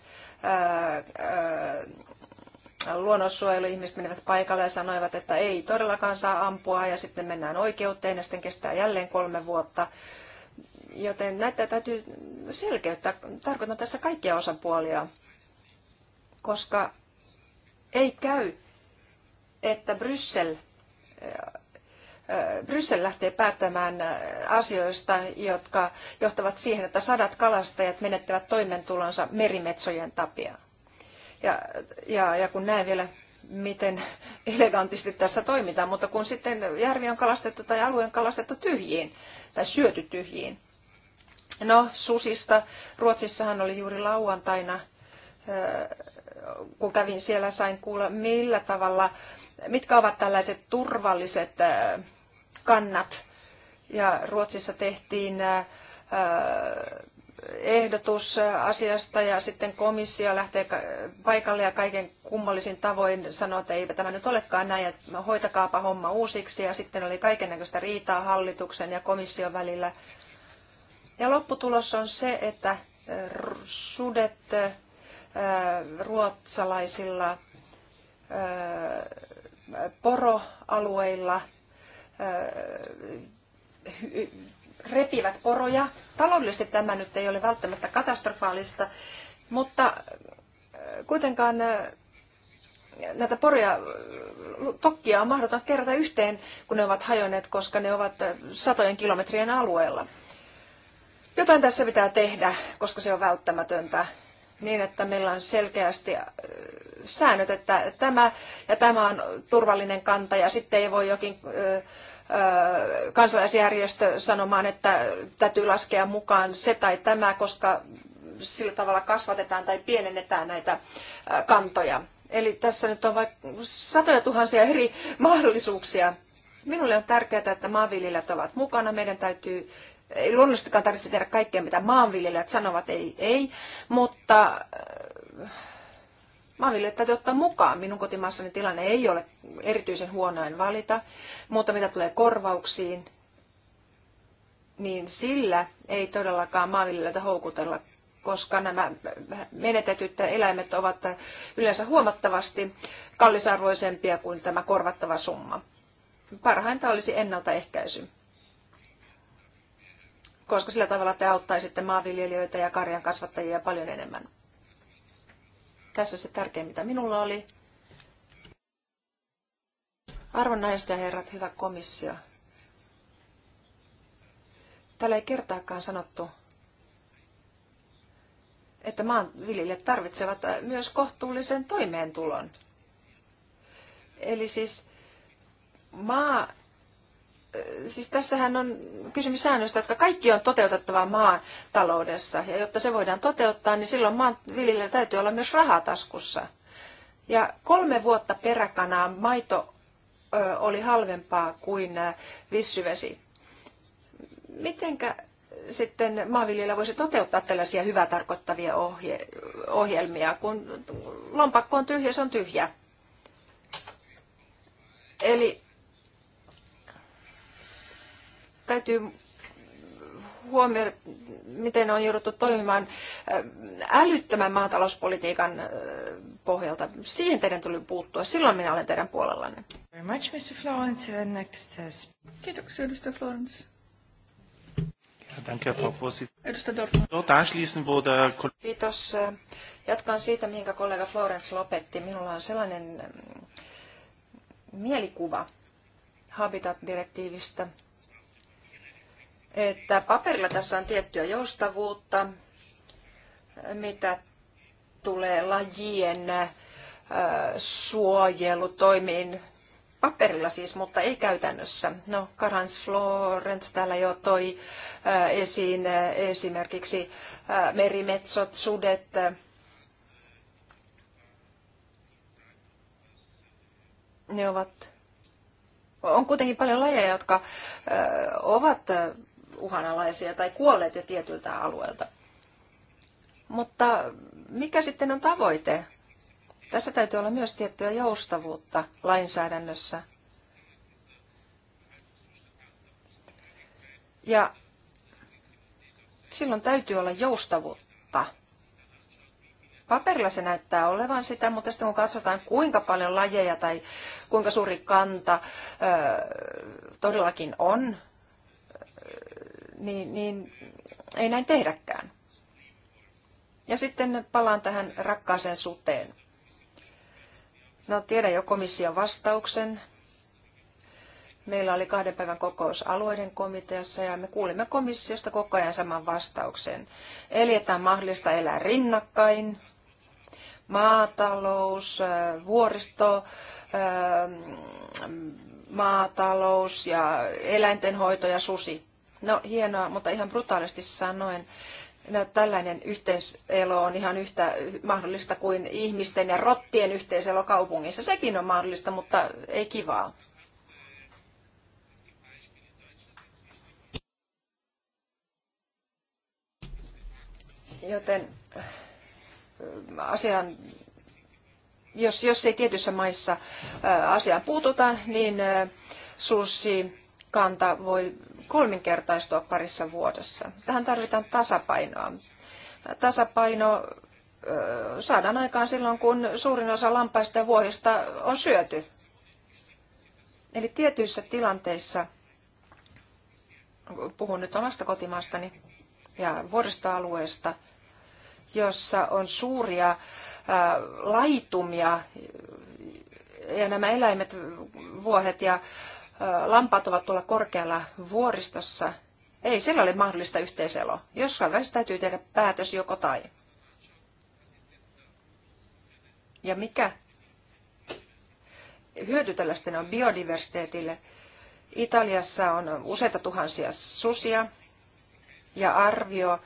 äh, luonnonsuojeluihmiset menivät paikalle ja sanoivat, että ei todellakaan saa ampua ja sitten mennään oikeuteen ja sitten kestää jälleen kolme vuotta. Joten näitä täytyy selkeyttää. Tarkoitan tässä kaikkia osapuolia, koska ei käy, että Bryssel Bryssel lähtee päättämään asioista, jotka johtavat siihen, että sadat kalastajat menettävät toimeentulonsa merimetsojen tapia. Ja, ja, ja kun näen vielä, miten elegantisti tässä toimitaan, mutta kun sitten järvi on kalastettu tai alue on kalastettu tyhjiin tai syöty tyhjiin. No, susista. Ruotsissahan oli juuri lauantaina, kun kävin siellä, sain kuulla, millä tavalla mitkä ovat tällaiset turvalliset kannat. Ja Ruotsissa tehtiin äh, äh, ehdotus asiasta ja sitten komissio lähtee paikalle ja kaiken kummallisin tavoin sanoo, että eipä tämä nyt olekaan näin, että no, hoitakaapa homma uusiksi ja sitten oli kaiken näköistä riitaa hallituksen ja komission välillä. Ja lopputulos on se, että äh, sudet ruotsalaisilla poroalueilla – repivät poroja. Taloudellisesti tämä nyt ei ole välttämättä katastrofaalista, mutta kuitenkaan näitä poroja, tokkia on mahdoton kerätä yhteen, kun ne ovat hajonneet, koska ne ovat satojen kilometrien alueella. Jotain tässä pitää tehdä, koska se on välttämätöntä niin, että meillä on selkeästi äh, säännöt, että tämä ja tämä on turvallinen kanta ja sitten ei voi jokin äh, äh, kansalaisjärjestö sanomaan, että täytyy laskea mukaan se tai tämä, koska sillä tavalla kasvatetaan tai pienennetään näitä kantoja. Eli tässä nyt on vaikka satoja tuhansia eri mahdollisuuksia. Minulle on tärkeää, että maanviljelijät ovat mukana. Meidän täytyy ei luonnollisestikaan tarvitse tehdä kaikkea, mitä maanviljelijät sanovat, ei, ei, mutta äh, maanviljelijät täytyy ottaa mukaan. Minun kotimaassani tilanne ei ole erityisen huonoin valita, mutta mitä tulee korvauksiin, niin sillä ei todellakaan maanviljelijöitä houkutella, koska nämä menetetyt eläimet ovat yleensä huomattavasti kallisarvoisempia kuin tämä korvattava summa. Parhainta olisi ennaltaehkäisy koska sillä tavalla te auttaisitte maanviljelijöitä ja karjan kasvattajia paljon enemmän. Tässä se tärkein, mitä minulla oli. Arvon naiset ja herrat, hyvä komissio. Täällä ei kertaakaan sanottu, että maanviljelijät tarvitsevat myös kohtuullisen toimeentulon. Eli siis maa siis tässähän on kysymys säännöistä, jotka kaikki on toteutettava maataloudessa, Ja jotta se voidaan toteuttaa, niin silloin maanviljelijällä täytyy olla myös rahataskussa. Ja kolme vuotta peräkanaa maito oli halvempaa kuin vissyvesi. Mitenkä sitten maanviljelijä voisi toteuttaa tällaisia hyvää tarkoittavia ohje, ohjelmia, kun lompakko on tyhjä, se on tyhjä. Eli täytyy huomioida, miten on jouduttu toimimaan äh, älyttömän maatalouspolitiikan äh, pohjalta. Siihen teidän tuli puuttua. Silloin minä olen teidän puolellanne. Very much, Mr. Florence. Next test. Kiitoksia, edustaja Florence. Kiitos. Jatkan siitä, minkä kollega Florence lopetti. Minulla on sellainen mm, mielikuva Habitat-direktiivistä, että paperilla tässä on tiettyä joustavuutta, mitä tulee lajien suojelutoimiin paperilla siis, mutta ei käytännössä. No, Karans Florence täällä jo toi esiin esimerkiksi merimetsot, sudet. Ne ovat, on kuitenkin paljon lajeja, jotka ovat uhanalaisia tai kuolleet jo tietyiltä alueilta. Mutta mikä sitten on tavoite? Tässä täytyy olla myös tiettyä joustavuutta lainsäädännössä. Ja silloin täytyy olla joustavuutta. Paperilla se näyttää olevan sitä, mutta sitten kun katsotaan kuinka paljon lajeja tai kuinka suuri kanta ö, todellakin on, niin, niin ei näin tehdäkään. Ja sitten palaan tähän rakkaaseen suteen. No tiedän jo komission vastauksen. Meillä oli kahden päivän kokous alueiden komiteassa ja me kuulimme komissiosta koko ajan saman vastauksen. Eli että on mahdollista elää rinnakkain. Maatalous, vuoristo, maatalous ja eläintenhoito ja susi. No hienoa, mutta ihan brutaalisti sanoen, no, tällainen yhteiselo on ihan yhtä mahdollista kuin ihmisten ja rottien yhteiselo kaupungissa. Sekin on mahdollista, mutta ei kivaa. Joten äh, asian jos, jos ei tietyissä maissa äh, asiaan puututa, niin äh, susi kanta voi kolminkertaistua parissa vuodessa. Tähän tarvitaan tasapainoa. Tasapaino saadaan aikaan silloin, kun suurin osa lampaista ja vuohista on syöty. Eli tietyissä tilanteissa, puhun nyt omasta kotimaastani ja vuoristoalueesta, jossa on suuria laitumia ja nämä eläimet, vuohet ja lampaat ovat tuolla korkealla vuoristossa, ei siellä ole mahdollista yhteiselo. Jossain vaiheessa täytyy tehdä päätös joko tai. Ja mikä hyöty tällaisten on biodiversiteetille? Italiassa on useita tuhansia susia ja arvio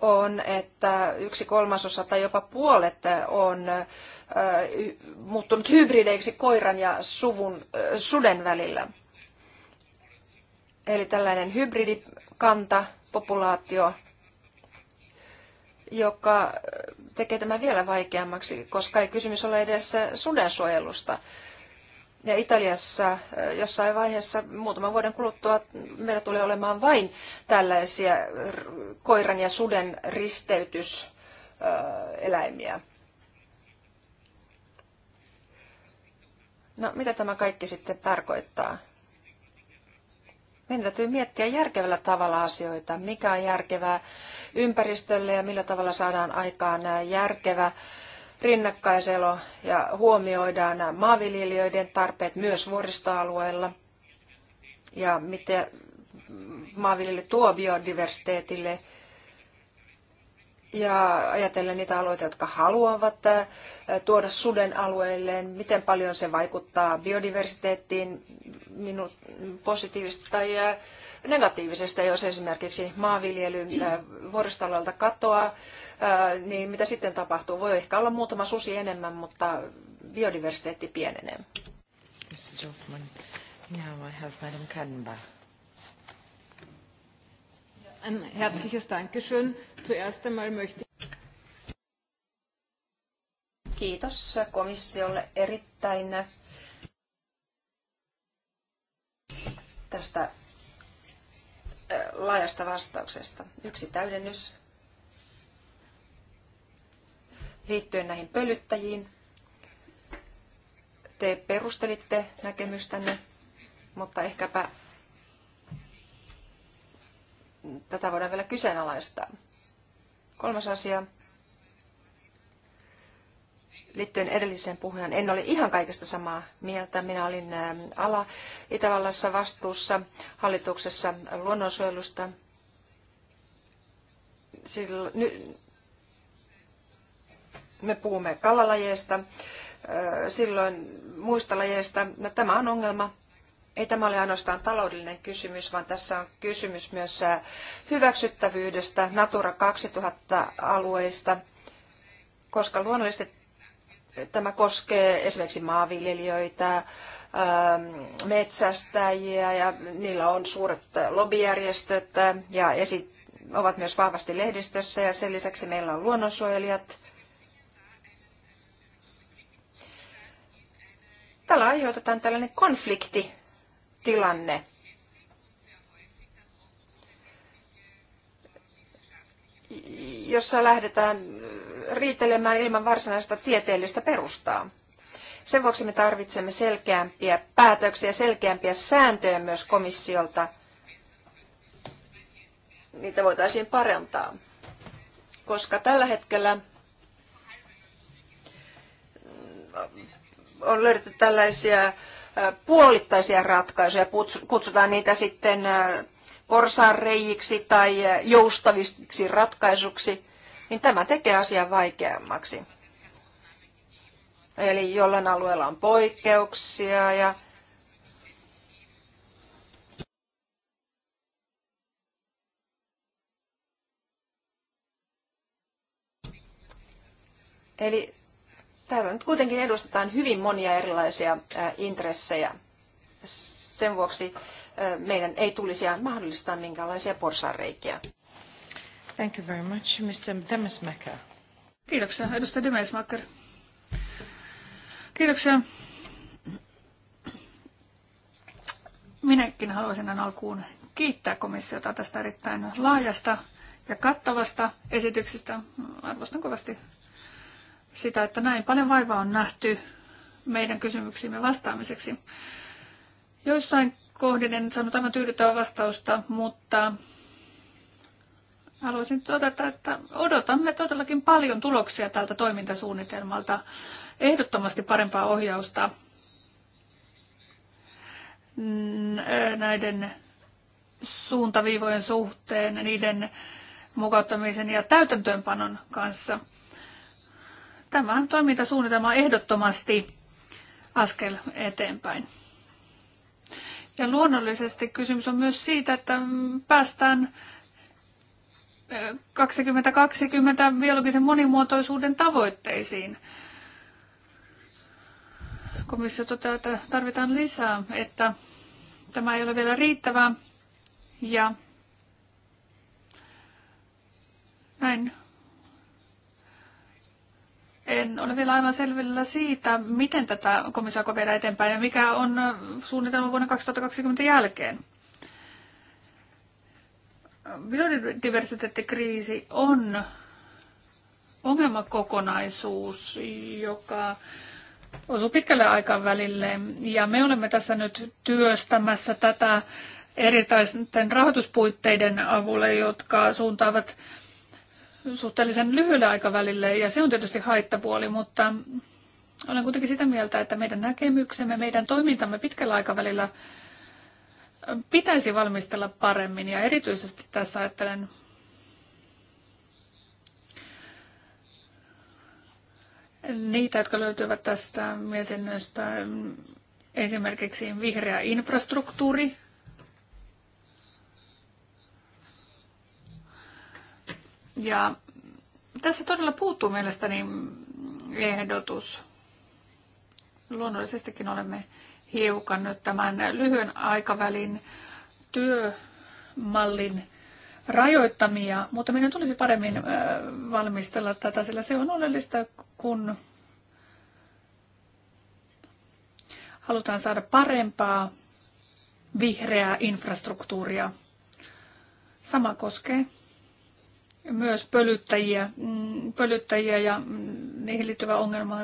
on, että yksi kolmasosa tai jopa puolet on muuttunut hybrideiksi koiran ja suvun, suden välillä. Eli tällainen hybridikanta, populaatio, joka tekee tämän vielä vaikeammaksi, koska ei kysymys ole edes sudensuojelusta, ja Italiassa eh, jossain vaiheessa muutaman vuoden kuluttua meillä tulee olemaan vain tällaisia koiran ja suden risteytyseläimiä. No, mitä tämä kaikki sitten tarkoittaa? Meidän täytyy miettiä järkevällä tavalla asioita, mikä on järkevää ympäristölle ja millä tavalla saadaan aikaan järkevä rinnakkaiselo ja huomioidaan maanviljelijöiden tarpeet myös vuoristoalueilla ja mitä maanviljely tuo biodiversiteetille – ja ajatellen niitä alueita, jotka haluavat äh, tuoda suden alueelleen, miten paljon se vaikuttaa biodiversiteettiin minu, positiivisesti tai äh, negatiivisesta, jos esimerkiksi maanviljely äh, vuoristoalueelta katoaa, niin mitä sitten tapahtuu? Voi ehkä olla muutama susi enemmän, mutta biodiversiteetti pienenee. Mr. Dorfman, now I have Madam Ein herzliches Dankeschön. Zuerst einmal möchte Kiitos komissiolle erittäin tästä laajasta vastauksesta. Yksi täydennys liittyen näihin pölyttäjiin. Te perustelitte näkemystänne, mutta ehkäpä tätä voidaan vielä kyseenalaistaa. Kolmas asia liittyen edelliseen puheen. En ole ihan kaikesta samaa mieltä. Minä olin ähm, ala Itävallassa vastuussa hallituksessa luonnonsuojelusta. Silloin, ny, me puhumme kalalajeista, äh, silloin muista lajeista. No, tämä on ongelma ei tämä ole ainoastaan taloudellinen kysymys, vaan tässä on kysymys myös äh, hyväksyttävyydestä Natura 2000-alueista, koska luonnollisesti tämä koskee esimerkiksi maanviljelijöitä, ähm, metsästäjiä ja niillä on suuret lobbyjärjestöt äh, ja esi- ovat myös vahvasti lehdistössä ja sen lisäksi meillä on luonnonsuojelijat. Tällä aiheutetaan tällainen konflikti tilanne. jossa lähdetään riitelemään ilman varsinaista tieteellistä perustaa. Sen vuoksi me tarvitsemme selkeämpiä päätöksiä, selkeämpiä sääntöjä myös komissiolta. Niitä voitaisiin parantaa, koska tällä hetkellä on löydetty tällaisia puolittaisia ratkaisuja, kutsutaan niitä sitten porsaanreijiksi tai joustaviksi ratkaisuksi, niin tämä tekee asian vaikeammaksi. Eli jollain alueella on poikkeuksia ja Eli täällä nyt kuitenkin edustetaan hyvin monia erilaisia intressejä. Sen vuoksi meidän ei tulisi mahdollistaa minkäänlaisia porsaanreikiä. Thank you very much, Mr. Demesmaker. Kiitoksia, edustaja Demesmaker. Kiitoksia. Minäkin haluaisin alkuun kiittää komissiota tästä erittäin laajasta ja kattavasta esityksestä. Arvostan kovasti sitä, että näin paljon vaivaa on nähty meidän kysymyksiimme vastaamiseksi. Joissain kohdin en saanut aivan tyydyttävää vastausta, mutta haluaisin todeta, että odotamme todellakin paljon tuloksia tältä toimintasuunnitelmalta, ehdottomasti parempaa ohjausta näiden suuntaviivojen suhteen, niiden mukauttamisen ja täytäntöönpanon kanssa – Tämä toimintasuunnitelma on ehdottomasti askel eteenpäin. Ja luonnollisesti kysymys on myös siitä, että päästään 2020 biologisen monimuotoisuuden tavoitteisiin. Komissio toteaa, että tarvitaan lisää, että tämä ei ole vielä riittävää. Ja näin en ole vielä aivan selvillä siitä, miten tätä komissiota viedä eteenpäin ja mikä on suunnitelma vuonna 2020 jälkeen. Biodiversiteettikriisi on ongelmakokonaisuus, joka osuu pitkälle aikavälille. Ja me olemme tässä nyt työstämässä tätä erilaisten rahoituspuitteiden avulla, jotka suuntaavat suhteellisen lyhyellä aikavälillä ja se on tietysti haittapuoli, mutta olen kuitenkin sitä mieltä, että meidän näkemyksemme, meidän toimintamme pitkällä aikavälillä pitäisi valmistella paremmin ja erityisesti tässä ajattelen niitä, jotka löytyvät tästä mietinnöstä, esimerkiksi vihreä infrastruktuuri, Ja tässä todella puuttuu mielestäni ehdotus. Luonnollisestikin olemme hiukan nyt tämän lyhyen aikavälin työmallin rajoittamia, mutta meidän tulisi paremmin valmistella tätä, sillä se on oleellista, kun halutaan saada parempaa vihreää infrastruktuuria. Sama koskee myös pölyttäjiä, mm, pölyttäjiä ja mm, niihin liittyvä ongelma.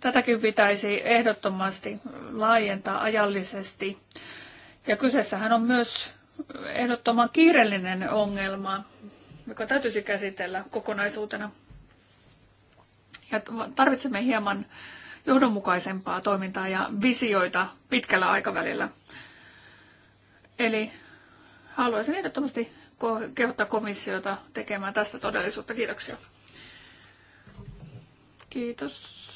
Tätäkin pitäisi ehdottomasti laajentaa ajallisesti. Ja kyseessähän on myös ehdottoman kiireellinen ongelma, joka täytyisi käsitellä kokonaisuutena. Ja tarvitsemme hieman johdonmukaisempaa toimintaa ja visioita pitkällä aikavälillä. Eli haluaisin ehdottomasti kehottaa komissiota tekemään tästä todellisuutta. Kiitoksia. Kiitos.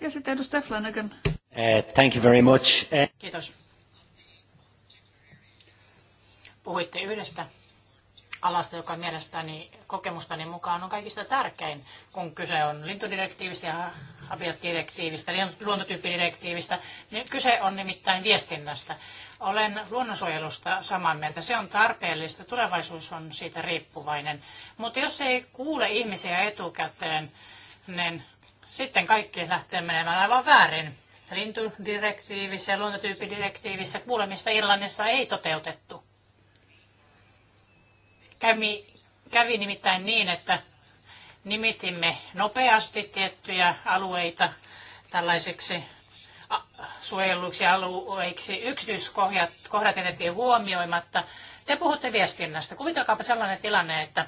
Ja sitten edustaja Flanagan. Uh, thank you very much. Uh... Kiitos. Puhuitte yhdestä alasta, joka mielestäni kokemustani mukaan on kaikista tärkein, kun kyse on lintudirektiivistä ja habiatdirektiivistä, luontotyyppidirektiivistä. Niin kyse on nimittäin viestinnästä. Olen luonnonsuojelusta samaa mieltä. Se on tarpeellista. Tulevaisuus on siitä riippuvainen. Mutta jos ei kuule ihmisiä etukäteen, niin sitten kaikki lähtee menemään aivan väärin. Lintudirektiivissä ja luontotyyppidirektiivissä kuulemista Irlannissa ei toteutettu. Kävi, kävi nimittäin niin, että nimitimme nopeasti tiettyjä alueita tällaisiksi suojelluiksi alueiksi yksityiskohdat jätettiin huomioimatta. Te puhutte viestinnästä. Kuvitelkaapa sellainen tilanne, että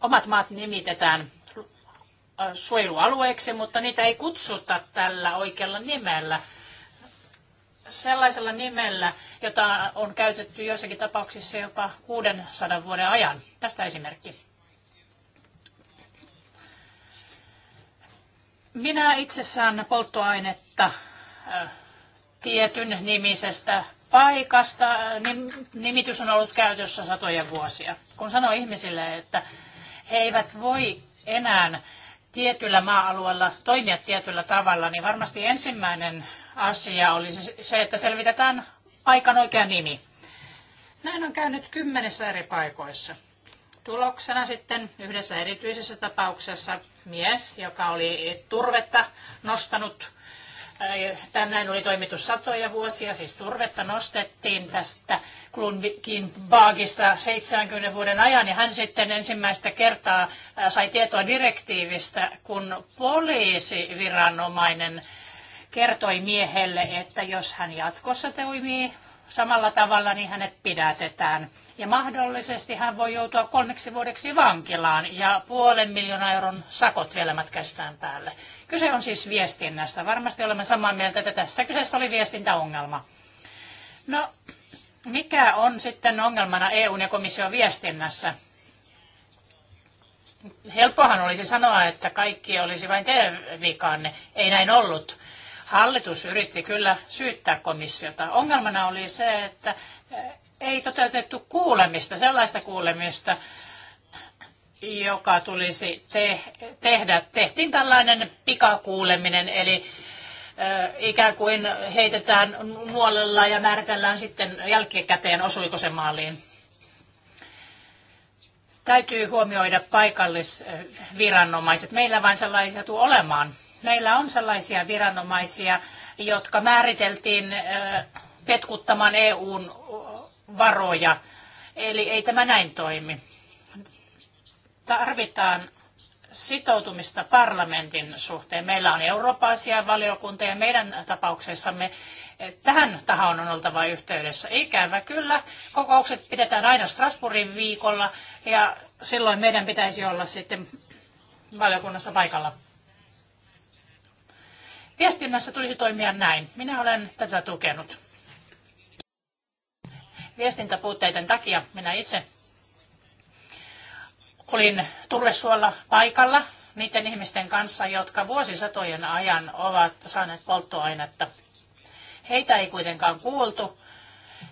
omat maat nimitetään suojelualueeksi, mutta niitä ei kutsuta tällä oikealla nimellä. Sellaisella nimellä, jota on käytetty joissakin tapauksissa jopa 600 vuoden ajan. Tästä esimerkki. Minä itse saan polttoainetta tietyn nimisestä paikasta. Nimitys on ollut käytössä satoja vuosia. Kun sanoo ihmisille, että he eivät voi enää tietyllä maa-alueella toimia tietyllä tavalla, niin varmasti ensimmäinen asia olisi se, että selvitetään paikan oikea nimi. Näin on käynyt kymmenessä eri paikoissa. Tuloksena sitten yhdessä erityisessä tapauksessa mies, joka oli turvetta nostanut, äh, tänään oli toimitus satoja vuosia, siis turvetta nostettiin tästä Klunvikin baagista 70 vuoden ajan, ja hän sitten ensimmäistä kertaa äh, sai tietoa direktiivistä, kun poliisiviranomainen kertoi miehelle, että jos hän jatkossa toimii samalla tavalla, niin hänet pidätetään ja mahdollisesti hän voi joutua kolmeksi vuodeksi vankilaan ja puolen miljoonaa euron sakot vielä matkästään päälle. Kyse on siis viestinnästä. Varmasti olemme samaa mieltä, että tässä kyseessä oli viestintäongelma. No, mikä on sitten ongelmana EUn ja komission viestinnässä? Helppohan olisi sanoa, että kaikki olisi vain teidän vikanne. Ei näin ollut. Hallitus yritti kyllä syyttää komissiota. Ongelmana oli se, että ei toteutettu kuulemista, sellaista kuulemista, joka tulisi te- tehdä. Tehtiin tällainen pikakuuleminen, eli ikään kuin heitetään nuolella ja määritellään sitten jälkikäteen, osuiko se maaliin. Täytyy huomioida paikallisviranomaiset. Meillä vain sellaisia tuu olemaan. Meillä on sellaisia viranomaisia, jotka määriteltiin petkuttamaan EUn varoja. Eli ei tämä näin toimi. Tarvitaan sitoutumista parlamentin suhteen. Meillä on Eurooppa-asian valiokunta ja meidän tapauksessamme tähän tahoon on oltava yhteydessä. Ikävä kyllä, kokoukset pidetään aina Strasbourgin viikolla ja silloin meidän pitäisi olla sitten valiokunnassa paikalla. Viestinnässä tulisi toimia näin. Minä olen tätä tukenut viestintäpuutteiden takia minä itse olin turvesuolla paikalla niiden ihmisten kanssa, jotka vuosisatojen ajan ovat saaneet polttoainetta. Heitä ei kuitenkaan kuultu,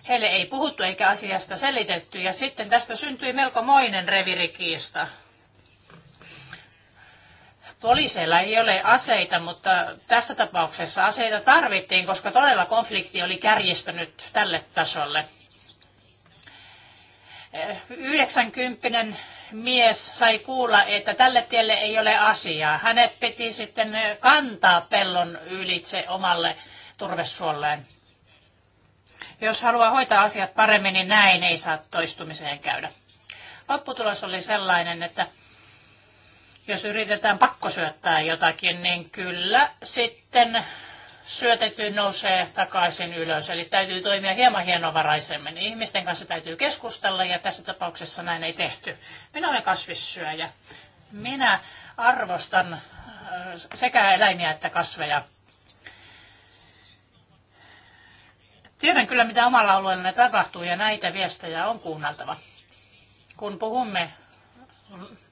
heille ei puhuttu eikä asiasta selitetty ja sitten tästä syntyi melkomoinen revirikiista. Poliiseilla ei ole aseita, mutta tässä tapauksessa aseita tarvittiin, koska todella konflikti oli kärjistänyt tälle tasolle. 90 mies sai kuulla, että tälle tielle ei ole asiaa. Hänet piti sitten kantaa pellon ylitse omalle turvesuolleen. Jos haluaa hoitaa asiat paremmin, niin näin ei saa toistumiseen käydä. Lopputulos oli sellainen, että jos yritetään pakkosyöttää jotakin, niin kyllä sitten syötetty nousee takaisin ylös. Eli täytyy toimia hieman hienovaraisemmin. Ihmisten kanssa täytyy keskustella ja tässä tapauksessa näin ei tehty. Minä olen kasvissyöjä. Minä arvostan äh, sekä eläimiä että kasveja. Tiedän kyllä, mitä omalla alueellani tapahtuu ja näitä viestejä on kuunneltava. Kun puhumme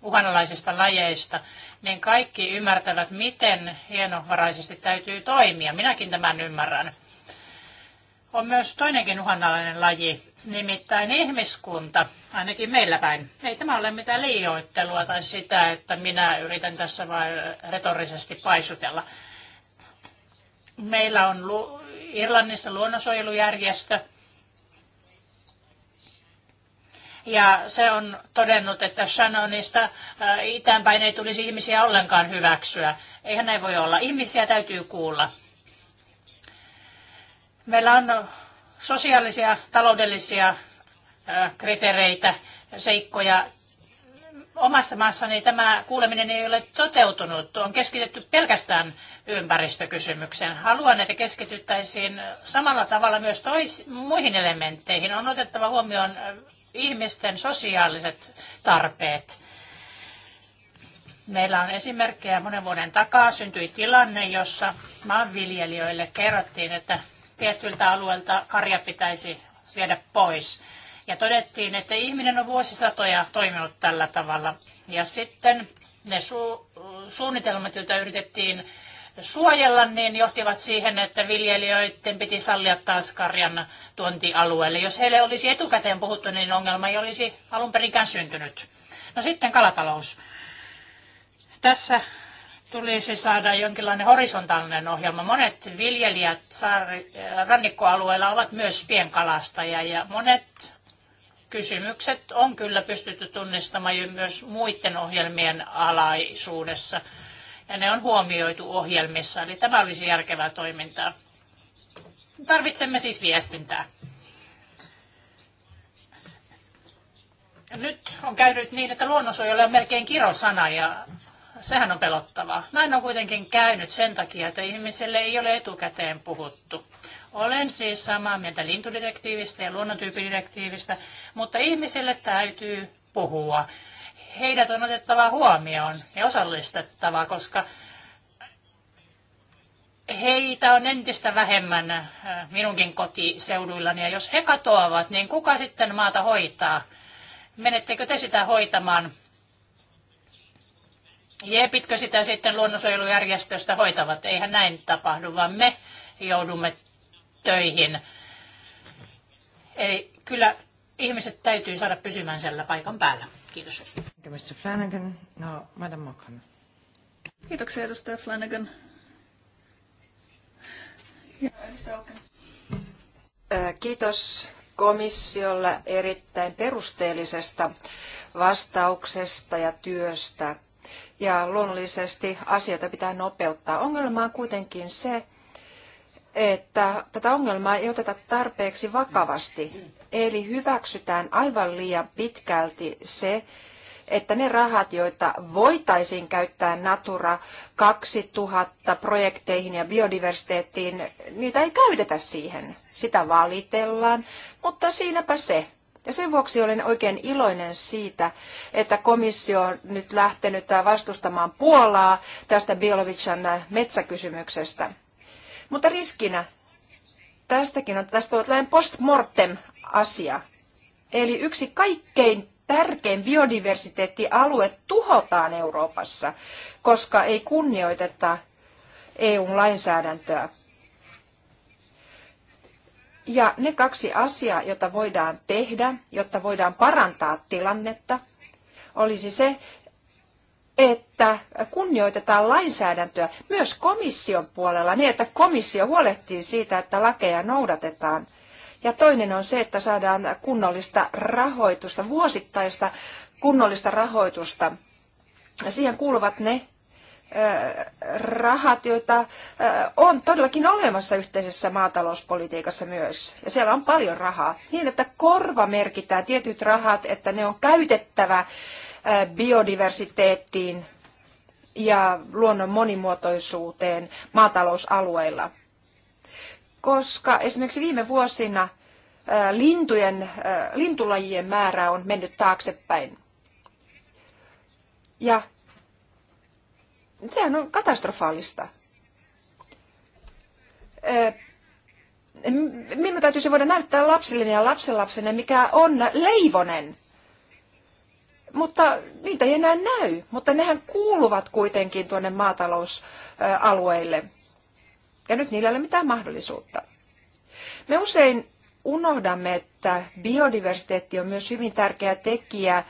uhanalaisista lajeista, niin kaikki ymmärtävät, miten hienovaraisesti täytyy toimia. Minäkin tämän ymmärrän. On myös toinenkin uhanalainen laji, nimittäin ihmiskunta, ainakin meillä päin. Ei tämä ole mitään liioittelua tai sitä, että minä yritän tässä vain retorisesti paisutella. Meillä on Irlannissa luonnonsuojelujärjestö, ja se on todennut, että Shannonista äh, itäänpäin ei tulisi ihmisiä ollenkaan hyväksyä. Eihän näin voi olla. Ihmisiä täytyy kuulla. Meillä on sosiaalisia, taloudellisia äh, kriteereitä, seikkoja. Omassa maassani tämä kuuleminen ei ole toteutunut. On keskitytty pelkästään ympäristökysymykseen. Haluan, että keskityttäisiin samalla tavalla myös tois, muihin elementteihin. On otettava huomioon äh, ihmisten sosiaaliset tarpeet. Meillä on esimerkkejä monen vuoden takaa syntyi tilanne, jossa maanviljelijöille kerrottiin, että tietyiltä alueilta karja pitäisi viedä pois. Ja todettiin, että ihminen on vuosisatoja toiminut tällä tavalla. Ja sitten ne su- suunnitelmat, joita yritettiin suojella, niin johtivat siihen, että viljelijöiden piti sallia taas karjan tuontialueelle. Jos heille olisi etukäteen puhuttu, niin ongelma ei olisi alun perinkään syntynyt. No sitten kalatalous. Tässä tulisi saada jonkinlainen horisontaalinen ohjelma. Monet viljelijät saari, rannikkoalueella ovat myös pienkalastajia ja monet kysymykset on kyllä pystytty tunnistamaan myös muiden ohjelmien alaisuudessa ja ne on huomioitu ohjelmissa. Eli tämä olisi järkevää toimintaa. Tarvitsemme siis viestintää. Nyt on käynyt niin, että luonnonsuojelu on melkein kirosana ja sehän on pelottavaa. Näin on kuitenkin käynyt sen takia, että ihmiselle ei ole etukäteen puhuttu. Olen siis samaa mieltä lintudirektiivistä ja luonnontyypidirektiivistä, mutta ihmiselle täytyy puhua heidät on otettava huomioon ja osallistettava, koska heitä on entistä vähemmän äh, minunkin kotiseuduillani. Ja jos he katoavat, niin kuka sitten maata hoitaa? Menettekö te sitä hoitamaan? Jeepitkö sitä sitten luonnonsuojelujärjestöstä hoitavat? Eihän näin tapahdu, vaan me joudumme töihin. Eli kyllä ihmiset täytyy saada pysymään siellä paikan päällä. Kiitos. Mr. Flanagan. No, Madam Mokan. Kiitoksia edustaja Flanagan. Ja Kiitos komissiolle erittäin perusteellisesta vastauksesta ja työstä. Ja luonnollisesti asioita pitää nopeuttaa. Ongelma on kuitenkin se, että tätä ongelmaa ei oteta tarpeeksi vakavasti. Eli hyväksytään aivan liian pitkälti se, että ne rahat, joita voitaisiin käyttää Natura 2000 projekteihin ja biodiversiteettiin, niitä ei käytetä siihen. Sitä valitellaan, mutta siinäpä se. Ja sen vuoksi olen oikein iloinen siitä, että komissio on nyt lähtenyt vastustamaan Puolaa tästä Bielovican metsäkysymyksestä. Mutta riskinä tästäkin on, tästä tulee postmortem asia. Eli yksi kaikkein tärkein biodiversiteettialue tuhotaan Euroopassa, koska ei kunnioiteta eu lainsäädäntöä. Ja ne kaksi asiaa, jota voidaan tehdä, jotta voidaan parantaa tilannetta, olisi se, että kunnioitetaan lainsäädäntöä myös komission puolella niin, että komissio huolehtii siitä, että lakeja noudatetaan – ja toinen on se, että saadaan kunnollista rahoitusta, vuosittaista kunnollista rahoitusta. Siihen kuuluvat ne rahat, joita on todellakin olemassa yhteisessä maatalouspolitiikassa myös. Ja siellä on paljon rahaa. Niin, että korva merkitään tietyt rahat, että ne on käytettävä biodiversiteettiin ja luonnon monimuotoisuuteen maatalousalueilla – koska esimerkiksi viime vuosina lintujen, lintulajien määrä on mennyt taaksepäin. Ja sehän on katastrofaalista. Minun täytyisi voida näyttää lapsilleni ja lapsenlapsenne, mikä on leivonen. Mutta niitä ei enää näy, mutta nehän kuuluvat kuitenkin tuonne maatalousalueille. Ja nyt niillä ei ole mitään mahdollisuutta. Me usein unohdamme, että biodiversiteetti on myös hyvin tärkeä tekijä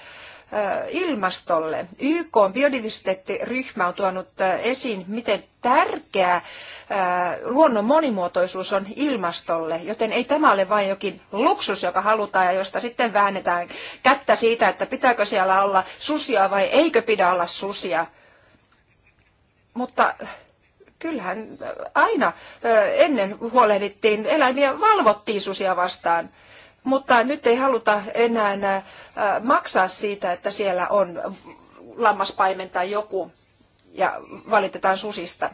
ilmastolle. YK on biodiversiteettiryhmä on tuonut esiin, miten tärkeä luonnon monimuotoisuus on ilmastolle, joten ei tämä ole vain jokin luksus, joka halutaan ja josta sitten väännetään kättä siitä, että pitääkö siellä olla susia vai eikö pidä olla susia. Mutta kyllähän aina ennen huolehdittiin, eläimiä valvottiin susia vastaan. Mutta nyt ei haluta enää maksaa siitä, että siellä on lammaspaimen tai joku ja valitetaan susista.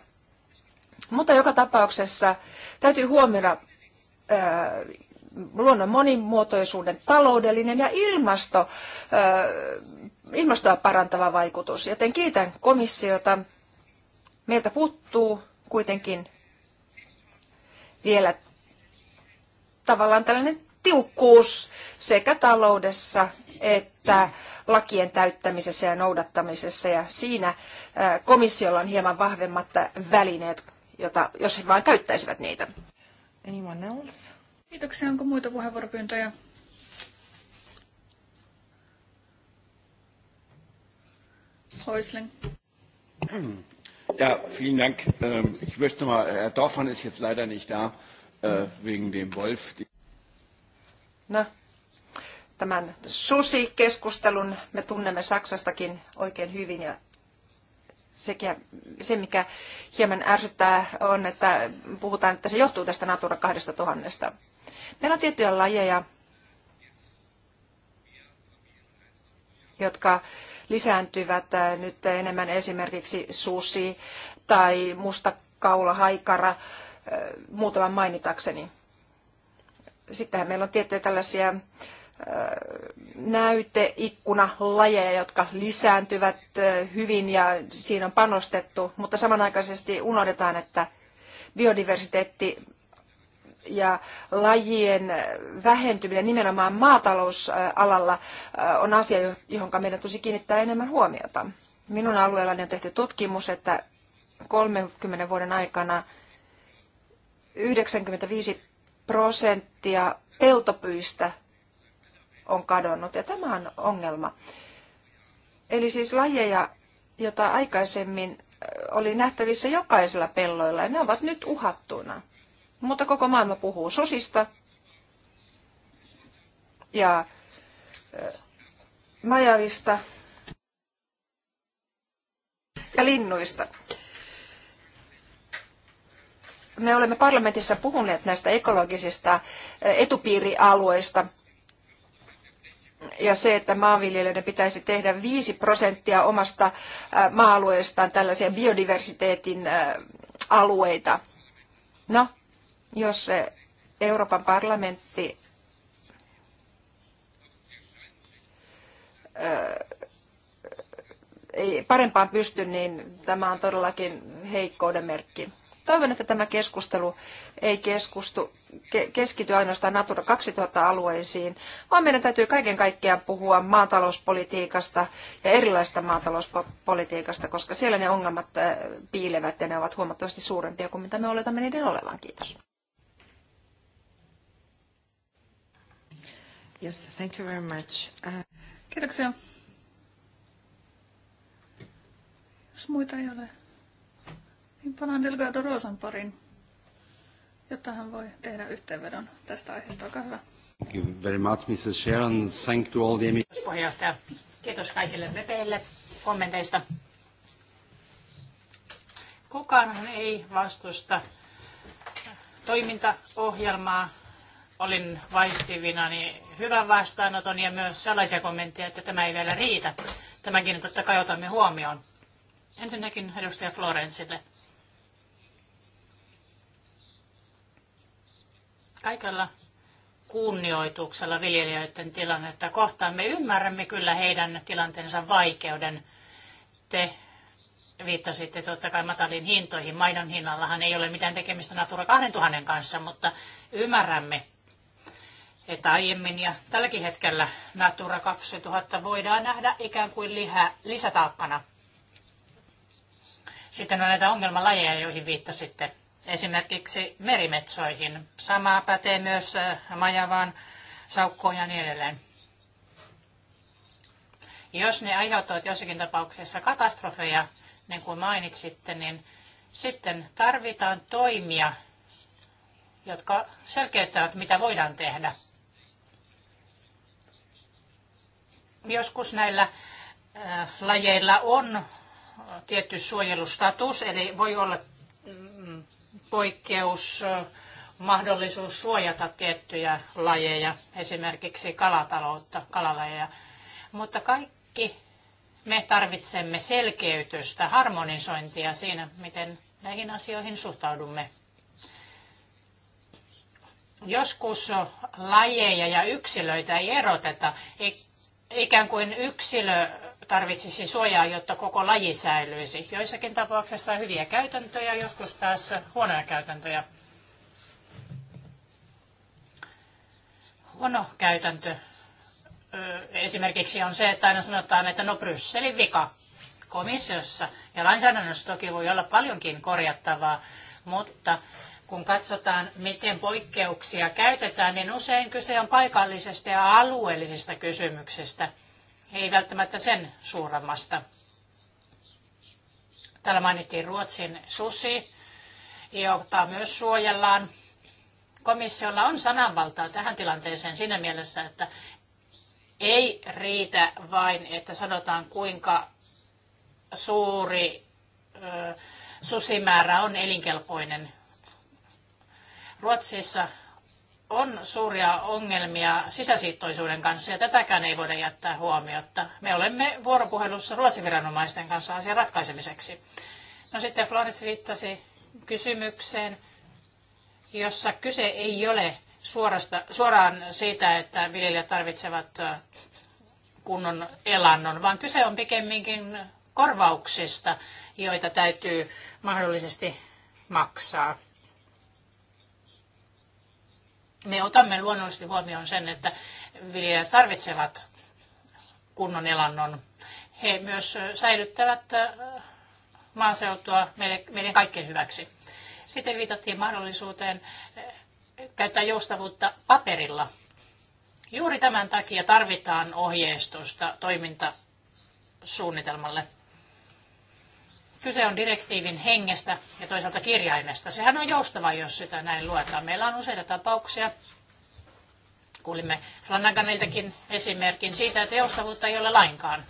Mutta joka tapauksessa täytyy huomioida luonnon monimuotoisuuden taloudellinen ja ilmasto, ilmastoa parantava vaikutus. Joten kiitän komissiota Meiltä puuttuu kuitenkin vielä tavallaan tällainen tiukkuus sekä taloudessa että lakien täyttämisessä ja noudattamisessa. Ja siinä komissiolla on hieman vahvemmat välineet, jota, jos he vain käyttäisivät niitä. Anyone else? Kiitoksia. Onko muita puheenvuoropyyntöjä? Häusling. Ja, vielen Dank. Ähm, ich möchte mal, äh, Herr Dorfmann ist jetzt leider nicht da, äh, wegen dem Wolf. Na, no, tämän susi-keskustelun me tunnemme Saksastakin oikein hyvin ja sekä, se, mikä hieman ärsyttää, on, että puhutaan, että se johtuu tästä Natura 2000. Meillä on tiettyjä lajeja, jotka lisääntyvät äh, nyt enemmän esimerkiksi susi tai kaula haikara, äh, muutaman mainitakseni. Sittenhän meillä on tiettyjä tällaisia äh, näyteikkunalajeja, jotka lisääntyvät hyvin ja siinä on panostettu, mutta samanaikaisesti unohdetaan, että biodiversiteetti ja lajien vähentyminen nimenomaan maatalousalalla äh, on asia, johon meidän tulisi kiinnittää enemmän huomiota. Minun alueellani on tehty tutkimus, että 30 vuoden aikana 95 prosenttia peltopyistä on kadonnut, ja tämä on ongelma. Eli siis lajeja, joita aikaisemmin äh, oli nähtävissä jokaisella pelloilla, ja ne ovat nyt uhattuna. Mutta koko maailma puhuu susista. Ja majavista ja linnuista. Me olemme parlamentissa puhuneet näistä ekologisista etupiirialueista ja se, että maanviljelijöiden pitäisi tehdä 5 prosenttia omasta maa-alueestaan tällaisia biodiversiteetin alueita. No, jos Euroopan parlamentti ei parempaan pysty, niin tämä on todellakin heikkouden merkki. Toivon, että tämä keskustelu ei keskustu, ke, keskity ainoastaan Natura 2000-alueisiin, vaan meidän täytyy kaiken kaikkiaan puhua maatalouspolitiikasta ja erilaista maatalouspolitiikasta, koska siellä ne ongelmat piilevät ja ne ovat huomattavasti suurempia kuin mitä me oletamme niiden olevan. Kiitos. Yes, thank you very much. Uh... Kiitoksia. Jos muita ei ole, niin palaan Delgado Roosan parin, jotta hän voi tehdä yhteenvedon tästä aiheesta. Olkaa hyvä. Thank you very much, Mrs. Sharon. Thank to all the... E Kiitos puheenjohtaja. Kiitos kaikille mepeille kommenteista. Kukaan ei vastusta toimintaohjelmaa olin niin hyvän vastaanoton ja myös sellaisia kommentteja, että tämä ei vielä riitä. Tämäkin totta kai otamme huomioon. Ensinnäkin edustaja Florensille. Kaikella kunnioituksella viljelijöiden tilannetta kohtaan. Me ymmärrämme kyllä heidän tilanteensa vaikeuden. Te viittasitte totta kai mataliin hintoihin. Maidon hinnallahan ei ole mitään tekemistä Natura 2000 kanssa, mutta ymmärrämme että aiemmin ja tälläkin hetkellä Natura 2000 voidaan nähdä ikään kuin lihä, lisätaakkana. Sitten on näitä ongelmalajeja, joihin viittasitte. Esimerkiksi merimetsoihin. Sama pätee myös äh, majavaan, saukkoon ja niin edelleen. Jos ne aiheuttavat jossakin tapauksessa katastrofeja, niin kuin mainitsitte, niin sitten tarvitaan toimia, jotka selkeyttävät, mitä voidaan tehdä. Joskus näillä äh, lajeilla on äh, tietty suojelustatus, eli voi olla mm, poikkeus, äh, mahdollisuus suojata tiettyjä lajeja, esimerkiksi kalataloutta, kalalajeja. Mutta kaikki me tarvitsemme selkeytystä, harmonisointia siinä, miten näihin asioihin suhtaudumme. Joskus lajeja ja yksilöitä ei eroteta, ei ikään kuin yksilö tarvitsisi suojaa, jotta koko laji säilyisi. Joissakin tapauksissa on hyviä käytäntöjä, joskus taas huonoja käytäntöjä. Huono käytäntö esimerkiksi on se, että aina sanotaan, että no Brysselin vika komissiossa. Ja lainsäädännössä toki voi olla paljonkin korjattavaa, mutta kun katsotaan, miten poikkeuksia käytetään, niin usein kyse on paikallisesta ja alueellisesta kysymyksestä, ei välttämättä sen suuremmasta. Täällä mainittiin Ruotsin susi, jota myös suojellaan. Komissiolla on sananvaltaa tähän tilanteeseen siinä mielessä, että ei riitä vain, että sanotaan kuinka suuri ö, susimäärä on elinkelpoinen Ruotsissa on suuria ongelmia sisäsiittoisuuden kanssa ja tätäkään ei voida jättää huomiotta. Me olemme vuoropuhelussa Ruotsin viranomaisten kanssa asian ratkaisemiseksi. No sitten Flores viittasi kysymykseen, jossa kyse ei ole suorasta, suoraan siitä, että viljelijät tarvitsevat äh, kunnon elannon, vaan kyse on pikemminkin korvauksista, joita täytyy mahdollisesti maksaa. Me otamme luonnollisesti huomioon sen, että viljelijät tarvitsevat kunnon elannon. He myös säilyttävät maaseutua meidän kaikkien hyväksi. Sitten viitattiin mahdollisuuteen käyttää joustavuutta paperilla. Juuri tämän takia tarvitaan ohjeistusta toimintasuunnitelmalle. Kyse on direktiivin hengestä ja toisaalta kirjaimesta. Sehän on joustava, jos sitä näin luetaan. Meillä on useita tapauksia. Kuulimme Flanaganiltakin esimerkin siitä, että joustavuutta ei ole lainkaan.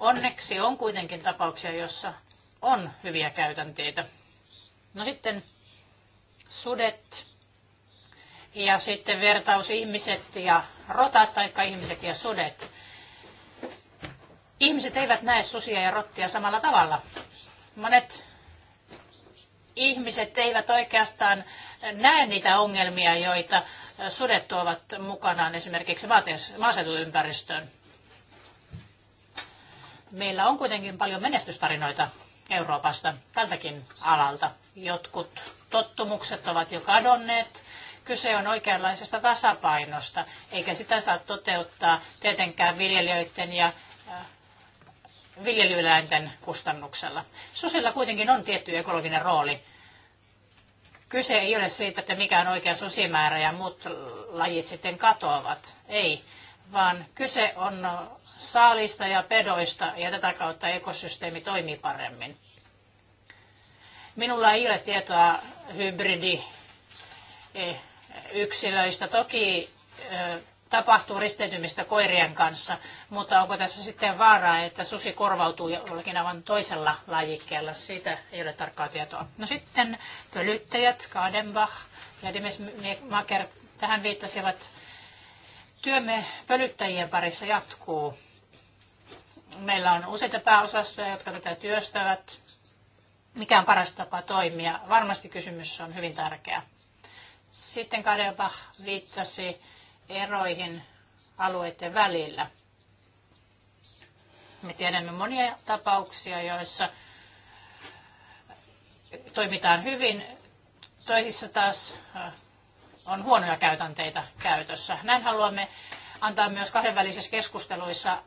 Onneksi on kuitenkin tapauksia, jossa on hyviä käytänteitä. No sitten sudet ja sitten vertaus ihmiset ja rotat tai ihmiset ja sudet. Ihmiset eivät näe susia ja rottia samalla tavalla. Monet ihmiset eivät oikeastaan näe niitä ongelmia, joita sudet tuovat mukanaan esimerkiksi maaseutuympäristöön. Meillä on kuitenkin paljon menestystarinoita Euroopasta tältäkin alalta. Jotkut tottumukset ovat jo kadonneet. Kyse on oikeanlaisesta tasapainosta, eikä sitä saa toteuttaa tietenkään viljelijöiden ja viljelyeläinten kustannuksella. Susilla kuitenkin on tietty ekologinen rooli. Kyse ei ole siitä, että mikä on oikea susimäärä ja muut lajit sitten katoavat. Ei, vaan kyse on saalista ja pedoista ja tätä kautta ekosysteemi toimii paremmin. Minulla ei ole tietoa hybridi eh, yksilöistä. Toki eh, tapahtuu risteytymistä koirien kanssa, mutta onko tässä sitten vaaraa, että susi korvautuu jollakin aivan toisella lajikkeella? Siitä ei ole tarkkaa tietoa. No sitten pölyttäjät, Kadenbach ja Maker tähän viittasivat. Työmme pölyttäjien parissa jatkuu. Meillä on useita pääosastoja, jotka tätä työstävät. Mikä on paras tapa toimia? Varmasti kysymys on hyvin tärkeä. Sitten Kadenbach viittasi eroihin alueiden välillä. Me tiedämme monia tapauksia, joissa toimitaan hyvin, toisissa taas on huonoja käytänteitä käytössä. Näin haluamme antaa myös kahdenvälisissä keskusteluissa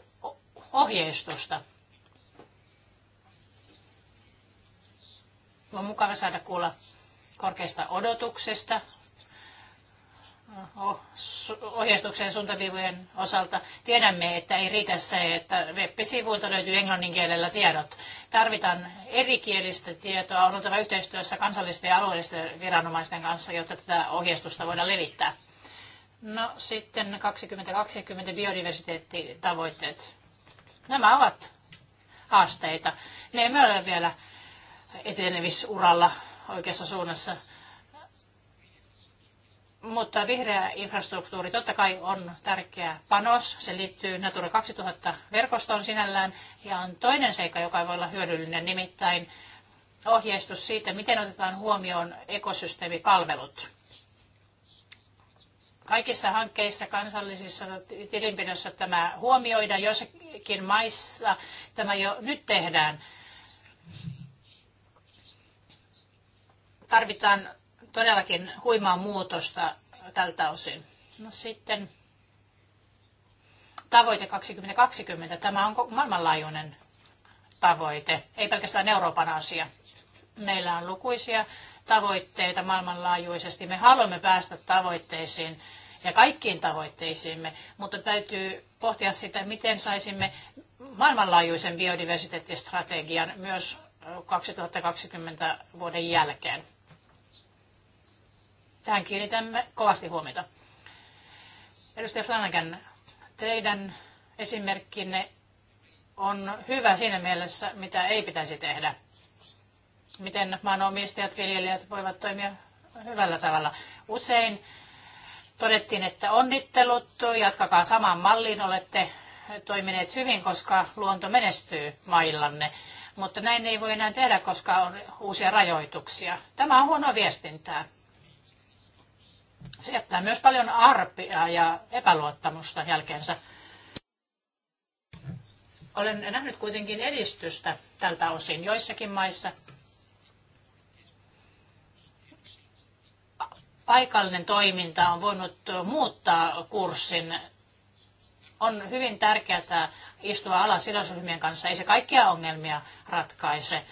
ohjeistusta. On mukava saada kuulla korkeista odotuksista, ohjeistuksen suuntaviivojen osalta tiedämme, että ei riitä se, että web-sivuilta löytyy englannin kielellä tiedot. Tarvitaan erikielistä tietoa, on oltava yhteistyössä kansallisten ja alueellisten viranomaisten kanssa, jotta tätä ohjeistusta voidaan levittää. No sitten 2020 biodiversiteettitavoitteet. Nämä ovat haasteita. Ne emme ole vielä etenemisuralla oikeassa suunnassa – mutta vihreä infrastruktuuri totta kai on tärkeä panos. Se liittyy Natura 2000-verkostoon sinällään. Ja on toinen seikka, joka voi olla hyödyllinen, nimittäin ohjeistus siitä, miten otetaan huomioon ekosysteemipalvelut. Kaikissa hankkeissa kansallisissa tilinpidossa tämä huomioidaan. Joissakin maissa tämä jo nyt tehdään. Tarvitaan todellakin huimaa muutosta tältä osin. No sitten tavoite 2020, tämä on maailmanlaajuinen tavoite, ei pelkästään Euroopan asia. Meillä on lukuisia tavoitteita maailmanlaajuisesti. Me haluamme päästä tavoitteisiin ja kaikkiin tavoitteisiimme, mutta täytyy pohtia sitä, miten saisimme maailmanlaajuisen biodiversiteettistrategian myös 2020 vuoden jälkeen. Tähän kiinnitämme kovasti huomiota. Edustaja Flanagan, teidän esimerkkinne on hyvä siinä mielessä, mitä ei pitäisi tehdä. Miten maanomistajat, viljelijät voivat toimia hyvällä tavalla. Usein todettiin, että onnittelut, jatkakaa samaan malliin, olette toimineet hyvin, koska luonto menestyy maillanne. Mutta näin ei voi enää tehdä, koska on uusia rajoituksia. Tämä on huonoa viestintää. Se jättää myös paljon arpea ja epäluottamusta jälkeensä. Olen nähnyt kuitenkin edistystä tältä osin joissakin maissa. Paikallinen toiminta on voinut muuttaa kurssin on hyvin tärkeää istua alas sidosryhmien kanssa. Ei se kaikkia ongelmia ratkaise.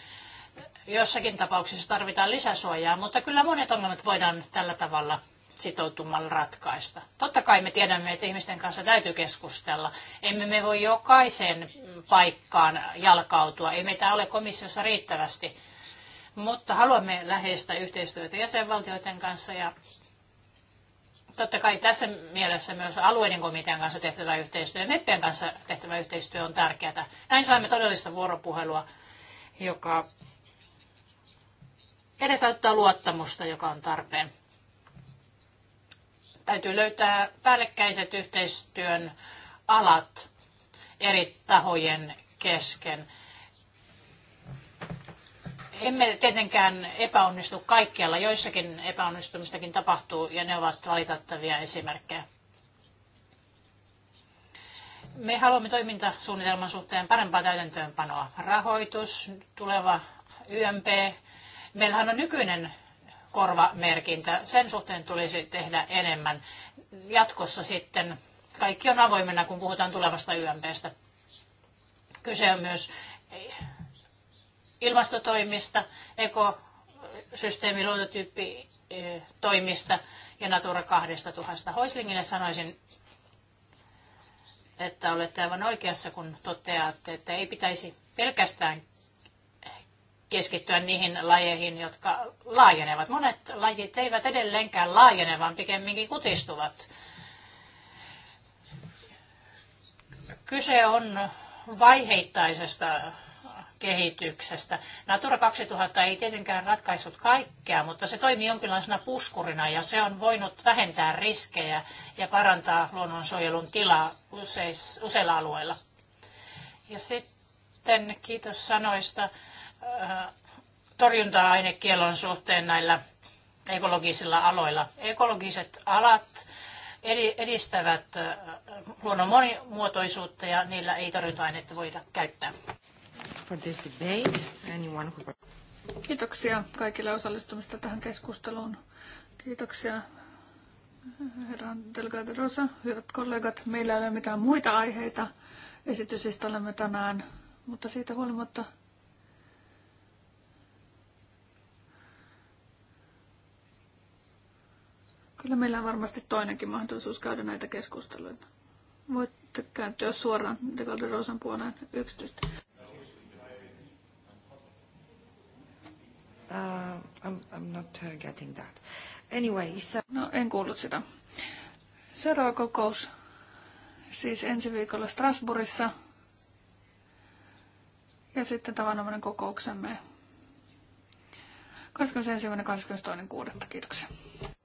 Jossakin tapauksessa tarvitaan lisäsuojaa, mutta kyllä monet ongelmat voidaan tällä tavalla sitoutumalla ratkaista. Totta kai me tiedämme, että ihmisten kanssa täytyy keskustella. Emme me voi jokaisen paikkaan jalkautua. Ei meitä ole komissiossa riittävästi. Mutta haluamme läheistä yhteistyötä jäsenvaltioiden kanssa ja totta kai tässä mielessä myös alueiden komitean kanssa tehtävä yhteistyö ja MEPPien kanssa tehtävä yhteistyö on tärkeää. Näin saamme todellista vuoropuhelua, joka edesauttaa luottamusta, joka on tarpeen. Täytyy löytää päällekkäiset yhteistyön alat eri tahojen kesken. Emme tietenkään epäonnistu kaikkialla. Joissakin epäonnistumistakin tapahtuu ja ne ovat valitettavia esimerkkejä. Me haluamme toimintasuunnitelman suhteen parempaa täytäntöönpanoa. Rahoitus, tuleva YMP. Meillähän on nykyinen korvamerkintä. Sen suhteen tulisi tehdä enemmän. Jatkossa sitten kaikki on avoimena, kun puhutaan tulevasta YMPstä. Kyse on myös ilmastotoimista, ekosysteemi, eh, toimista ja Natura 2000. Hoislingille sanoisin, että olette aivan oikeassa, kun toteatte, että ei pitäisi pelkästään keskittyä niihin lajeihin, jotka laajenevat. Monet lajit eivät edelleenkään laajene, vaan pikemminkin kutistuvat. Kyse on vaiheittaisesta kehityksestä. Natura 2000 ei tietenkään ratkaissut kaikkea, mutta se toimii jonkinlaisena puskurina ja se on voinut vähentää riskejä ja parantaa luonnonsuojelun tilaa useis, useilla alueilla. Ja sitten kiitos sanoista torjunta-ainekielon suhteen näillä ekologisilla aloilla. Ekologiset alat edistävät luonnon monimuotoisuutta ja niillä ei torjunta-ainetta voida käyttää. Kiitoksia kaikille osallistumista tähän keskusteluun. Kiitoksia herra Delgado Rosa, hyvät kollegat. Meillä ei ole mitään muita aiheita esityslistallamme tänään, mutta siitä huolimatta Kyllä meillä on varmasti toinenkin mahdollisuus käydä näitä keskusteluja. Voitte kääntyä suoraan De Calderosan puoleen yksityistä. Uh, I'm, I'm not uh, getting that. Anyway, so... No, en kuullut sitä. Seuraava kokous siis ensi viikolla Strasbourgissa. Ja sitten tavanomainen kokouksemme 21.22.6. Kiitoksia.